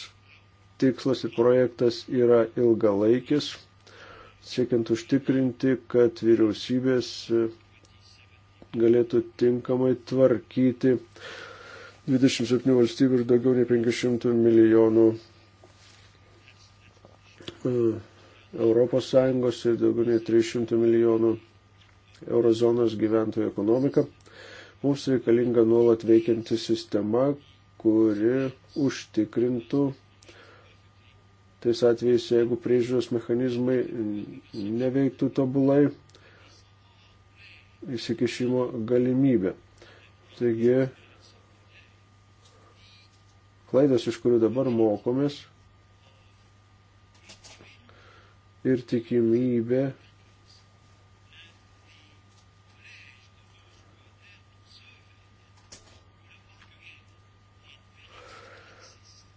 tikslas ir projektas yra ilgalaikis siekiant užtikrinti, kad vyriausybės e, galėtų tinkamai tvarkyti 27 valstybių ir daugiau nei 500 milijonų e, Europos Sąjungos ir daugiau nei 300 milijonų eurozonos gyventojų ekonomiką. Mums reikalinga nuolat veikianti sistema, kuri užtikrintų tais atvejais, jeigu priežiūros mechanizmai neveiktų tobulai įsikišimo galimybę. Taigi, klaidas, iš kurių dabar mokomės ir tikimybė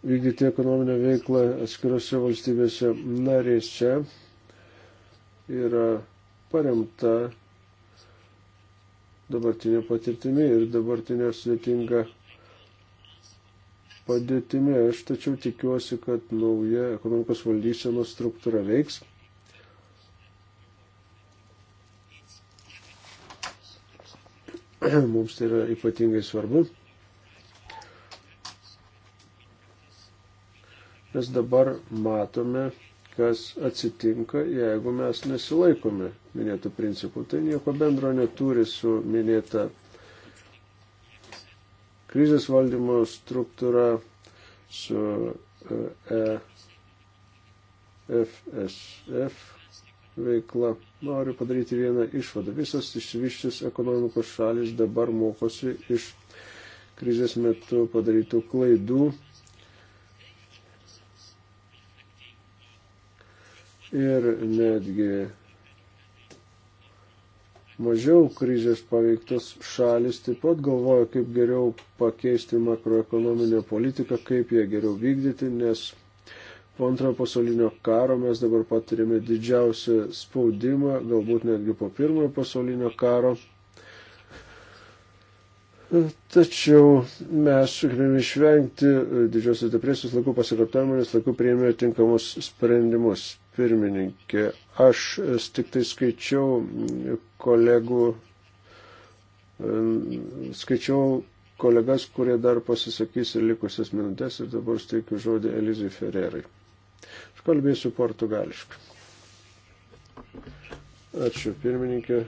vykdyti ekonominę veiklą atskirose valstybėse narėse yra paremta dabartinė patirtimi ir dabartinė sudėtinga padėtimi. Aš tačiau tikiuosi, kad nauja ekonomikos valdysenos struktūra veiks. Mums tai yra ypatingai svarbu. Nes dabar matome, kas atsitinka, jeigu mes nesilaikome minėtų principų. Tai nieko bendro neturi su minėta krizės valdymo struktūra, su EFSF e veikla. Noriu padaryti vieną išvadą. Visos išsivyščios ekonomikos šalis dabar mokosi iš krizės metu padarytų klaidų ir netgi mažiau krizės paveiktas šalis taip pat galvoja, kaip geriau pakeisti makroekonominę politiką, kaip ją geriau vykdyti, nes po antrojo pasaulinio karo mes dabar patirėme didžiausią spaudimą, galbūt netgi po pirmojo pasaulinio karo. Tačiau mes sugebėjome išvengti didžiosios depresijos laikų pasikartojimo, nes laiku priėmė tinkamus sprendimus pirmininkė. Aš tik tai skaičiau kolegų, skaičiau kolegas, kurie dar pasisakys ir likusias minutės ir dabar steikiu žodį Elizai Ferrerai. Aš kalbėsiu portugališkai. Ačiū pirmininkė.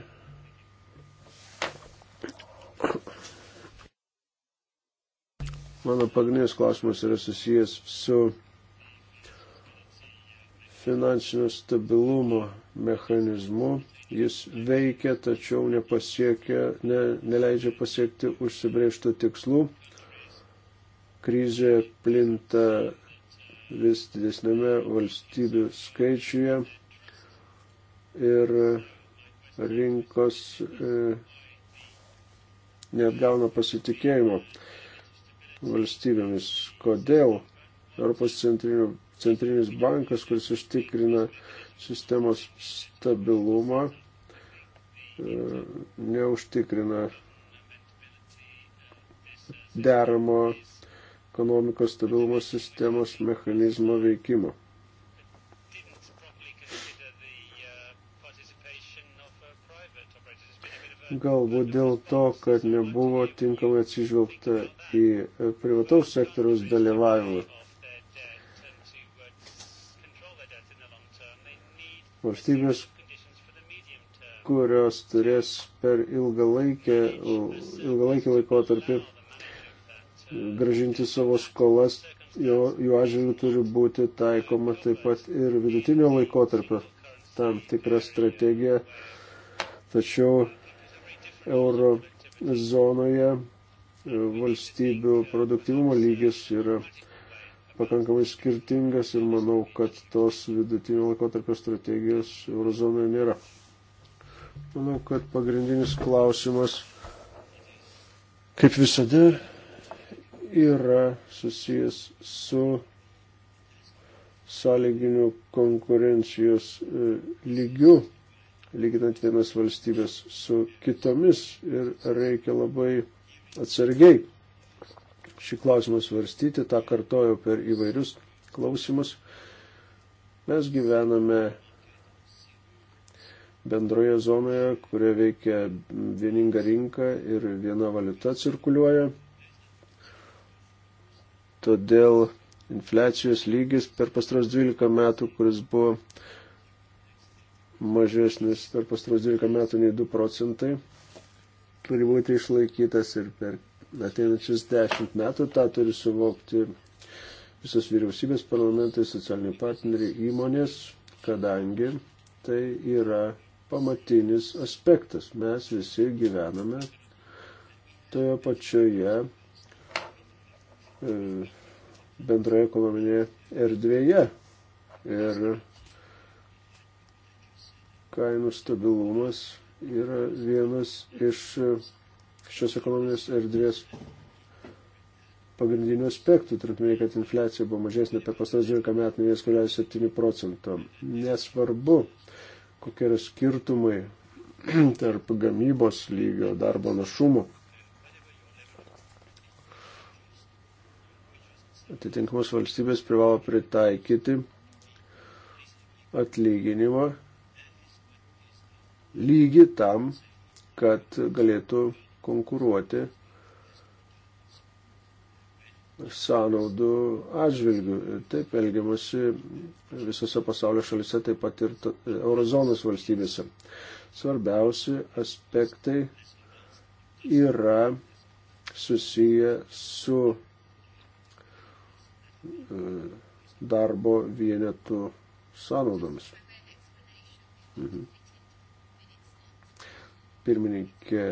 Mano pagrindinis klausimas yra susijęs su finansinio stabilumo mechanizmu. Jis veikia, tačiau nepasiekia, ne, neleidžia pasiekti užsibrėžtų tikslų. Krizė plinta vis didesnėme valstybių skaičiuje ir rinkos e, neatgauna pasitikėjimo valstybėmis. Kodėl Europos centrinio centrinis bankas, kuris užtikrina sistemos stabilumą, e, neužtikrina deramo ekonomikos stabilumo sistemos mechanizmo veikimo. Galbūt dėl to, kad nebuvo tinkamai atsižvelgta į privataus sektoriaus dalyvavimą. valstybės, kurios turės per ilgalaikį, ilgalaikį laikotarpį gražinti savo skolas, jo, jų atžvilgių turi būti taikoma taip pat ir vidutinio laikotarpio tam tikra strategija. Tačiau euro zonoje valstybių produktivumo lygis yra pakankamai skirtingas ir manau, kad tos vidutinio laikotarpio strategijos eurozonoje nėra. Manau, kad pagrindinis klausimas, kaip visada, yra susijęs su sąlyginiu konkurencijos e, lygiu, lyginant vienas valstybės su kitomis ir reikia labai atsargiai šį klausimą svarstyti, tą kartojau per įvairius klausimus. Mes gyvename bendroje zonoje, kurioje veikia vieninga rinka ir viena valiuta cirkuliuoja. Todėl infliacijos lygis per pastaros 12 metų, kuris buvo mažesnis per pastaros 12 metų nei 2 procentai, turi būti išlaikytas ir per ateinančius dešimt metų, tą turi suvokti visos vyriausybės, parlamentai, socialiniai partneriai, įmonės, kadangi tai yra pamatinis aspektas. Mes visi gyvename toje pačioje e, bendroje ekonominėje erdvėje. Ir kainų stabilumas yra vienas iš šios ekonominės erdvės pagrindinių aspektų, turėtume, tai kad infliacija buvo mažesnė per pastaros 12 metų 1,7 procento. Nesvarbu, kokie yra skirtumai tarp gamybos lygio darbo našumo. Atitinkamos valstybės privalo pritaikyti atlyginimo lygį tam, kad galėtų konkuruoti sąnaudų atžvilgių. Ir taip elgiamasi visose pasaulio šalise, taip pat ir eurozonos valstybėse. Svarbiausi aspektai yra susiję su e, darbo vienetų sąnaudomis. Mhm. Pirmininkė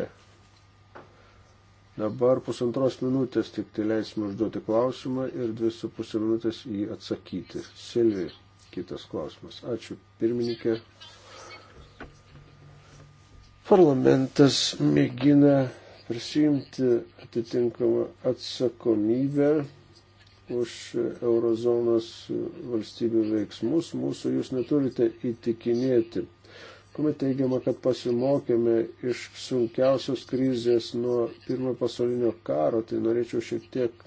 Dabar pusantros minutės tik tai leisime užduoti klausimą ir dvi su pusė minutės jį atsakyti. Silvi, kitas klausimas. Ačiū, pirmininkė. Parlamentas mėgina prisijimti atitinkamą atsakomybę už eurozonos valstybių veiksmus. Mūsų jūs neturite įtikinėti kuomet teigiama, kad pasimokėme iš sunkiausios krizės nuo pirmojo pasaulinio karo, tai norėčiau šiek tiek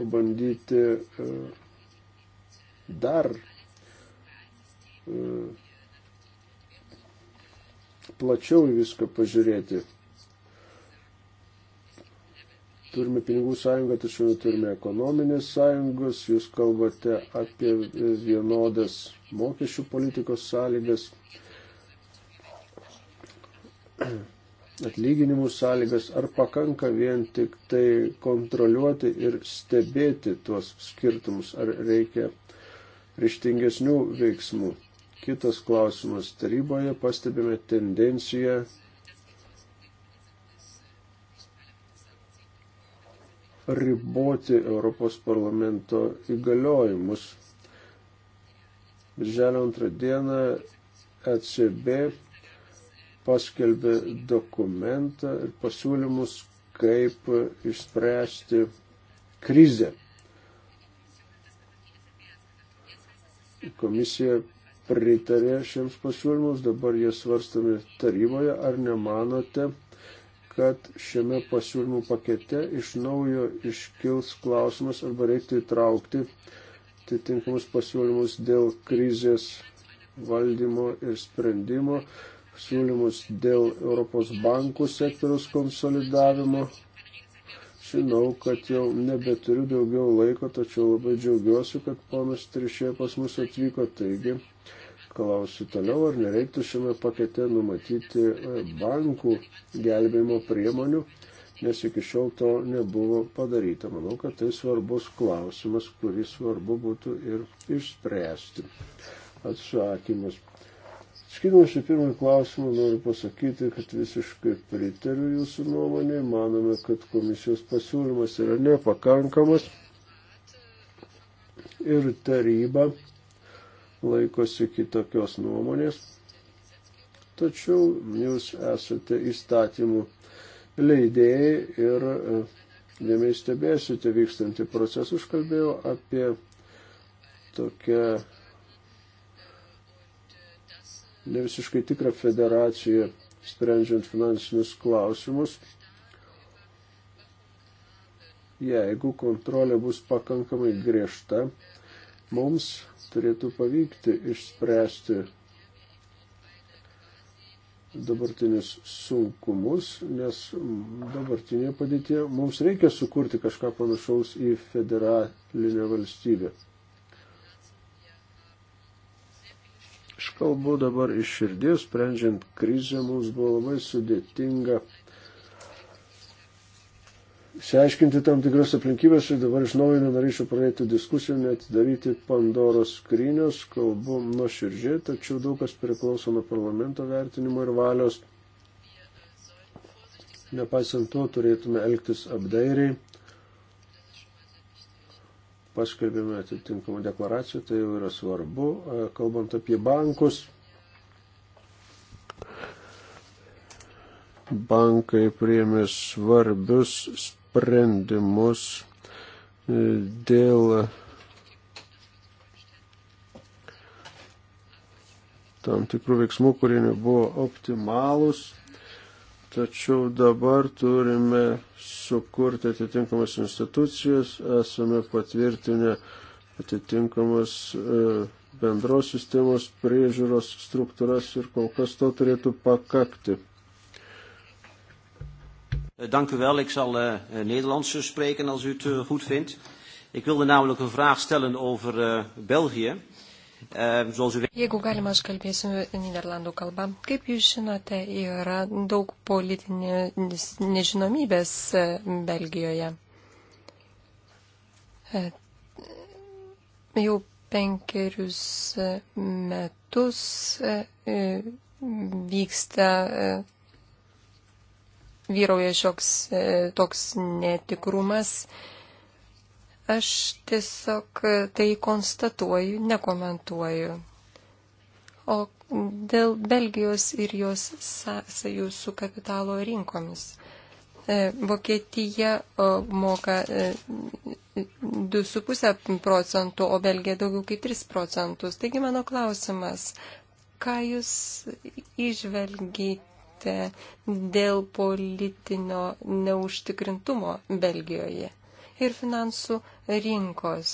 pabandyti e, dar e, plačiau į viską pažiūrėti turime pinigų sąjungą, tačiau turime ekonominės sąjungos, jūs kalbate apie vienodas mokesčių politikos sąlygas, atlyginimų sąlygas, ar pakanka vien tik tai kontroliuoti ir stebėti tuos skirtumus, ar reikia ryštingesnių veiksmų. Kitas klausimas. Taryboje pastebime tendenciją riboti Europos parlamento įgaliojimus. Birželio antrą dieną ECB paskelbė dokumentą ir pasiūlymus, kaip išspręsti krizę. Komisija pritarė šiems pasiūlymus, dabar jie svarstami taryboje. Ar nemanote, kad šiame pasiūlymų pakete iš naujo iškils klausimas arba reiktų įtraukti atitinkamus pasiūlymus dėl krizės valdymo ir sprendimo, siūlymus dėl Europos bankų sektoriaus konsolidavimo. Žinau, kad jau nebeturiu daugiau laiko, tačiau labai džiaugiuosi, kad ponas Trišė pas mus atvyko. Taigi, klausiu toliau, ar nereiktų šiame pakete numatyti e, bankų gelbėjimo priemonių, nes iki šiol to nebuvo padaryta. Manau, kad tai svarbus klausimas, kurį svarbu būtų ir išspręsti. Atsakymas. Skidamas į pirmąjį klausimą noriu pasakyti, kad visiškai pritariu jūsų nuomonė, manome, kad komisijos pasiūlymas yra nepakankamas ir taryba laikosi kitokios nuomonės, tačiau jūs esate įstatymų leidėjai ir dėmiai e, stebėsite vykstantį procesą. Aš kalbėjau apie tokią ne visiškai tikrą federaciją, sprendžiant finansinius klausimus. Jeigu kontrolė bus pakankamai griežta, mums turėtų pavykti išspręsti dabartinius sunkumus, nes dabartinėje padėtėje mums reikia sukurti kažką panašaus į federalinę valstybę. Aš kalbu dabar iš širdies, sprendžiant krizę, mums buvo labai sudėtinga išsiaiškinti tam tikras aplinkybės ir dabar iš naujo nenorėčiau pradėti diskusijų, netidaryti Pandoros skrynios, kalbu nuo širdžiai, tačiau daug kas priklauso nuo parlamento vertinimo ir valios. Nepaisant to, turėtume elgtis apdairiai. Paskelbėme atitinkamą deklaraciją, tai jau yra svarbu. E, kalbant apie bankus, bankai priemė svarbius sprendimus e, dėl tam tikrų veiksmų, kurie nebuvo optimalūs, tačiau dabar turime sukurti atitinkamas institucijas, esame patvirtinę atitinkamas e, bendros sistemos priežiūros struktūras ir kol kas to turėtų pakakti. Uh, dank u wel. Ik zal uh, Nederlands spreken als u het uh, goed vindt. Ik wilde namelijk een vraag stellen over uh, België. Jeigu galima, aš kalbėsiu Niderlandų kalbą. Kaip jūs žinote, yra daug politinės nežinomybės Belgijoje. Jau penkerius metus vyksta vyrauja šioks e, toks netikrumas. Aš tiesiog tai konstatuoju, nekomentuoju. O dėl Belgijos ir jos sąsajų su kapitalo rinkomis. E, Vokietija moka 2,5 e, procentų, o Belgija daugiau kaip 3 procentus. Taigi mano klausimas, ką jūs išvelgite? minėjote dėl politinio neužtikrintumo Belgijoje ir finansų rinkos,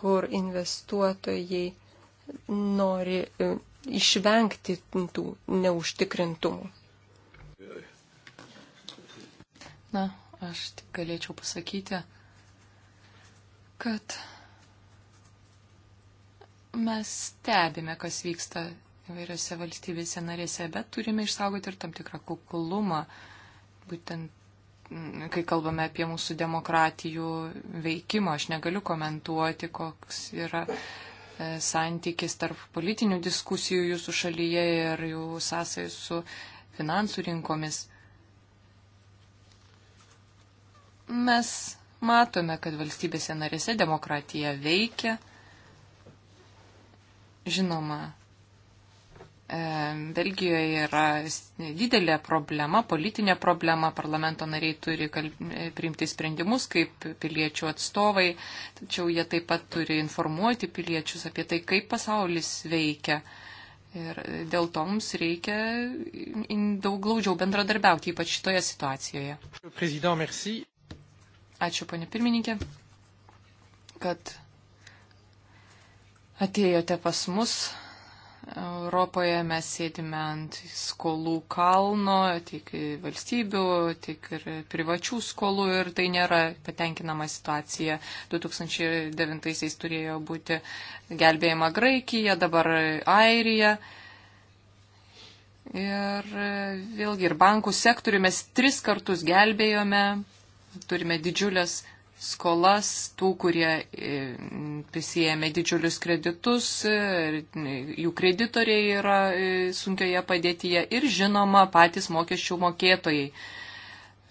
kur investuotojai nori e, išvengti tų neužtikrintumų. Na, aš tik galėčiau pasakyti, kad mes stebime, kas vyksta įvairiose valstybėse narėse, bet turime išsaugoti ir tam tikrą kuklumą, būtent mm, kai kalbame apie mūsų demokratijų veikimą. Aš negaliu komentuoti, koks yra e, santykis tarp politinių diskusijų jūsų šalyje ir jų sąsai su finansų rinkomis. Mes matome, kad valstybėse narėse demokratija veikia. Žinoma, E, Belgijoje yra didelė problema, politinė problema, parlamento nariai turi e, priimti sprendimus kaip piliečių atstovai, tačiau jie taip pat turi informuoti piliečius apie tai, kaip pasaulis veikia. Ir dėl to mums reikia daug glaudžiau bendradarbiauti, ypač šitoje situacijoje. Ačiū, ponė pirmininkė, kad atėjote pas mus Europoje mes sėdime ant skolų kalno, tiek valstybių, tiek ir privačių skolų ir tai nėra patenkinama situacija. 2009-aisiais turėjo būti gelbėjama Graikija, dabar Airija. Ir vėlgi ir bankų sektorių mes tris kartus gelbėjome, turime didžiulės skolas tų, kurie e, prisijėmė didžiulius kreditus, e, jų kreditoriai yra e, sunkioje padėtyje ir žinoma patys mokesčių mokėtojai.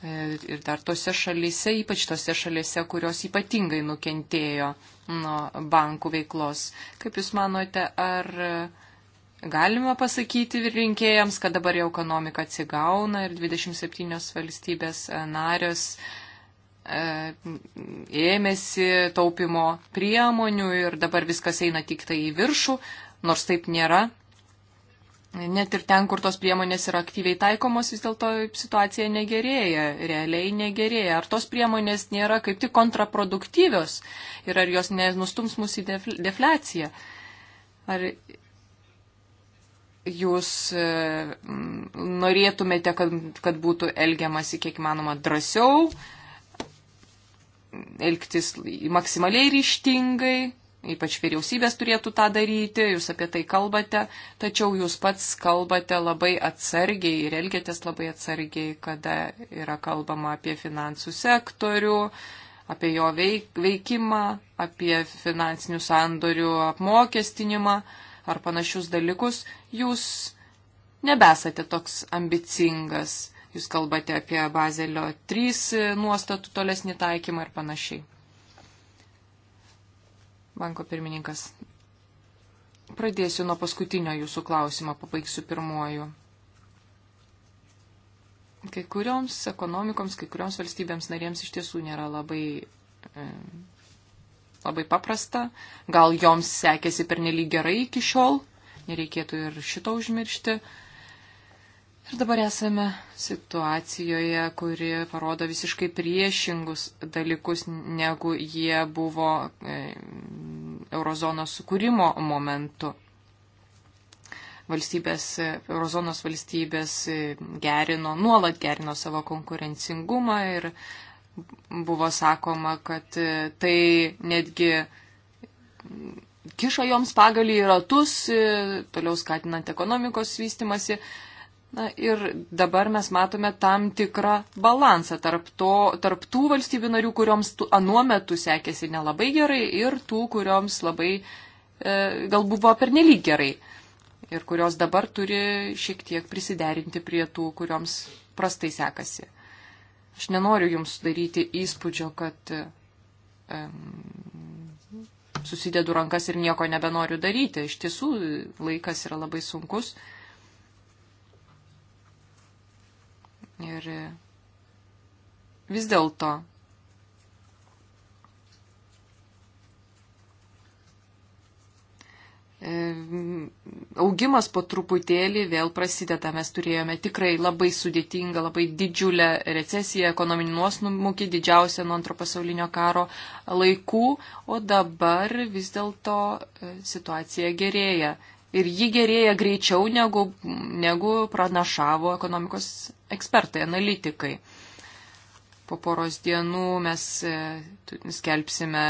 Ir dar tose šalyse, ypač tose šalyse, kurios ypatingai nukentėjo nuo bankų veiklos. Kaip Jūs manote, ar galima pasakyti rinkėjams, kad dabar jau ekonomika atsigauna ir 27 valstybės narios E, ėmėsi taupimo priemonių ir dabar viskas eina tik tai į viršų, nors taip nėra. Net ir ten, kur tos priemonės yra aktyviai taikomos, vis dėlto situacija negerėja, realiai negerėja. Ar tos priemonės nėra kaip tik kontraproduktyvios ir ar jos nenustums mus į defliaciją? Ar jūs e, norėtumėte, kad, kad būtų elgiamasi kiek manoma drąsiau, elgtis maksimaliai ryštingai, ypač vyriausybės turėtų tą daryti, jūs apie tai kalbate, tačiau jūs pats kalbate labai atsargiai ir elgiatės labai atsargiai, kada yra kalbama apie finansų sektorių, apie jo veik, veikimą, apie finansinių sandorių apmokestinimą ar panašius dalykus. Jūs nebesate toks ambicingas Jūs kalbate apie Bazelio 3 nuostatų tolesnį taikymą ir panašiai. Banko pirmininkas. Pradėsiu nuo paskutinio jūsų klausimo, pabaigsiu pirmoju. Kai kurioms ekonomikoms, kai kurioms valstybėms narėms iš tiesų nėra labai, e, labai paprasta. Gal joms sekėsi pernelyg gerai iki šiol, nereikėtų ir šito užmiršti. E, Ir dabar esame situacijoje, kuri parodo visiškai priešingus dalykus, negu jie buvo e, eurozonos sukūrimo momentu valstybės, eurozonos valstybės e, gerino, nuolat gerino savo konkurencingumą ir buvo sakoma, kad e, tai netgi kišo joms pagalį į ratus, toliau skatinant ekonomikos vystimasi. Na ir dabar mes matome tam tikrą balansą tarp, to, tarp tų valstybių narių, kurioms tų, anuo metu sekėsi nelabai gerai ir tų, kurioms labai e, gal buvo pernelyg gerai ir kurios dabar turi šiek tiek prisiderinti prie tų, kurioms prastai sekasi. Aš nenoriu jums daryti įspūdžio, kad e, susidedu rankas ir nieko nebenoriu daryti. Iš tiesų, laikas yra labai sunkus. E, Ir vis dėlto augimas po truputėlį vėl prasideda. Mes turėjome tikrai labai sudėtingą, labai didžiulę recesiją, ekonominį nuosmukį, didžiausią nuo antro pasaulinio karo laikų, o dabar vis dėlto e, situacija gerėja. Ir ji gerėja greičiau, negu, negu pranašavo ekonomikos ekspertai, analitikai. Po poros dienų mes e, skelbsime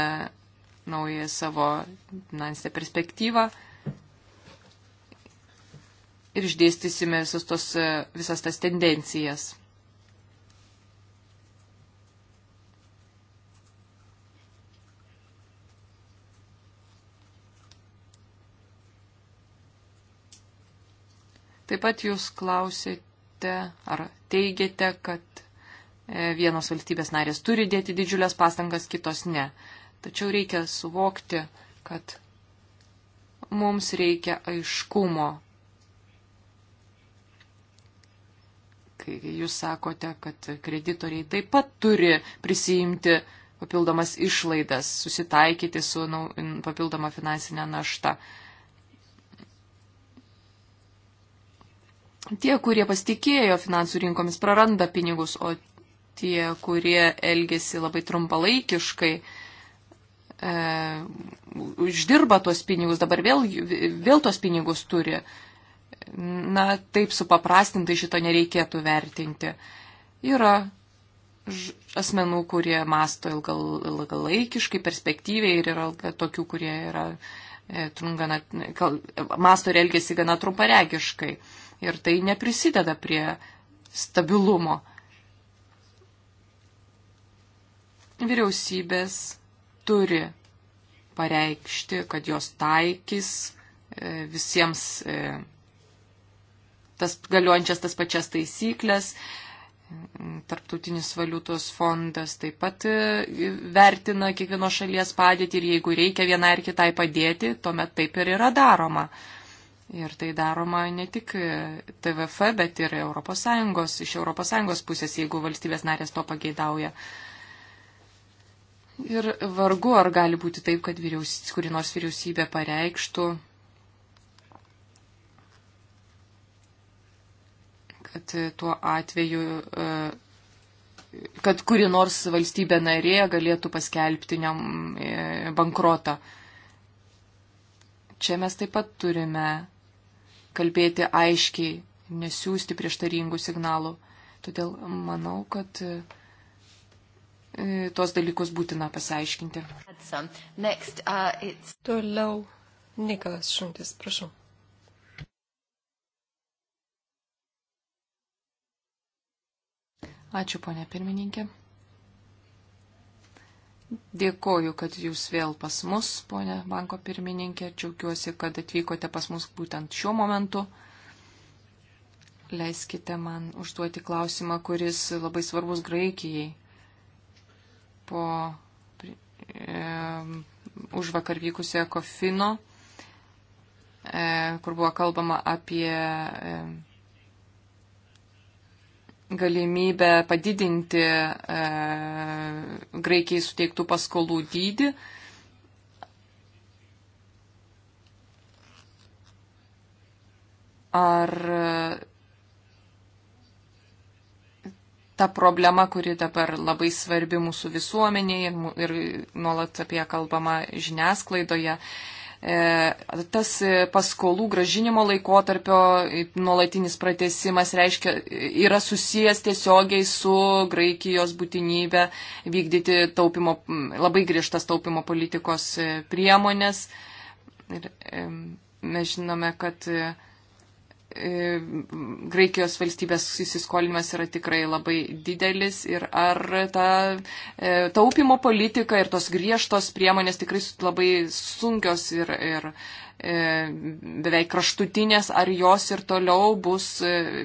naują savo finansinę perspektyvą ir išdėstysime visus tos, e, visas tas tendencijas. Taip pat jūs klausėte manote ar teigiate, kad e, vienos valstybės narės turi dėti didžiulės pastangas, kitos ne. Tačiau reikia suvokti, kad mums reikia aiškumo. Kai jūs sakote, kad kreditoriai taip pat turi prisijimti papildomas išlaidas, susitaikyti su papildoma finansinė našta. tie, kurie pasitikėjo finansų rinkomis, praranda pinigus, o tie, kurie elgesi labai trumpalaikiškai, e, uždirba tuos pinigus, dabar vėl, vėl tuos pinigus turi. Na, taip supaprastintai šito nereikėtų vertinti. Yra asmenų, kurie masto ilgal, ilgalaikiškai, perspektyviai ir yra tokių, kurie yra, e, gana, kal, masto ir elgesi gana trumparegiškai. E, ir tai neprisideda prie stabilumo. Vyriausybės turi pareikšti, kad jos taikys e, visiems e, tas galiuojančias tas pačias taisyklės. Tarptautinis valiutos fondas taip pat e, vertina kiekvienos šalies padėtį ir jeigu reikia vienai ar kitai padėti, tuomet taip ir yra daroma. Ir tai daroma ne tik TVF, bet ir ES, iš ES pusės, jeigu valstybės narės to pageidauja. Ir vargu, ar gali būti taip, kad vyriaus, kuri nors vyriausybė pareikštų, kad tuo atveju, e, kad kuri nors valstybė narė galėtų paskelbti e, bankrotą. Čia mes taip pat turime kalbėti aiškiai, nesiųsti prieštaringų signalų. Todėl manau, kad e, tuos dalykus būtina pasiaiškinti. Next, uh, Toliau Nikolas Šuntis, prašau. Ačiū, ponė pirmininkė. Dėkoju, kad jūs vėl pas mus, ponė banko pirmininkė. Džiaugiuosi, kad atvykote pas mus būtent šiuo momentu. Leiskite man užduoti klausimą, kuris labai svarbus Graikijai. Po e, už vakar vykusią kofino, e, kur buvo kalbama apie. E, galimybę padidinti e, Graikijai suteiktų paskolų dydį. Ar e, ta problema, kuri dabar labai svarbi mūsų visuomeniai ir, ir nuolat apie ją kalbama žiniasklaidoje, e, E, tas paskolų gražinimo laikotarpio nuolatinis pratesimas reiškia, yra susijęs tiesiogiai su Graikijos būtinybė vykdyti taupimo, labai griežtas taupimo politikos e, priemonės. Ir mes žinome, kad E, Graikijos valstybės įsiskolinimas yra tikrai labai didelis ir ar ta e, taupimo politika ir tos griežtos priemonės tikrai labai sunkios ir, ir e, beveik kraštutinės, ar jos ir toliau bus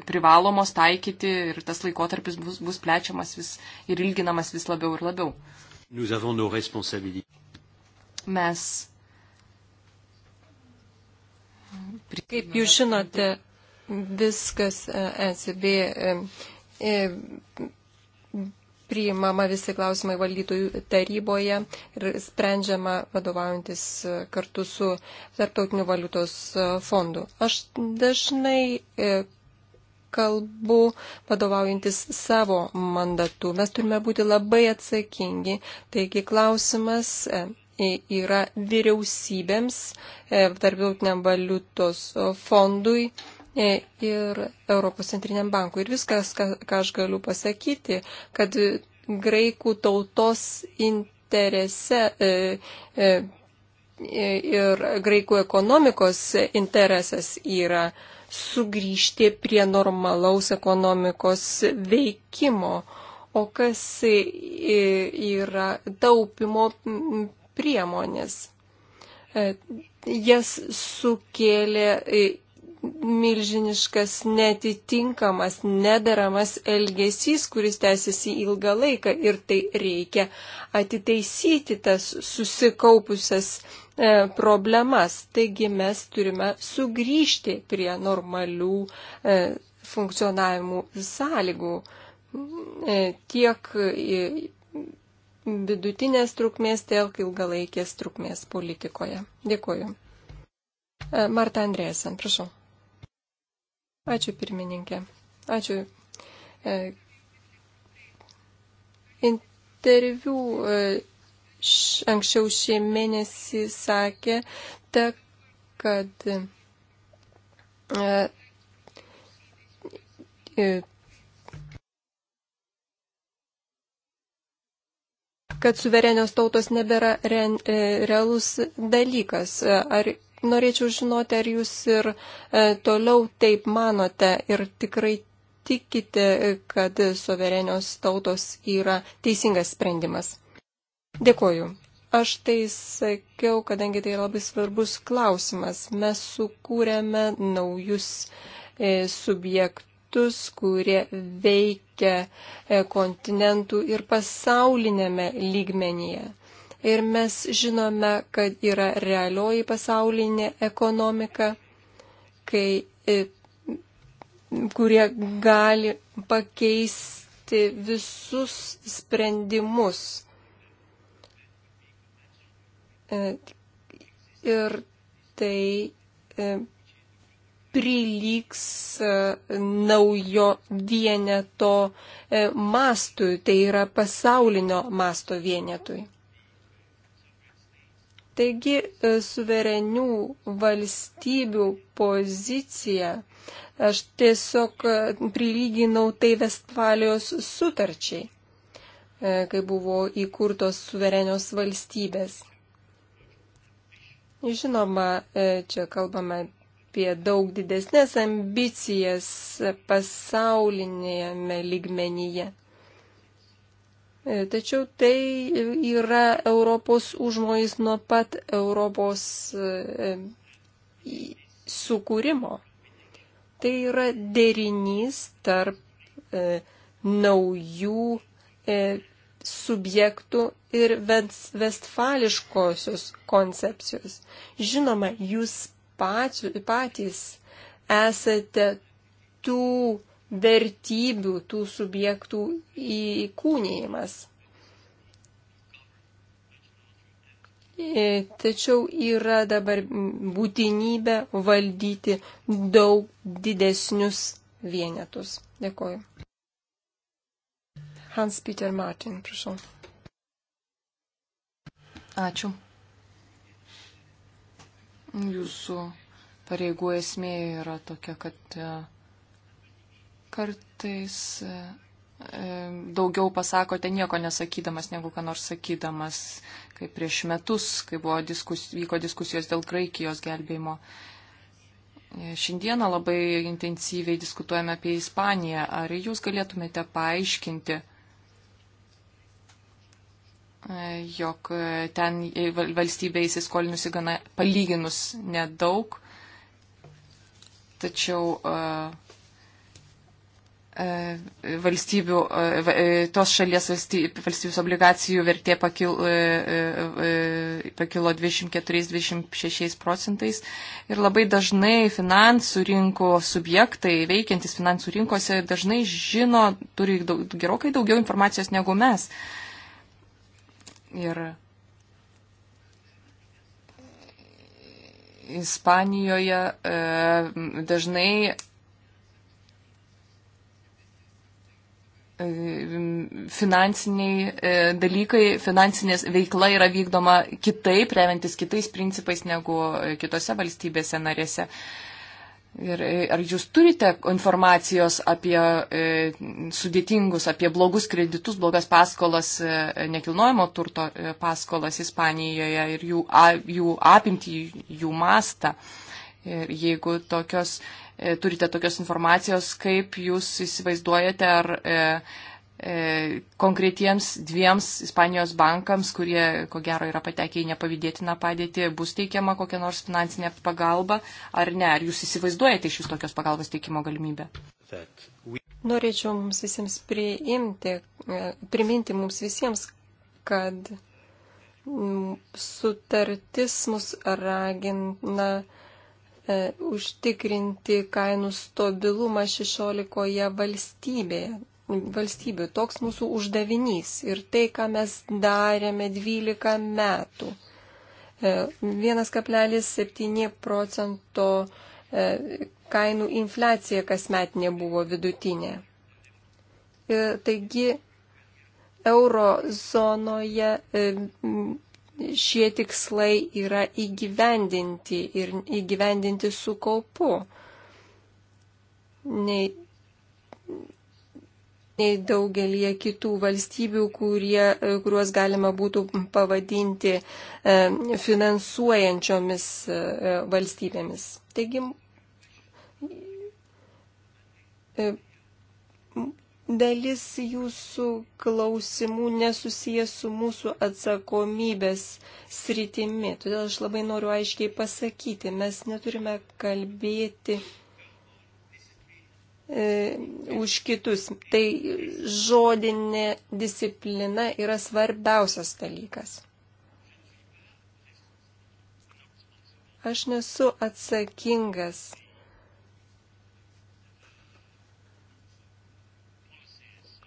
privalomos taikyti ir tas laikotarpis bus, bus plečiamas vis ir ilginamas vis labiau ir labiau. Mes Kaip jūs žinote, viskas ECB e e, e, priimama visi klausimai valdytojų taryboje ir sprendžiama vadovaujantis kartu su Tarptautiniu valiutos fondu. Aš dažnai kalbu vadovaujantis savo mandatu. Mes turime būti labai atsakingi. Taigi klausimas yra vyriausybėms, Tarptautiniam valiutos fondui E, ir Europos centriniam bankui. Ir viskas, ką, ką aš galiu pasakyti, kad graikų tautos interese e, e, ir graikų ekonomikos interesas yra sugrįžti prie normalaus ekonomikos veikimo, o kas yra taupimo priemonės. Jas sukėlė milžiniškas netitinkamas, nedaramas elgesys, kuris tęsiasi ilgą laiką ir tai reikia atitaisyti tas susikaupusias e, problemas. Taigi mes turime sugrįžti prie normalių e, funkcionavimų sąlygų e, tiek vidutinės trukmės, tiek ilgalaikės trukmės politikoje. Dėkuoju. E, Marta Andrėsen, prašau. Ačiū pirmininkė. Ačiū. E, interviu e, anksčiau šį mėnesį sakė, ta, kad e, kad suverenios tautos nebėra re, realus dalykas. Ar norėčiau žinoti, ar jūs ir e, toliau taip manote ir tikrai tikite, e, kad suverenios tautos yra teisingas sprendimas. Dėkoju. Aš tai sakiau, kadangi tai yra labai svarbus klausimas. Mes sukūrėme naujus e, subjektus, kurie veikia e, kontinentų ir pasaulinėme lygmenyje ir mes žinome, kad yra realioji pasaulinė ekonomika, kai, e, kurie gali pakeisti visus sprendimus. E, ir tai e, prilygs naujo vieneto mastui, tai yra pasaulinio masto vienetui. Taigi e, suverenių valstybių pozicija aš tiesiog e, prilyginau tai Vestfalijos sutarčiai, e, kai buvo įkurtos suverenios valstybės. Žinoma, čia kalbame apie daug didesnės ambicijas pasaulinėme lygmenyje. E, tačiau tai yra Europos užmojais nuo pat Europos e, e, sukūrimo. Tai yra derinys tarp naujų subjektų ir vestfališkosios koncepcijos. Žinoma, jūs patys esate tų vertybių tų subjektų įkūnėjimas. E, tačiau yra dabar būtinybė valdyti daug didesnius vienetus. Dėkoju. Hans Peter Martin, prašau. Ačiū. Jūsų pareigų esmė yra tokia, kad e, Kartais e, daugiau pasakote nieko nesakydamas, negu ką nors sakydamas, kaip prieš metus, kai diskus, vyko diskusijos dėl Graikijos gelbėjimo. E, šiandieną labai intensyviai diskutuojame apie Ispaniją. Ar jūs galėtumėte paaiškinti, e, jog ten valstybė įsiskolinusi gana palyginus nedaug, tačiau uh, E, valstybių, e, e, tos šalies valstybės obligacijų vertė pakilo, pakilo 24-26 procentais. Ir labai dažnai finansų rinko subjektai, veikiantis finansų rinkose, dažnai žino, turi daug, gerokai daugiau informacijos negu mes. Ir Ispanijoje dažnai E, finansiniai e, dalykai, finansinės veikla yra vykdoma kitaip, remiantis kitais principais negu e, kitose valstybėse narėse. Ir ar jūs turite informacijos apie sudėtingus, apie blogus kreditus, blogas paskolas, nekilnojamo turto paskolas Ispanijoje ir jų, jų apimtį, jų mastą? Uh, Ir jeigu tokios, e, turite tokios informacijos, kaip jūs įsivaizduojate, ar e, e, konkretiems dviems Ispanijos bankams, kurie ko gero yra patekę į nepavydėtiną padėtį, bus teikiama kokia nors finansinė pagalba, ar ne? Ar jūs įsivaizduojate iš vis tokios pagalbos teikimo galimybę? Norėčiau mums visiems priimti, e, priminti mums visiems, kad mm, sutartis mus ragina E, užtikrinti kainų stabilumą 16 valstybėje. Valstybių. Toks mūsų uždavinys ir tai, ką mes darėme 12 metų. 1,7 e, procento e, kainų infliacija kasmetinė buvo vidutinė. Taigi, euro zonoje šie tikslai yra įgyvendinti ir įgyvendinti su kaupu. Nei, nei daugelie kitų valstybių, kurie, kuriuos galima būtų pavadinti e, finansuojančiomis e, valstybėmis. Taigi, e, Dalis jūsų klausimų nesusijęs su mūsų atsakomybės sritimi. Todėl aš labai noriu aiškiai pasakyti, mes neturime kalbėti e, už kitus. Tai žodinė disciplina yra svarbiausias dalykas. Aš nesu atsakingas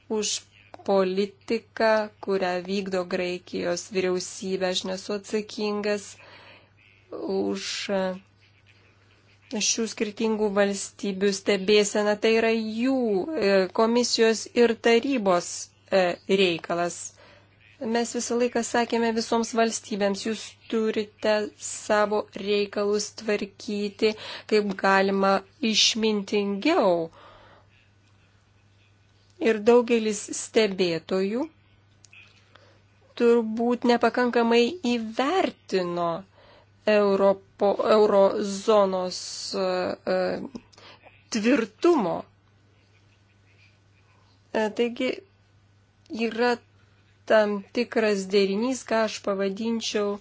už politiką, kurią vykdo Graikijos vyriausybė. Aš nesu atsakingas už šių skirtingų valstybių stebėseną. Tai yra jų e, komisijos ir tarybos e, reikalas. Mes visą laiką sakėme visoms valstybėms, jūs turite savo reikalus tvarkyti kaip galima išmintingiau ir daugelis stebėtojų turbūt nepakankamai įvertino Europo, eurozonos uh, tvirtumo. E, taigi yra tam tikras derinys, ką aš pavadinčiau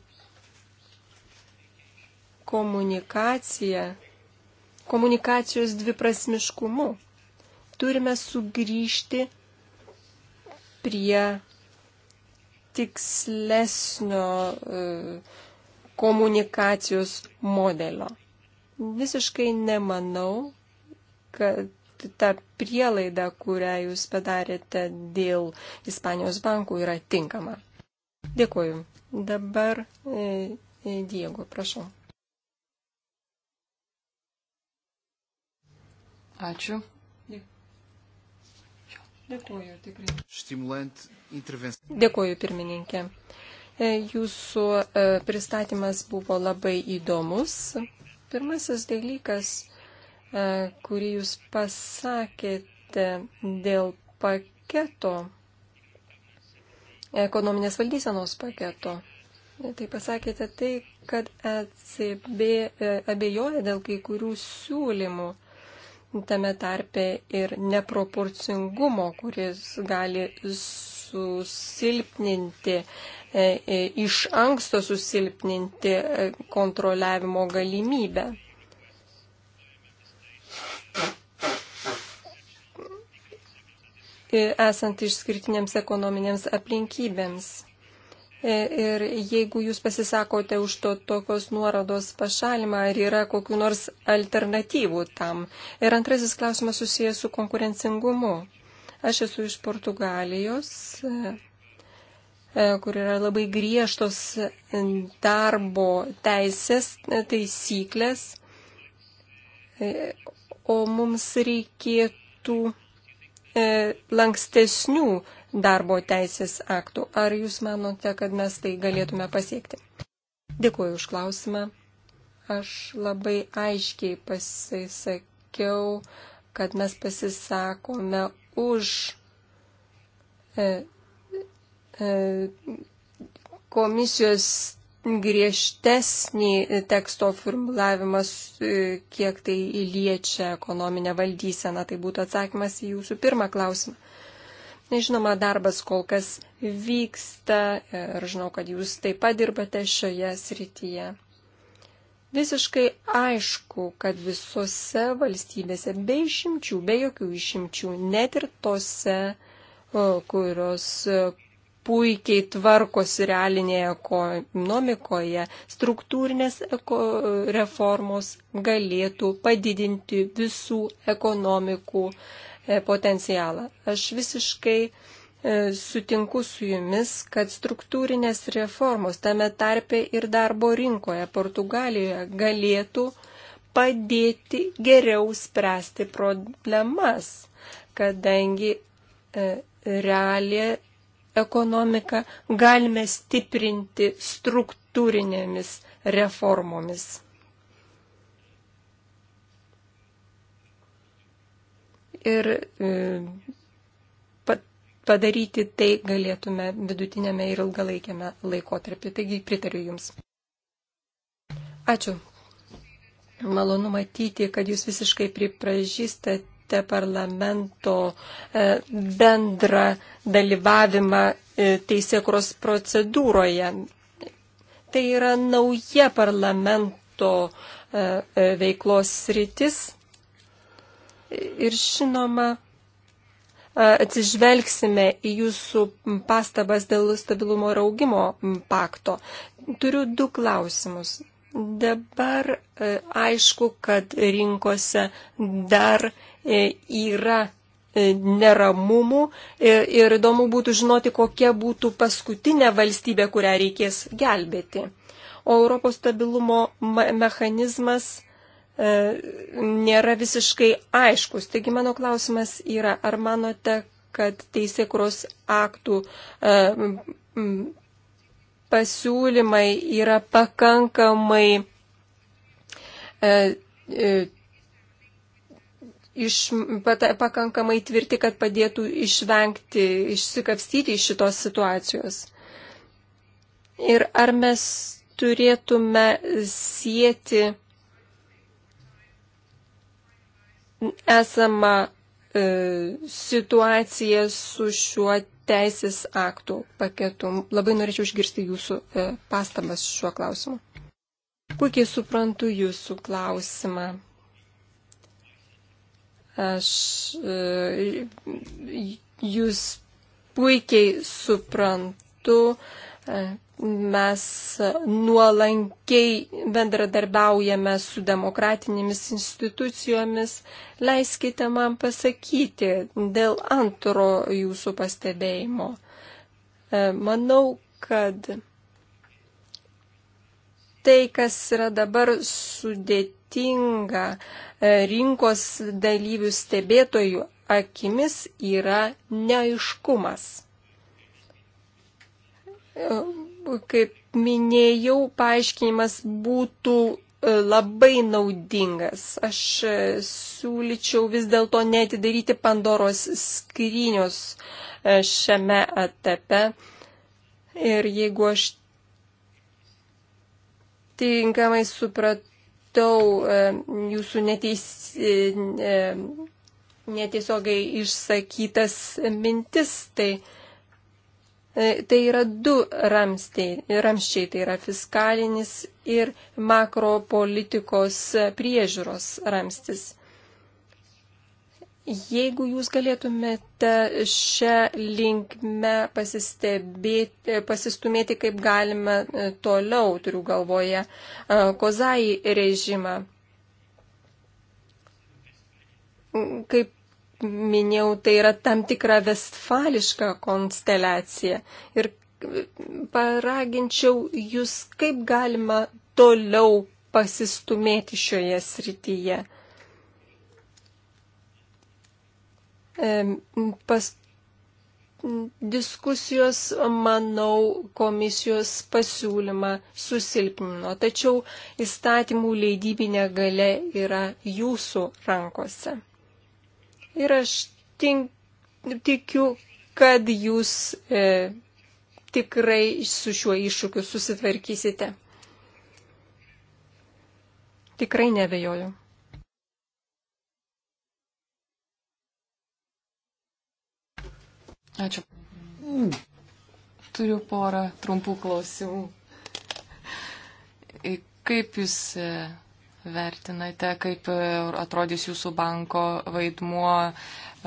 komunikacija, komunikacijos dviprasmiškumu turime sugrįžti prie tikslesnio e, komunikacijos modelio. Visiškai nemanau, kad ta prielaida, kurią jūs padarėte dėl Ispanijos bankų, yra tinkama. Dėkuoju. Dabar e, e, Diego, prašau. Ačiū. Dėkuoju, tikrai. Stimulant intervenciją. Dėkuoju, pirmininkė. E, jūsų e, pristatymas buvo labai įdomus. Pirmasis dalykas, e, kurį jūs pasakėte dėl paketo, ekonominės valdysenos paketo. Tai pasakėte tai, kad ECB abejoja dėl kai kurių siūlymų tame tarpe ir neproporcingumo, kuris gali susilpninti, e, e, iš anksto susilpninti e, kontroliavimo galimybę. Esant išskirtinėms ekonominėms aplinkybėms. E, ir jeigu jūs pasisakote už to tokios nuorodos pašalimą, ar yra kokiu nors alternatyvų tam? Ir antrasis klausimas susijęs su konkurencingumu. Aš esu iš Portugalijos, e, kur yra labai griežtos darbo teisės e, taisyklės, o mums reikėtų lankstesnių darbo teisės aktų. Ar jūs manote, kad mes tai galėtume pasiekti? Dėkuoju už klausimą. Aš labai aiškiai pasisakiau, kad mes pasisakome už e, e, komisijos griežtesnį teksto formulavimas, e, kiek tai įliečia ekonominę valdyseną. Tai būtų atsakymas į jūsų pirmą klausimą. Nežinoma, darbas kol kas vyksta ir žinau, kad jūs taip pat dirbate šioje srityje. Visiškai aišku, kad visose valstybėse, be išimčių, be jokių išimčių, net ir tose, kurios e, puikiai tvarkosi realinėje ekonomikoje, struktūrinės eko reformos galėtų padidinti visų ekonomikų E, potencialą. Aš visiškai e, sutinku su jumis, kad struktūrinės reformos tame tarpe ir darbo rinkoje Portugalijoje galėtų padėti geriau spręsti problemas, kadangi e, realią ekonomiką galime stiprinti struktūrinėmis reformomis. ir e, padaryti tai galėtume vidutinėme ir ilgalaikėme laikotarpį. Taigi pritariu Jums. Ačiū. Malonu matyti, kad Jūs visiškai pripažįstate parlamento e, bendrą dalyvavimą e, teisėkros procedūroje. Tai yra nauja parlamento veiklos sritis Ir žinoma, atsižvelgsime į jūsų pastabas dėl stabilumo ir augimo pakto. Turiu du klausimus. Dabar aišku, kad rinkose dar e, yra e, neramumų e, ir įdomu būtų žinoti, kokia būtų paskutinė valstybė, kurią reikės gelbėti. O Europos stabilumo mechanizmas E, nėra visiškai aiškus. Taigi mano klausimas yra, ar manote, kad teisėkros aktų e, pasiūlymai yra pakankamai e, iš, pat, pakankamai tvirti, kad padėtų išvengti, išsikapstyti iš šitos situacijos. Ir ar mes turėtume sieti esama e, situacija su šiuo teisės aktų paketu. Labai norėčiau išgirsti jūsų e, pastabas šiuo klausimu. Puikiai suprantu jūsų klausimą. Aš e, jūs puikiai suprantu, e, mes nuolankiai bendradarbiaujame su demokratinėmis institucijomis. Leiskite man pasakyti dėl antro jūsų pastebėjimo. E, manau, kad tai, kas yra dabar sudėtinga e, rinkos dalyvių stebėtojų akimis, yra neaiškumas e, kaip minėjau, paaiškinimas būtų e, labai naudingas. Aš e, siūlyčiau vis dėlto netidaryti Pandoros skrynios e, šiame etape. Ir jeigu aš tinkamai supratau jūsų neteis, netiesiogai išsakytas mintis, tai E, tai yra du ramstiai, ramščiai, tai yra fiskalinis ir makropolitikos priežiūros ramstis. Jeigu jūs galėtumėte šią linkmę pasistumėti, kaip galime toliau, turiu galvoje, e, kozai režimą, kaip minėjau, tai yra tam tikra vestfališka konsteliacija. Ir paraginčiau jūs, kaip galima toliau pasistumėti šioje srityje. Pas diskusijos, manau, komisijos pasiūlymą susilpnino, tačiau įstatymų leidybinė gale yra jūsų rankose. Ir aš tink, tikiu, kad jūs e, tikrai su šiuo iššūkiu susitvarkysite. Tikrai nebejoju. Ačiū. Mm. Turiu porą trumpų klausimų. Kaip jūs e, vertinate, kaip e, atrodys jūsų banko vaidmuo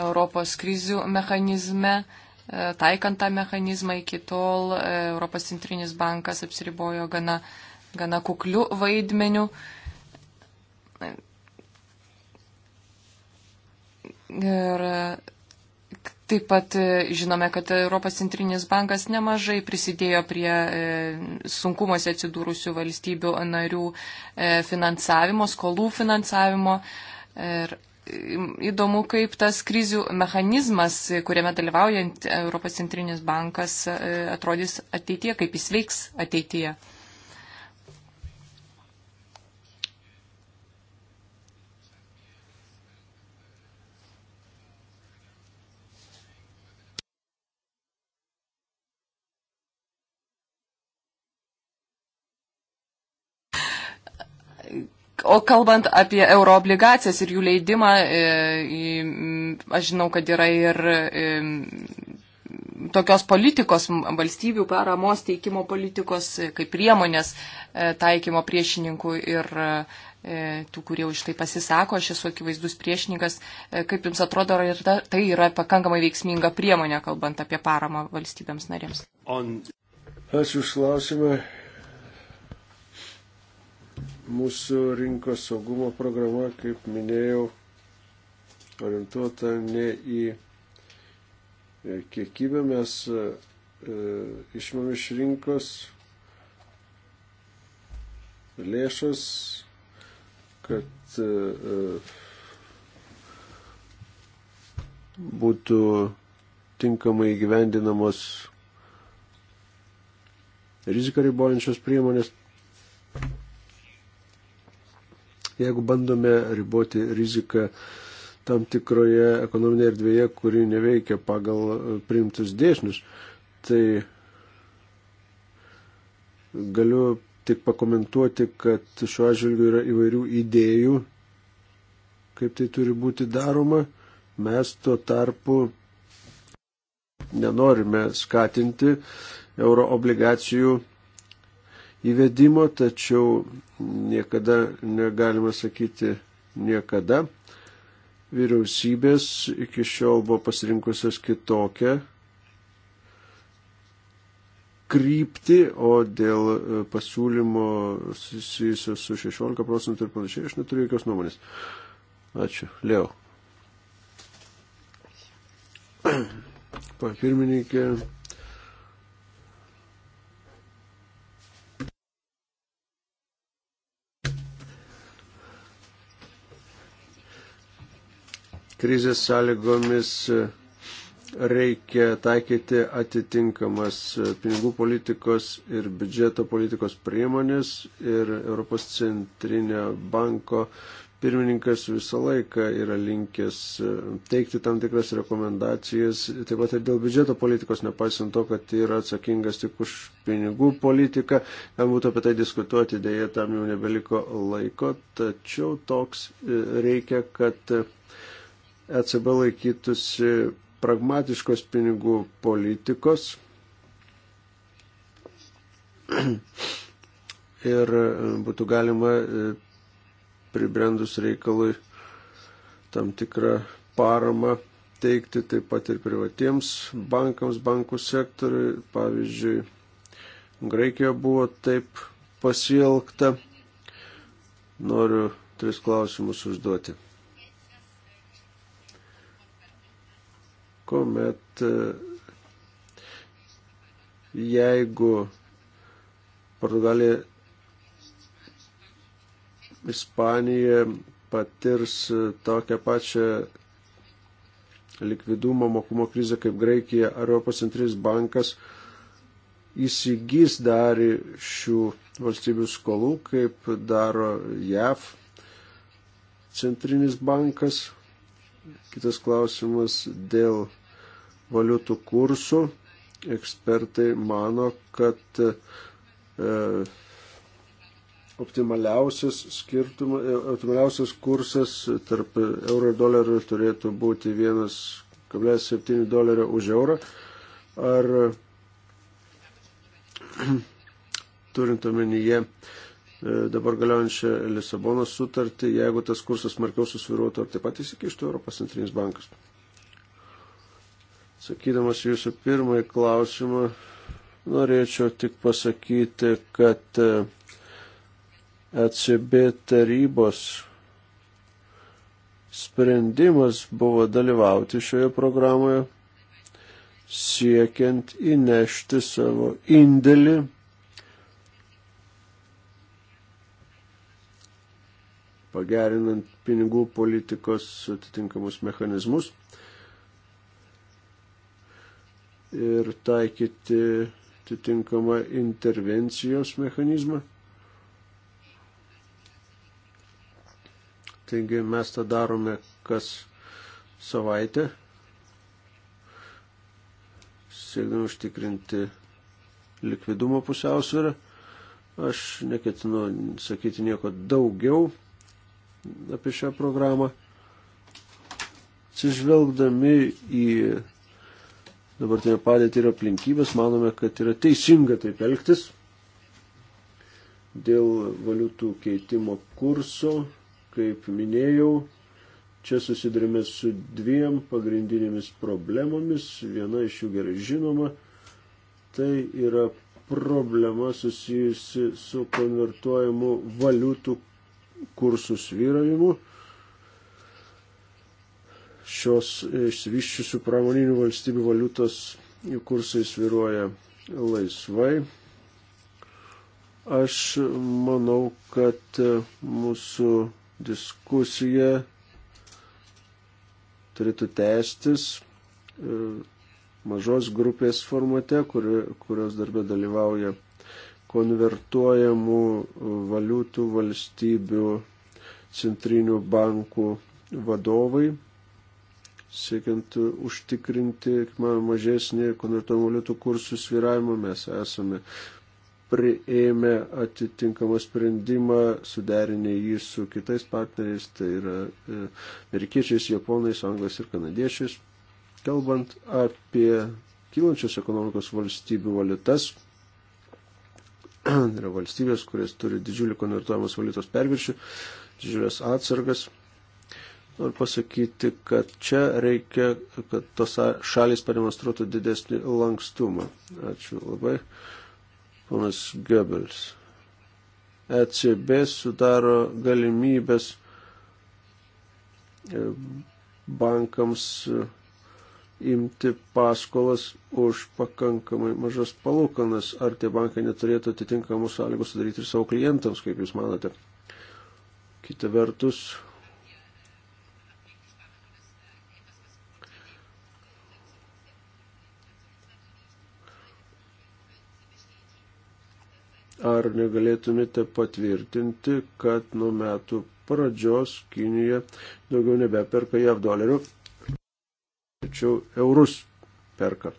Europos krizių mechanizme? E, taikant tą mechanizmą iki tol e, Europos centrinis bankas apsiribojo gana, gana kukliu vaidmeniu. Ir Taip pat e, žinome, kad Europos centrinis bankas nemažai prisidėjo prie e, sunkumuose atsidūrusių valstybių narių e, finansavimo, skolų finansavimo. Ir įdomu, kaip tas krizių mechanizmas, kuriame dalyvaujant Europos centrinis bankas, atrodys ateityje, kaip jis veiks ateityje. O kalbant apie euroobligacijas ir jų leidimą, e, aš žinau, kad yra ir e, tokios politikos, valstybių paramos teikimo politikos, e, kaip priemonės taikymo priešininkų ir tų, kurie už tai pasisako, aš esu akivaizdus priešininkas. Kaip Jums atrodo, ar tai yra pakankamai veiksminga priemonė, kalbant apie paramą valstybėms narėms? On... Ačiū už klausimą. Mūsų rinkos saugumo programa, kaip minėjau, orientuota ne į e, kiekybę, mes e, e, išmam iš rinkos lėšas, kad būtų tinkamai gyvendinamos riziką ribojančios priemonės jeigu bandome riboti riziką tam tikroje ekonominėje erdvėje, kuri neveikia pagal e, priimtus dėsnius, tai galiu tik pakomentuoti, kad šiuo atžvilgiu yra įvairių idėjų, kaip tai turi būti daroma. Mes tuo tarpu nenorime skatinti euro obligacijų įvedimo, tačiau niekada negalima sakyti niekada. Vyriausybės iki šiol buvo pasirinkusios kitokią krypti, o dėl e, pasiūlymo susijusio su 16 procentų ir panašiai aš neturiu jokios nuomonės. Ačiū. Leo. Papirmininkė. krizės sąlygomis e, reikia taikyti atitinkamas e, pinigų politikos ir biudžeto politikos priemonės ir Europos centrinio banko pirmininkas visą laiką yra linkęs e, teikti tam tikras rekomendacijas, taip pat ir dėl biudžeto politikos, nepaisant to, kad yra atsakingas tik už pinigų politiką, jam būtų apie tai diskutuoti, dėja tam jau nebeliko laiko, tačiau toks reikia, kad ECB laikytųsi pragmatiškos pinigų politikos ir e, būtų galima e, pribrendus reikalui tam tikrą paramą teikti taip pat ir privatiems bankams, bankų sektoriui. Pavyzdžiui, Graikijoje buvo taip pasielgta. Noriu tris klausimus užduoti. kuomet e, jeigu Portugalija, Ispanija patirs e, tokią pačią likvidumo mokumo krizę kaip Graikija, Europos centrinis bankas įsigys darį šių valstybių skolų, kaip daro JAV centrinis bankas. Kitas klausimas dėl valiutų kursų. Ekspertai mano, kad e, optimaliausias, skirtum, e, optimaliausias kursas tarp euro ir dolerio turėtų būti 1,7 dolerio už eurą. Ar turint omenyje E, dabar galiojančią Lisabonos sutartį, jeigu tas kursas smarkiau susviruotų, ar taip pat įsikištų Europos centrinis bankas. Sakydamas jūsų pirmąjį klausimą, norėčiau tik pasakyti, kad ECB e tarybos sprendimas buvo dalyvauti šioje programoje, siekiant įnešti savo indėlį pagerinant pinigų politikos atitinkamus mechanizmus ir taikyti atitinkamą intervencijos mechanizmą. Taigi mes tą darome kas savaitę, siekdami užtikrinti likvidumo pusiausvyrą. Aš neketinu sakyti nieko daugiau apie šią programą, atsižvelgdami į dabartinę padėtį ir aplinkybės, manome, kad yra teisinga taip elgtis dėl valiutų keitimo kurso, kaip minėjau, čia susidurime su dviem pagrindinėmis problemomis, viena iš jų gerai žinoma, tai yra problema susijusi su konvertuojamu valiutų kursų svyravimų. Šios išsivyščiusių pramoninių valstybių valiutos kursai sviruoja laisvai. Aš manau, kad mūsų diskusija turėtų tęstis e, mažos grupės formate, kur, kurios darbė dalyvauja konvertuojamų e, valiutų valstybių centrinių bankų vadovai, siekiant užtikrinti man, mažesnį konvertuojamų valiutų kursų sviravimą, mes esame priėmę atitinkamą sprendimą, suderinę jį su kitais partneriais, tai yra e, amerikiečiais, japonais, anglais ir kanadiečiais. Kalbant apie kylančios ekonomikos valstybių valiutas, yra valstybės, kurios turi didžiulį konvertuojamos valiutos perviršį, didžiulės atsargas. Noriu pasakyti, kad čia reikia, kad tos šalis pademonstruotų didesnį lankstumą. Ačiū labai. Ponas Goebbels. ECB sudaro galimybės e, bankams e, imti paskolas už pakankamai mažas palūkanas. Ar tie bankai neturėtų atitinkamų sąlygų sudaryti ir savo klientams, kaip Jūs manote? Kita vertus, ar negalėtumėte patvirtinti, kad nuo metų pradžios Kinija daugiau nebeperka JAV dolerių tačiau eurus perka.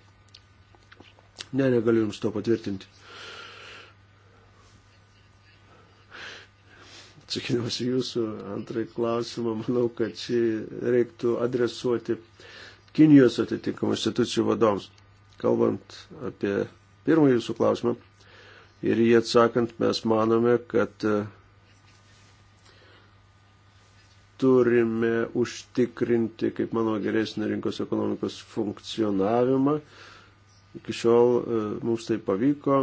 Ne, negaliu Jums to patvirtinti. Atsakydamas Jūsų antrąjį klausimą, manau, kad šį reiktų adresuoti Kinijos atitinkamų institucijų vadovams. Kalbant apie pirmą Jūsų klausimą ir jį atsakant, mes manome, kad turime užtikrinti, kaip mano, geresnį rinkos ekonomikos funkcionavimą. Iki šiol e, mums tai pavyko,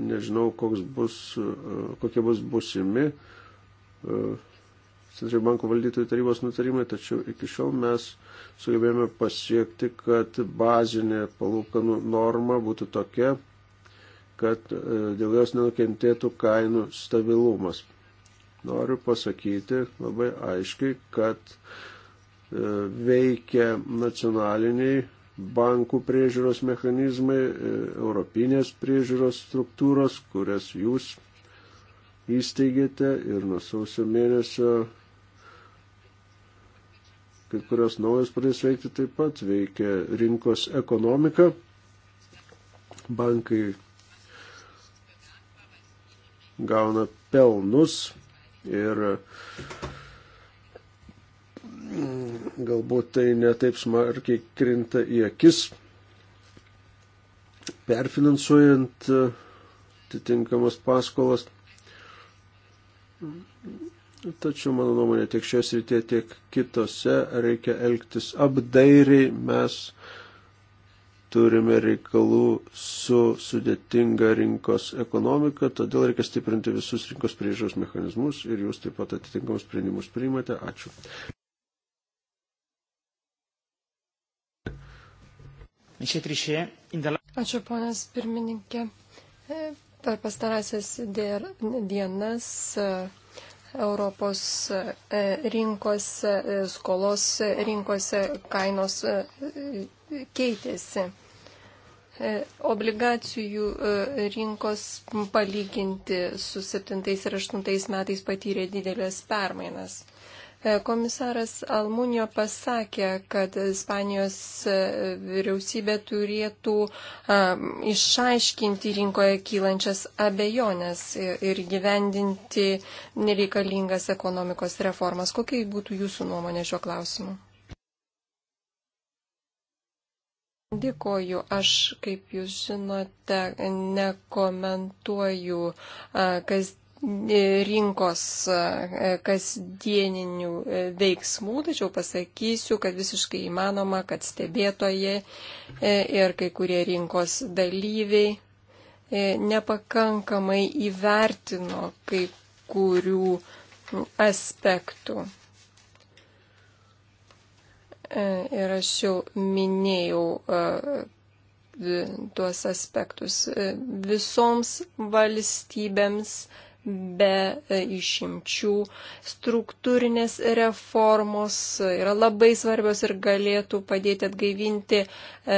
nežinau, bus, e, kokie bus busimi e, Centrinio banko valdytojų tarybos nutarimai, tačiau iki šiol mes sugebėjome pasiekti, kad bazinė palūkanų norma būtų tokia, kad dėl jos nenukentėtų kainų stabilumas noriu pasakyti labai aiškiai, kad e, veikia nacionaliniai bankų priežiūros mechanizmai, e, europinės priežiūros struktūros, kurias jūs įsteigėte ir nuo sausio mėnesio kai kurios naujos pradės veikti taip pat veikia rinkos ekonomika. Bankai gauna pelnus ir mm, galbūt tai netaip smarkiai krinta į akis, perfinansuojant e, atitinkamas paskolas. Tačiau, mano nuomonė, tiek šios rytė, tiek kitose reikia elgtis apdairiai. Mes uh, turime reikalų su sudėtinga rinkos ekonomika, todėl reikia stiprinti visus rinkos priežiūros mechanizmus ir jūs taip pat atitinkamus sprendimus priimate. Ačiū. Ačiū, ponas pirmininkė. E, per pastarąsias dienas e, Europos e, rinkose, skolos rinkose kainos keitėsi. E, obligacijų e, rinkos palyginti su 7 ir 8 metais patyrė didelės permainas. E, komisaras Almunio pasakė, kad Ispanijos vyriausybė turėtų išaiškinti rinkoje kylančias abejonės ir gyvendinti nereikalingas ekonomikos reformas. Kokia būtų jūsų nuomonė šiuo klausimu? Dėkoju, aš, kaip jūs žinote, nekomentuoju kas, e, rinkos e, kasdieninių e, veiksmų, tačiau pasakysiu, kad visiškai įmanoma, kad stebėtojai ir kai kurie rinkos dalyviai nepakankamai įvertino kai kurių aspektų. E, ir aš jau minėjau e, tuos aspektus. E, visoms valstybėms be išimčių struktūrinės reformos yra labai svarbios ir galėtų padėti atgaivinti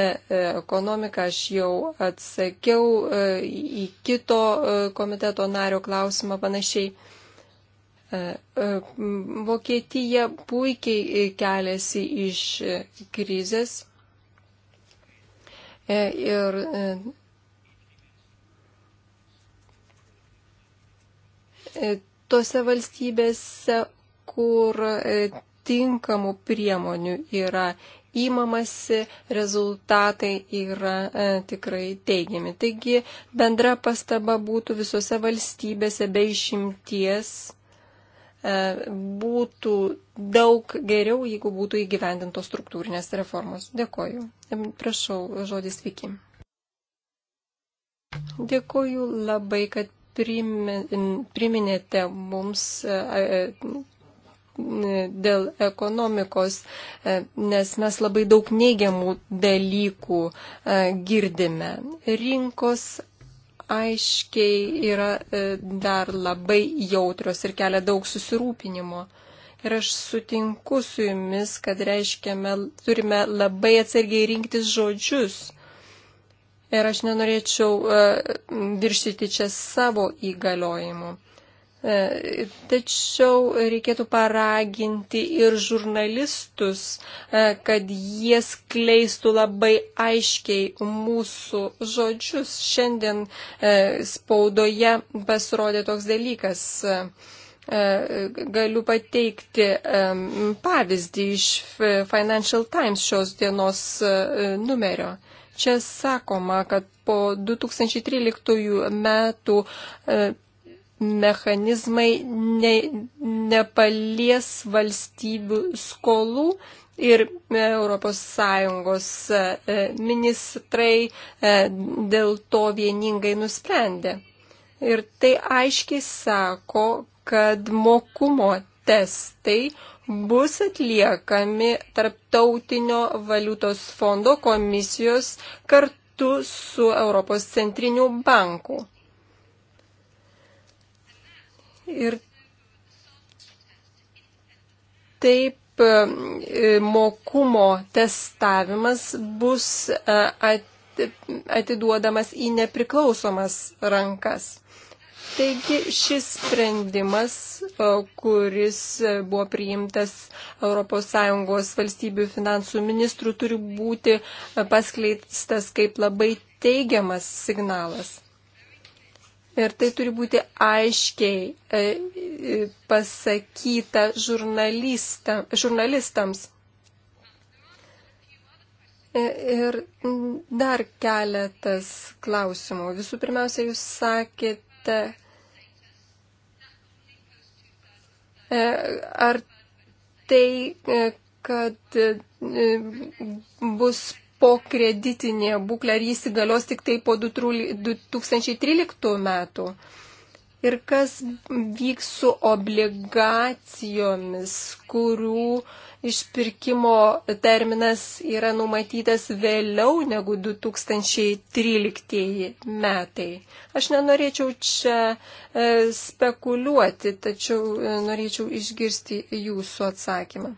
ekonomiką. Aš jau atsakiau į kito komiteto nario klausimą panašiai. E, e, Vokietija puikiai e, keliasi iš krizės ir tose valstybėse, kur tinkamų priemonių yra įmamasi, rezultatai yra e, tikrai teigiami. Taigi bendra pastaba būtų visose valstybėse be išimties E, būtų daug geriau, jeigu būtų įgyvendintos struktūrinės reformos. Dėkoju. Prašau, žodis Viki. Dėkoju labai, kad priminėte mums e, e, dėl ekonomikos, nes mes labai daug neigiamų dalykų girdime. Rinkos aiškiai yra e, dar labai jautrios ir kelia daug susirūpinimo. Ir aš sutinku su jumis, kad reiškiame, turime labai atsargiai rinktis žodžius. Ir aš nenorėčiau uh, viršyti čia savo įgaliojimų. E, tačiau reikėtų paraginti ir žurnalistus, e, kad jie skleistų labai aiškiai mūsų žodžius. Šiandien e, spaudoje pasirodė toks dalykas. Galiu pateikti pavyzdį iš Financial Times šios dienos numerio. Čia sakoma, kad po 2013 metų mechanizmai ne, nepalies valstybių skolų ir ES e, e, ministrai e, dėl to vieningai nusprendė. Ir tai aiškiai sako, kad mokumo testai bus atliekami Tarptautinio valiutos fondo komisijos kartu su Europos centriniu banku. Ir taip e, mokumo testavimas bus e, atiduodamas į nepriklausomas rankas. Taigi šis sprendimas, e, kuris buvo priimtas ES valstybių finansų ministrų, turi būti paskleistas kaip labai teigiamas signalas. Ir tai turi būti aiškiai e, e, pasakyta žurnalista, žurnalistams. E, ir dar keletas klausimų. Visų pirmiausia, jūs sakėte, ar tai, kad bus po kreditinė būklė, ar jis įgalios tik tai po 2013 metų. Ir kas vyks su obligacijomis, kurių išpirkimo terminas yra numatytas vėliau negu 2013 metai. Aš nenorėčiau čia e, spekuliuoti, tačiau e, norėčiau išgirsti jūsų atsakymą.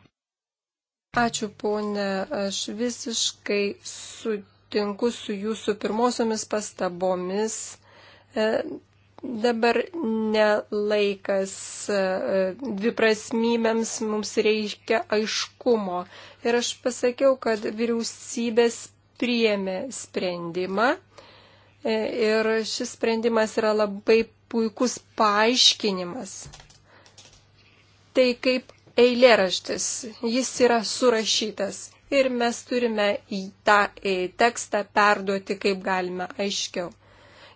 Ačiū, ponė. Aš visiškai sutinku su jūsų pirmosiomis pastabomis. E, dabar nelaikas e, dviprasmybėms, mums reikia aiškumo. Ir aš pasakiau, kad vyriausybės priėmė sprendimą e, Ir šis sprendimas yra labai puikus paaiškinimas. Tai kaip eilėraštis, jis yra surašytas ir mes turime į tą į tekstą perduoti kaip galime aiškiau.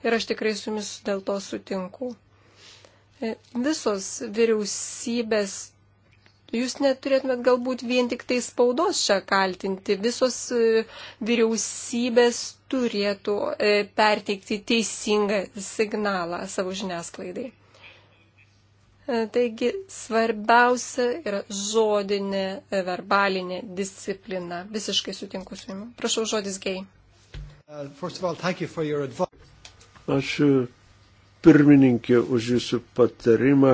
Ir aš tikrai su jumis dėl to sutinku. E, visos vyriausybės, jūs neturėtumėt galbūt vien tik tai spaudos čia kaltinti, visos e, vyriausybės turėtų e, perteikti teisingą signalą savo žiniasklaidai. Taigi svarbiausia yra žodinė, e, verbalinė disciplina. Visiškai sutinku su jumis. Prašau žodis gei. Uh, Ačiū pirmininkė už jūsų patarimą.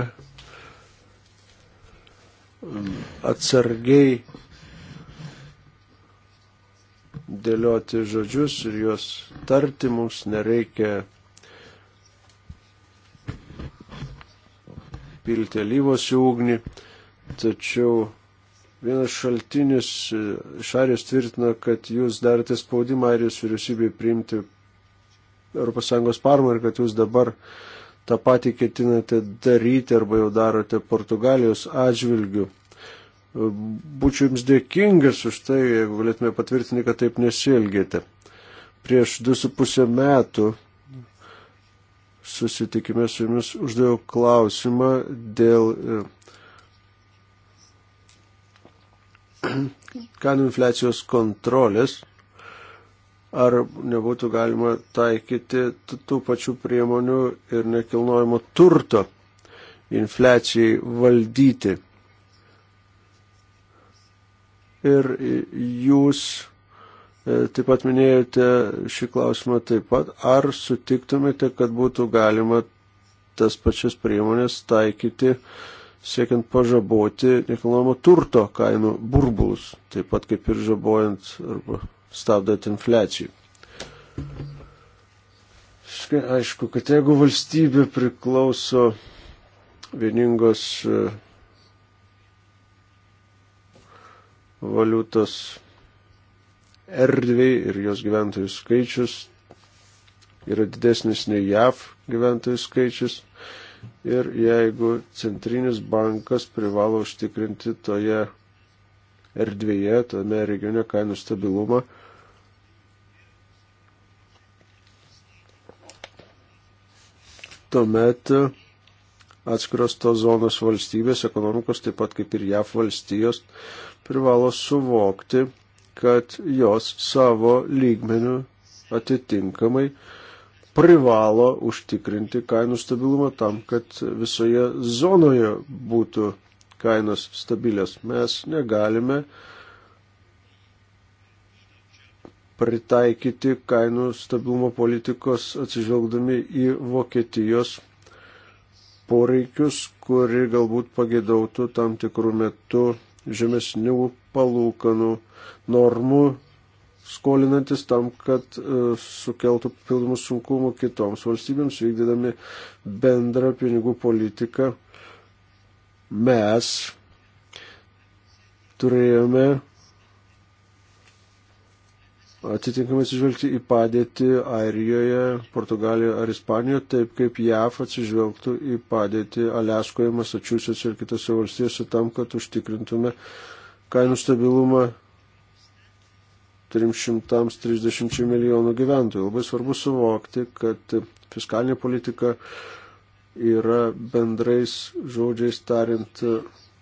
Um, atsargiai dėlioti žodžius ir juos tarti mums nereikia pilti alyvos į ugnį, tačiau vienas šaltinis e, iš Airijos tvirtina, kad jūs darote spaudimą Airijos vyriausybei priimti ES parmą ir kad jūs dabar tą patį ketinate daryti arba jau darote Portugalijos atžvilgių. E, būčiau jums dėkingas už tai, jeigu galėtume patvirtinti, kad taip nesielgėte. Prieš du su pusę metų susitikime su jumis uždėjau klausimą dėl e, kainų infliacijos kontrolės. Ar nebūtų galima taikyti tų pačių priemonių ir nekilnojimo turto infliacijai valdyti? Ir jūs E, taip pat minėjote šį klausimą taip pat. Ar sutiktumėte, kad būtų galima tas pačias priemonės taikyti, siekiant pažaboti nekilnojamo turto kainų burbulus, taip pat kaip ir žabojant arba stabdant infliaciją? Aišku, kad jeigu valstybė priklauso vieningos e, valiutos erdviai ir jos gyventojų skaičius yra didesnis nei JAV gyventojų skaičius. Ir jeigu centrinis bankas privalo užtikrinti toje erdvėje, tame regione kainų stabilumą, tuomet atskiros tos zonos valstybės, ekonomikos, taip pat kaip ir JAF valstijos, privalo suvokti, kad jos savo lygmenių atitinkamai privalo užtikrinti kainų stabilumą tam, kad visoje zonoje būtų kainos stabilios. Mes negalime pritaikyti kainų stabilumo politikos atsižvelgdami į Vokietijos poreikius, kuri galbūt pagėdautų tam tikrų metų žemesnių palūkanų normų, skolinantis tam, kad e, sukeltų papildomų sunkumų kitoms valstybėms, vykdydami bendrą pinigų politiką. Mes turėjome atitinkamai atsižvelgti į padėtį Airijoje, Portugalijoje ar Ispanijoje, taip kaip JAF atsižvelgtų į padėtį Aleskoje, Masačiusiuose ir kitose valstijose tam, kad užtikrintume uh, kainų stabilumą 330 milijonų gyventojų. Labai svarbu suvokti, kad fiskalinė politika yra bendrais žodžiais tariant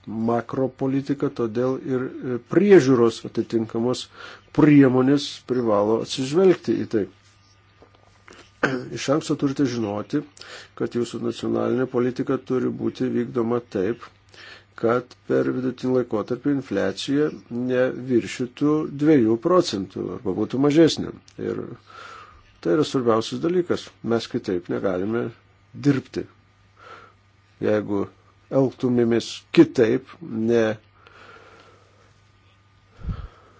makropolitika, todėl ir priežiūros atitinkamos priemonės privalo atsižvelgti į tai. Iš anksto turite žinoti, kad jūsų nacionalinė politika turi būti vykdoma taip, kad per vidutinį laikotarpį infliacija neviršytų 2 procentų arba būtų mažesnė. Ir tai yra svarbiausias dalykas. Mes kitaip negalime dirbti. Jeigu elgtumėmės kitaip, ne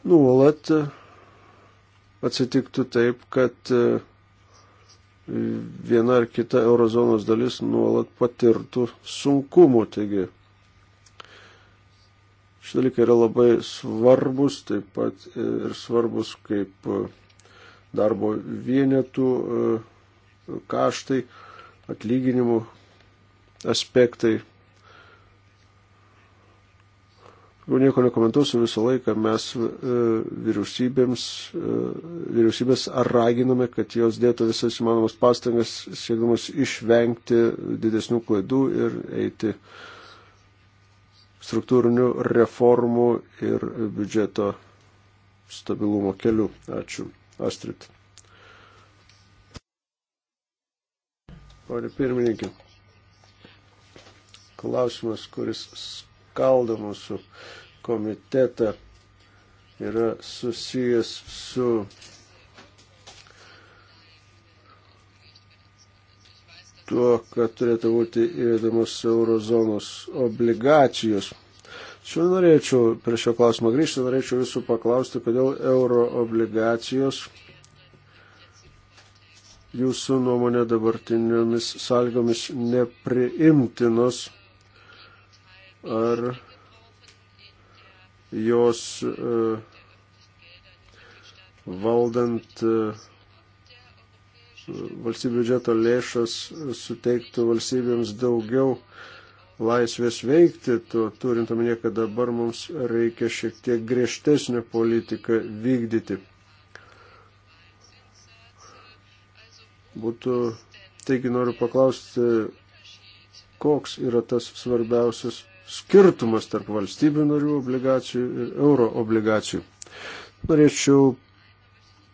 nuolat atsitiktų taip, kad e, viena ar kita eurozonos dalis nuolat patirtų sunkumų. Taigi Šie dalykai yra labai svarbus, taip pat ir svarbus kaip e, darbo vienetų e, kaštai, atlyginimų aspektai. Jau nieko nekomentuosiu, visą laiką mes e, vyriausybėms, vyriausybės raginame, kad jos dėtų visas įmanomas pastangas, siekdamas išvengti didesnių klaidų ir eiti uh, struktūrinių reformų ir biudžeto stabilumo keliu. Ačiū. Astrid. Pane pirmininkė, klausimas, kuris skaldo mūsų komitetą, yra susijęs su tuo, kad turėtų būti įvedamos eurozonos obligacijos. Šiuo norėčiau, prie šio klausimo grįžti, norėčiau jūsų paklausti, kodėl euro obligacijos jūsų nuomonė dabartinėmis sąlygomis nepriimtinos ar jos e, valdant uh, valstybių biudžeto lėšas suteiktų valstybėms daugiau laisvės veikti, to turint omenyje, kad dabar mums reikia šiek tiek griežtesnę politiką vykdyti. Būtų, taigi noriu paklausti, koks yra tas svarbiausias skirtumas tarp valstybių narių obligacijų ir euro obligacijų. Norėčiau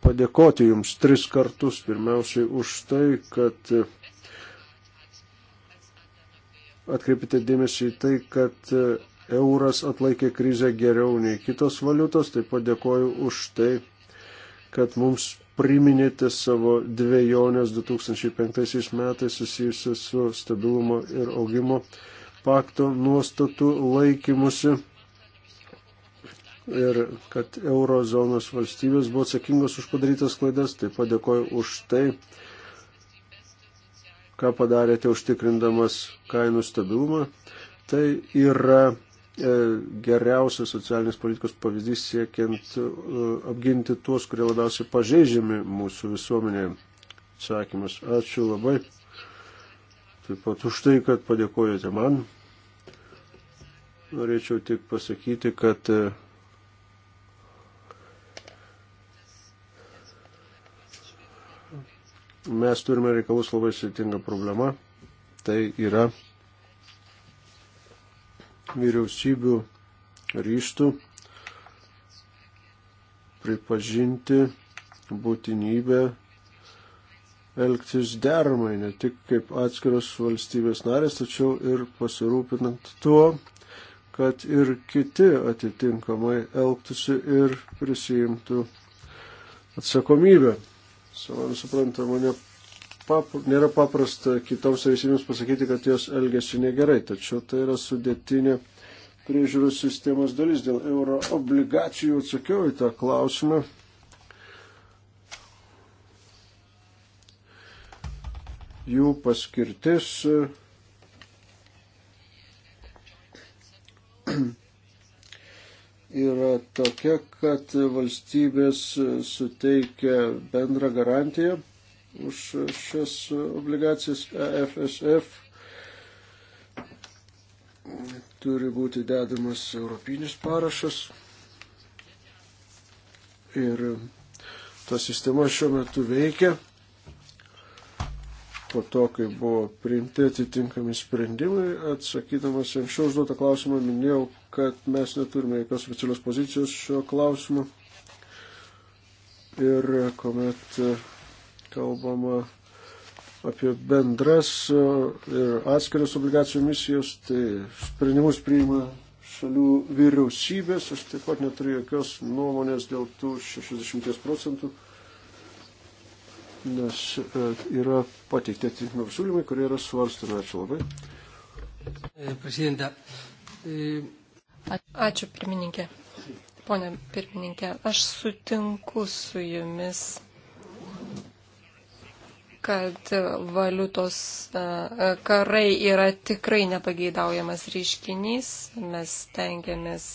padėkoti Jums tris kartus. Pirmiausiai už tai, kad atkreipite dėmesį į tai, kad euras atlaikė krizę geriau nei kitos valiutos. Taip pat dėkoju už tai, kad mums priminėte savo dviejonės 2005 metais susijusias su stabilumo ir augimo pakto nuostatų laikymusi ir kad eurozonos valstybės buvo atsakingos už padarytas klaidas. Taip pat dėkoju už tai, ką padarėte užtikrindamas kainų stabilumą. Tai yra e, geriausias socialinės politikos pavyzdys siekiant e, apginti tuos, kurie labiausiai pažeidžiami mūsų visuomenėje. Sakymas, ačiū labai. Taip pat už tai, kad padėkojate man. Norėčiau tik pasakyti, kad e, mes turime reikalus labai sėtinga problema. Tai yra vyriausybių ryštų pripažinti būtinybę elgtis dermai, ne tik kaip atskiros valstybės narės, tačiau ir pasirūpinant tuo, kad ir kiti atitinkamai elgtųsi ir prisijimtų atsakomybę savai suprantama, ne pap, nėra paprasta kitoms vyriausybėms pasakyti, kad jos elgesi negerai, tačiau tai yra sudėtinė priežiūros sistemos dalis. Dėl euro obligacijų atsakiau į tą klausimą. Jų paskirtis yra tokia, kad valstybės suteikia bendrą garantiją už šias obligacijas EFSF. Turi būti dedamas europinis parašas. Ir ta sistema šiuo metu veikia. Po to, kai buvo priimti atitinkami sprendimai, atsakydamas anksčiau užduotą klausimą, minėjau, kad mes neturime jokios oficialios pozicijos šiuo klausimu. Ir kuomet e, kalbama apie bendras e, ir atskiras obligacijų misijos, tai sprendimus priima šalių vyriausybės. Aš taip pat neturiu jokios nuomonės dėl tų 60 procentų, nes e, yra pateikti atitinkami siūlymai, kurie yra svarstami. Ačiū labai. Presidenta, eh, Ačiū, pirmininkė. Pone pirmininkė, aš sutinku su jumis, kad valiutos karai yra tikrai nepageidaujamas reiškinys. Mes tengiamės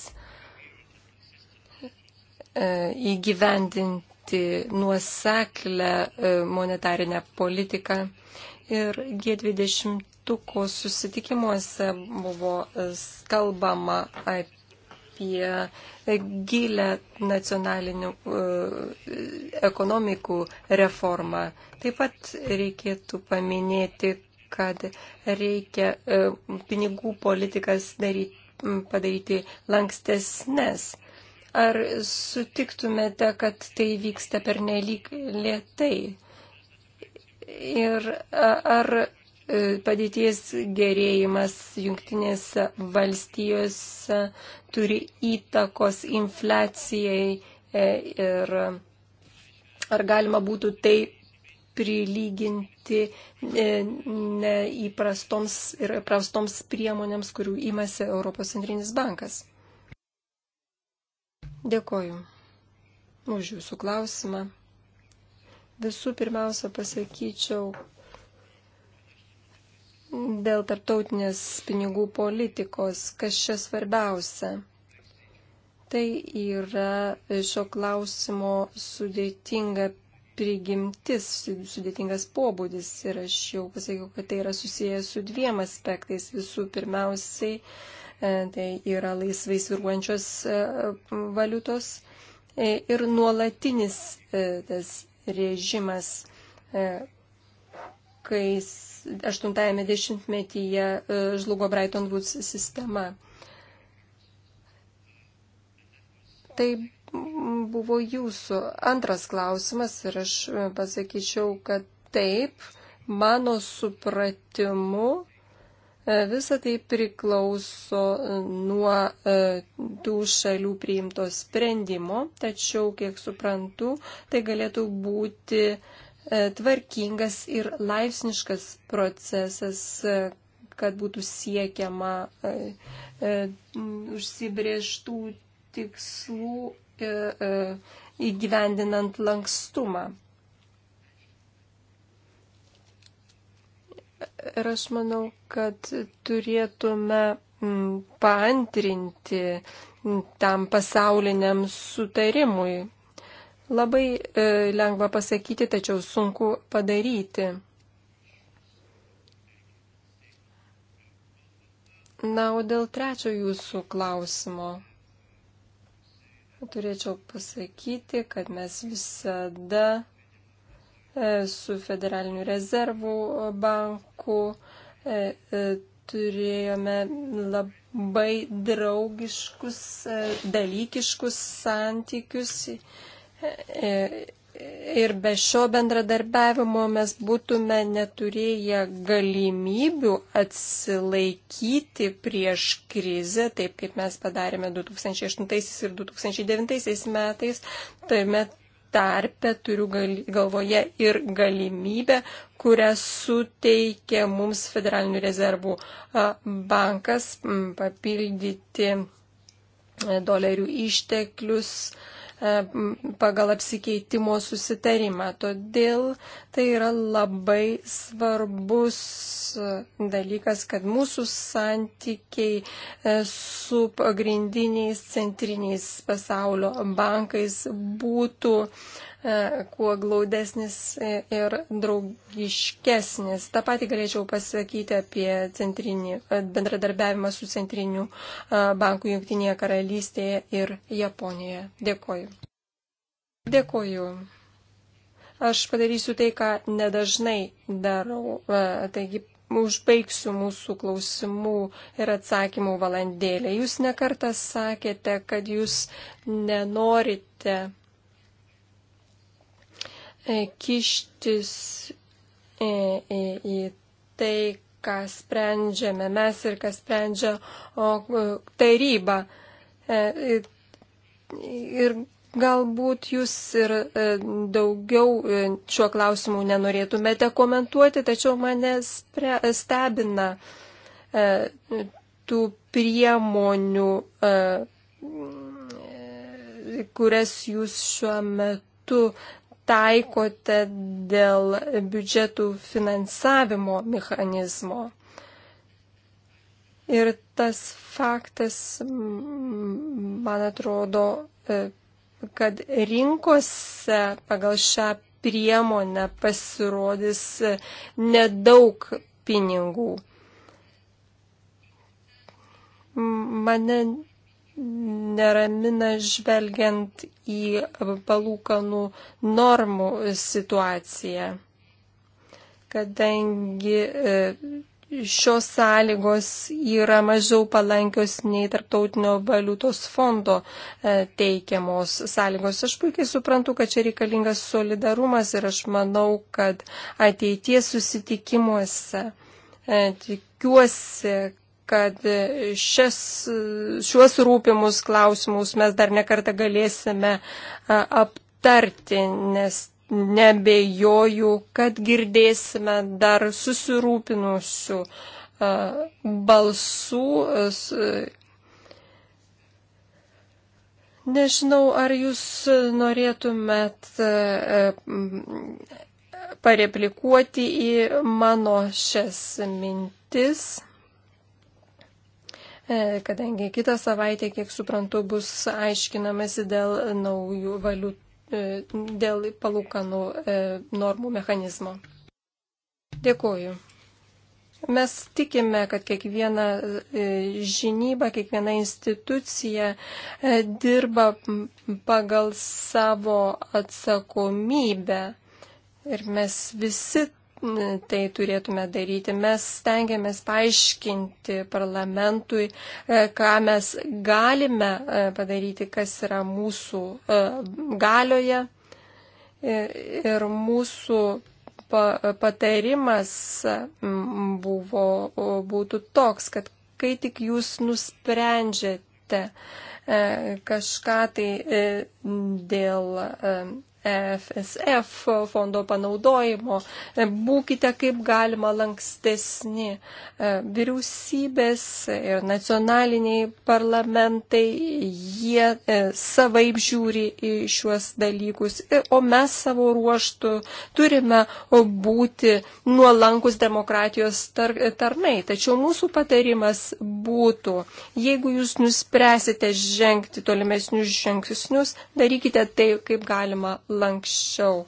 įgyvendinti nuoseklę monetarinę politiką ir G20 susitikimuose buvo kalbama apie gilę nacionalinių e, ekonomikų reformą. Taip pat reikėtų paminėti, kad reikia e, pinigų politikas daryti, padaryti lankstesnės. Ar sutiktumėte, kad tai vyksta per nelik lietai? ir ar e, padėties gerėjimas jungtinėse valstijose turi įtakos infliacijai e, ir ar galima būtų tai prilyginti e, neįprastoms ir prastoms priemonėms, kurių imasi Europos centrinis bankas. Dėkoju už Jūsų klausimą. Visų pirmiausia pasakyčiau dėl tarptautinės pinigų politikos, kas čia svarbiausia. Tai yra šio klausimo sudėtinga prigimtis, sudėtingas pobūdis ir aš jau pasakiau, kad tai yra susijęs su dviem aspektais. Visų pirmiausiai e, tai yra laisvai sviruojančios e, valiutos e, ir nuolatinis tas režimas, e, kai 80-ame dešimtmetyje e, žlugo Brighton Woods sistema. Tai buvo jūsų antras klausimas ir aš e, pasakyčiau, kad taip, mano supratimu, E, visa tai priklauso e, nuo e, tų šalių priimto sprendimo, tačiau, kiek suprantu, tai galėtų būti tvarkingas ir laipsniškas procesas, kad būtų siekiama užsibrieštų tikslų įgyvendinant lankstumą. Ir aš manau, kad turėtume mm, paantrinti mm, tam pasauliniam sutarimui. Labai e, lengva pasakyti, tačiau sunku padaryti. Na, o dėl trečio jūsų klausimo. Turėčiau pasakyti, kad mes visada E, su Federaliniu rezervų banku. E, e, turėjome labai draugiškus, dalykiškus santykius. Ir be šio bendradarbiavimo mes būtume neturėję galimybių atsilaikyti prieš krizę, taip kaip mes padarėme 2008 ir 2009 metais. Turime tarpe turiu galvoje ir galimybę, kurią suteikė mums Federalinių rezervų bankas papildyti e, dolerių išteklius E, pagal apsikeitimo susitarimą. Todėl tai yra labai svarbus e, dalykas, kad mūsų santykiai e, su pagrindiniais centriniais pasaulio bankais būtų uh, E, kuo glaudesnis ir draugiškesnis. Ta pati galėčiau pasakyti apie centrinį, e, bendradarbiavimą su centriniu e, banku Junktinėje karalystėje ir Japonijoje. Dėkoju. Dėkoju. Aš padarysiu tai, ką nedažnai darau. Taigi užbaigsiu mūsų klausimų ir atsakymų valandėlę. Jūs nekartą sakėte, kad jūs nenorite E, kištis į, į, į tai, ką sprendžiame mes ir ką sprendžia o, e, taryba. E, ir galbūt jūs ir daugiau šiuo klausimu nenorėtumėte komentuoti, tačiau mane stebina tų priemonių, kurias jūs šiuo metu taikote dėl biudžetų finansavimo mechanizmo. Ir tas faktas, man atrodo, e, kad rinkose pagal šią priemonę pasirodys e, nedaug pinigų. Mane neramina žvelgiant į palūkanų normų situaciją, kadangi e, šios sąlygos yra mažiau palankios nei tarptautinio valiutos fondo e, teikiamos sąlygos. Aš puikiai suprantu, kad čia reikalingas solidarumas ir aš manau, kad ateities susitikimuose e, tikiuosi, kad šias, šiuos rūpimus klausimus mes dar nekartą galėsime aptarti, nes nebejoju, kad girdėsime dar susirūpinusių balsų. Nežinau, ar jūs norėtumėt pareplikuoti į mano šias mintis. E, kadangi kitą savaitę, kiek suprantu, bus aiškinamasi dėl naujų valiutų, e, dėl palūkanų e, normų mechanizmo. Dėkuoju. Mes tikime, kad kiekviena žinyba, kiekviena institucija dirba pagal savo atsakomybę. Ir mes visi tai turėtume daryti. Mes stengiamės paaiškinti parlamentui, e, ką mes galime e, padaryti, kas yra mūsų e, galioje. Ir mūsų patarimas buvo, būtų toks, kad kai tik jūs nusprendžiate kažką tai dėl FSF fondo panaudojimo. Būkite kaip galima lankstesni. E, vyriausybės ir nacionaliniai parlamentai, jie e, savaip žiūri į šiuos dalykus, e, o mes savo ruoštų turime būti nuolankus demokratijos tar tarnai. Tačiau mūsų patarimas būtų, jeigu jūs nuspręsite žengti tolimesnius žingsnius, darykite tai kaip galima lankstesni lankščiau.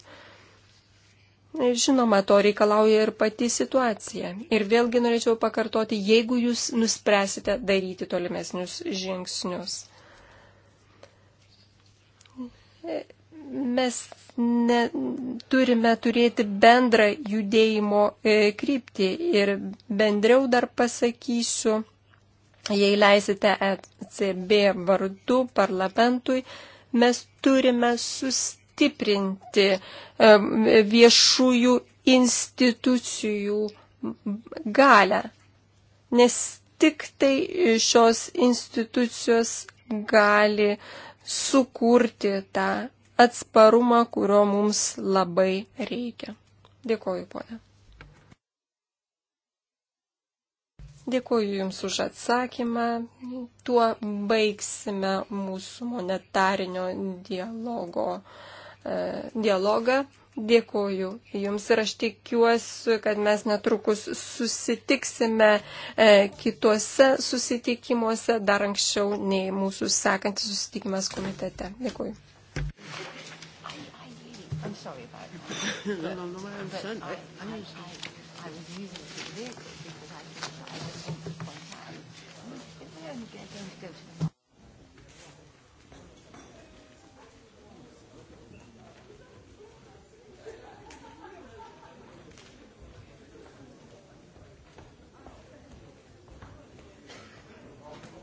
Žinoma, to reikalauja ir pati situacija. Ir vėlgi norėčiau pakartoti, jeigu jūs nuspręsite daryti tolimesnius žingsnius. Mes ne, turime turėti bendrą judėjimo e, kryptį ir bendriau dar pasakysiu, jei leisite ECB vardu parlamentui, mes turime susitikti stiprinti viešųjų institucijų galę, nes tik tai šios institucijos gali sukurti tą atsparumą, kurio mums labai reikia. Dėkoju, ponė. Dėkuoju Jums už atsakymą. Tuo baigsime mūsų monetarinio dialogo E, dialogą. Dėkoju Jums ir aš tikiuosi, kad mes netrukus susitiksime e, kituose susitikimuose dar anksčiau nei mūsų sekantis susitikimas komitete. Dėkoju. I'm sorry about that. no, no, no, I understand. I, I, I, I was using the vehicle because I, I just want to point out. If they only get, don't go to the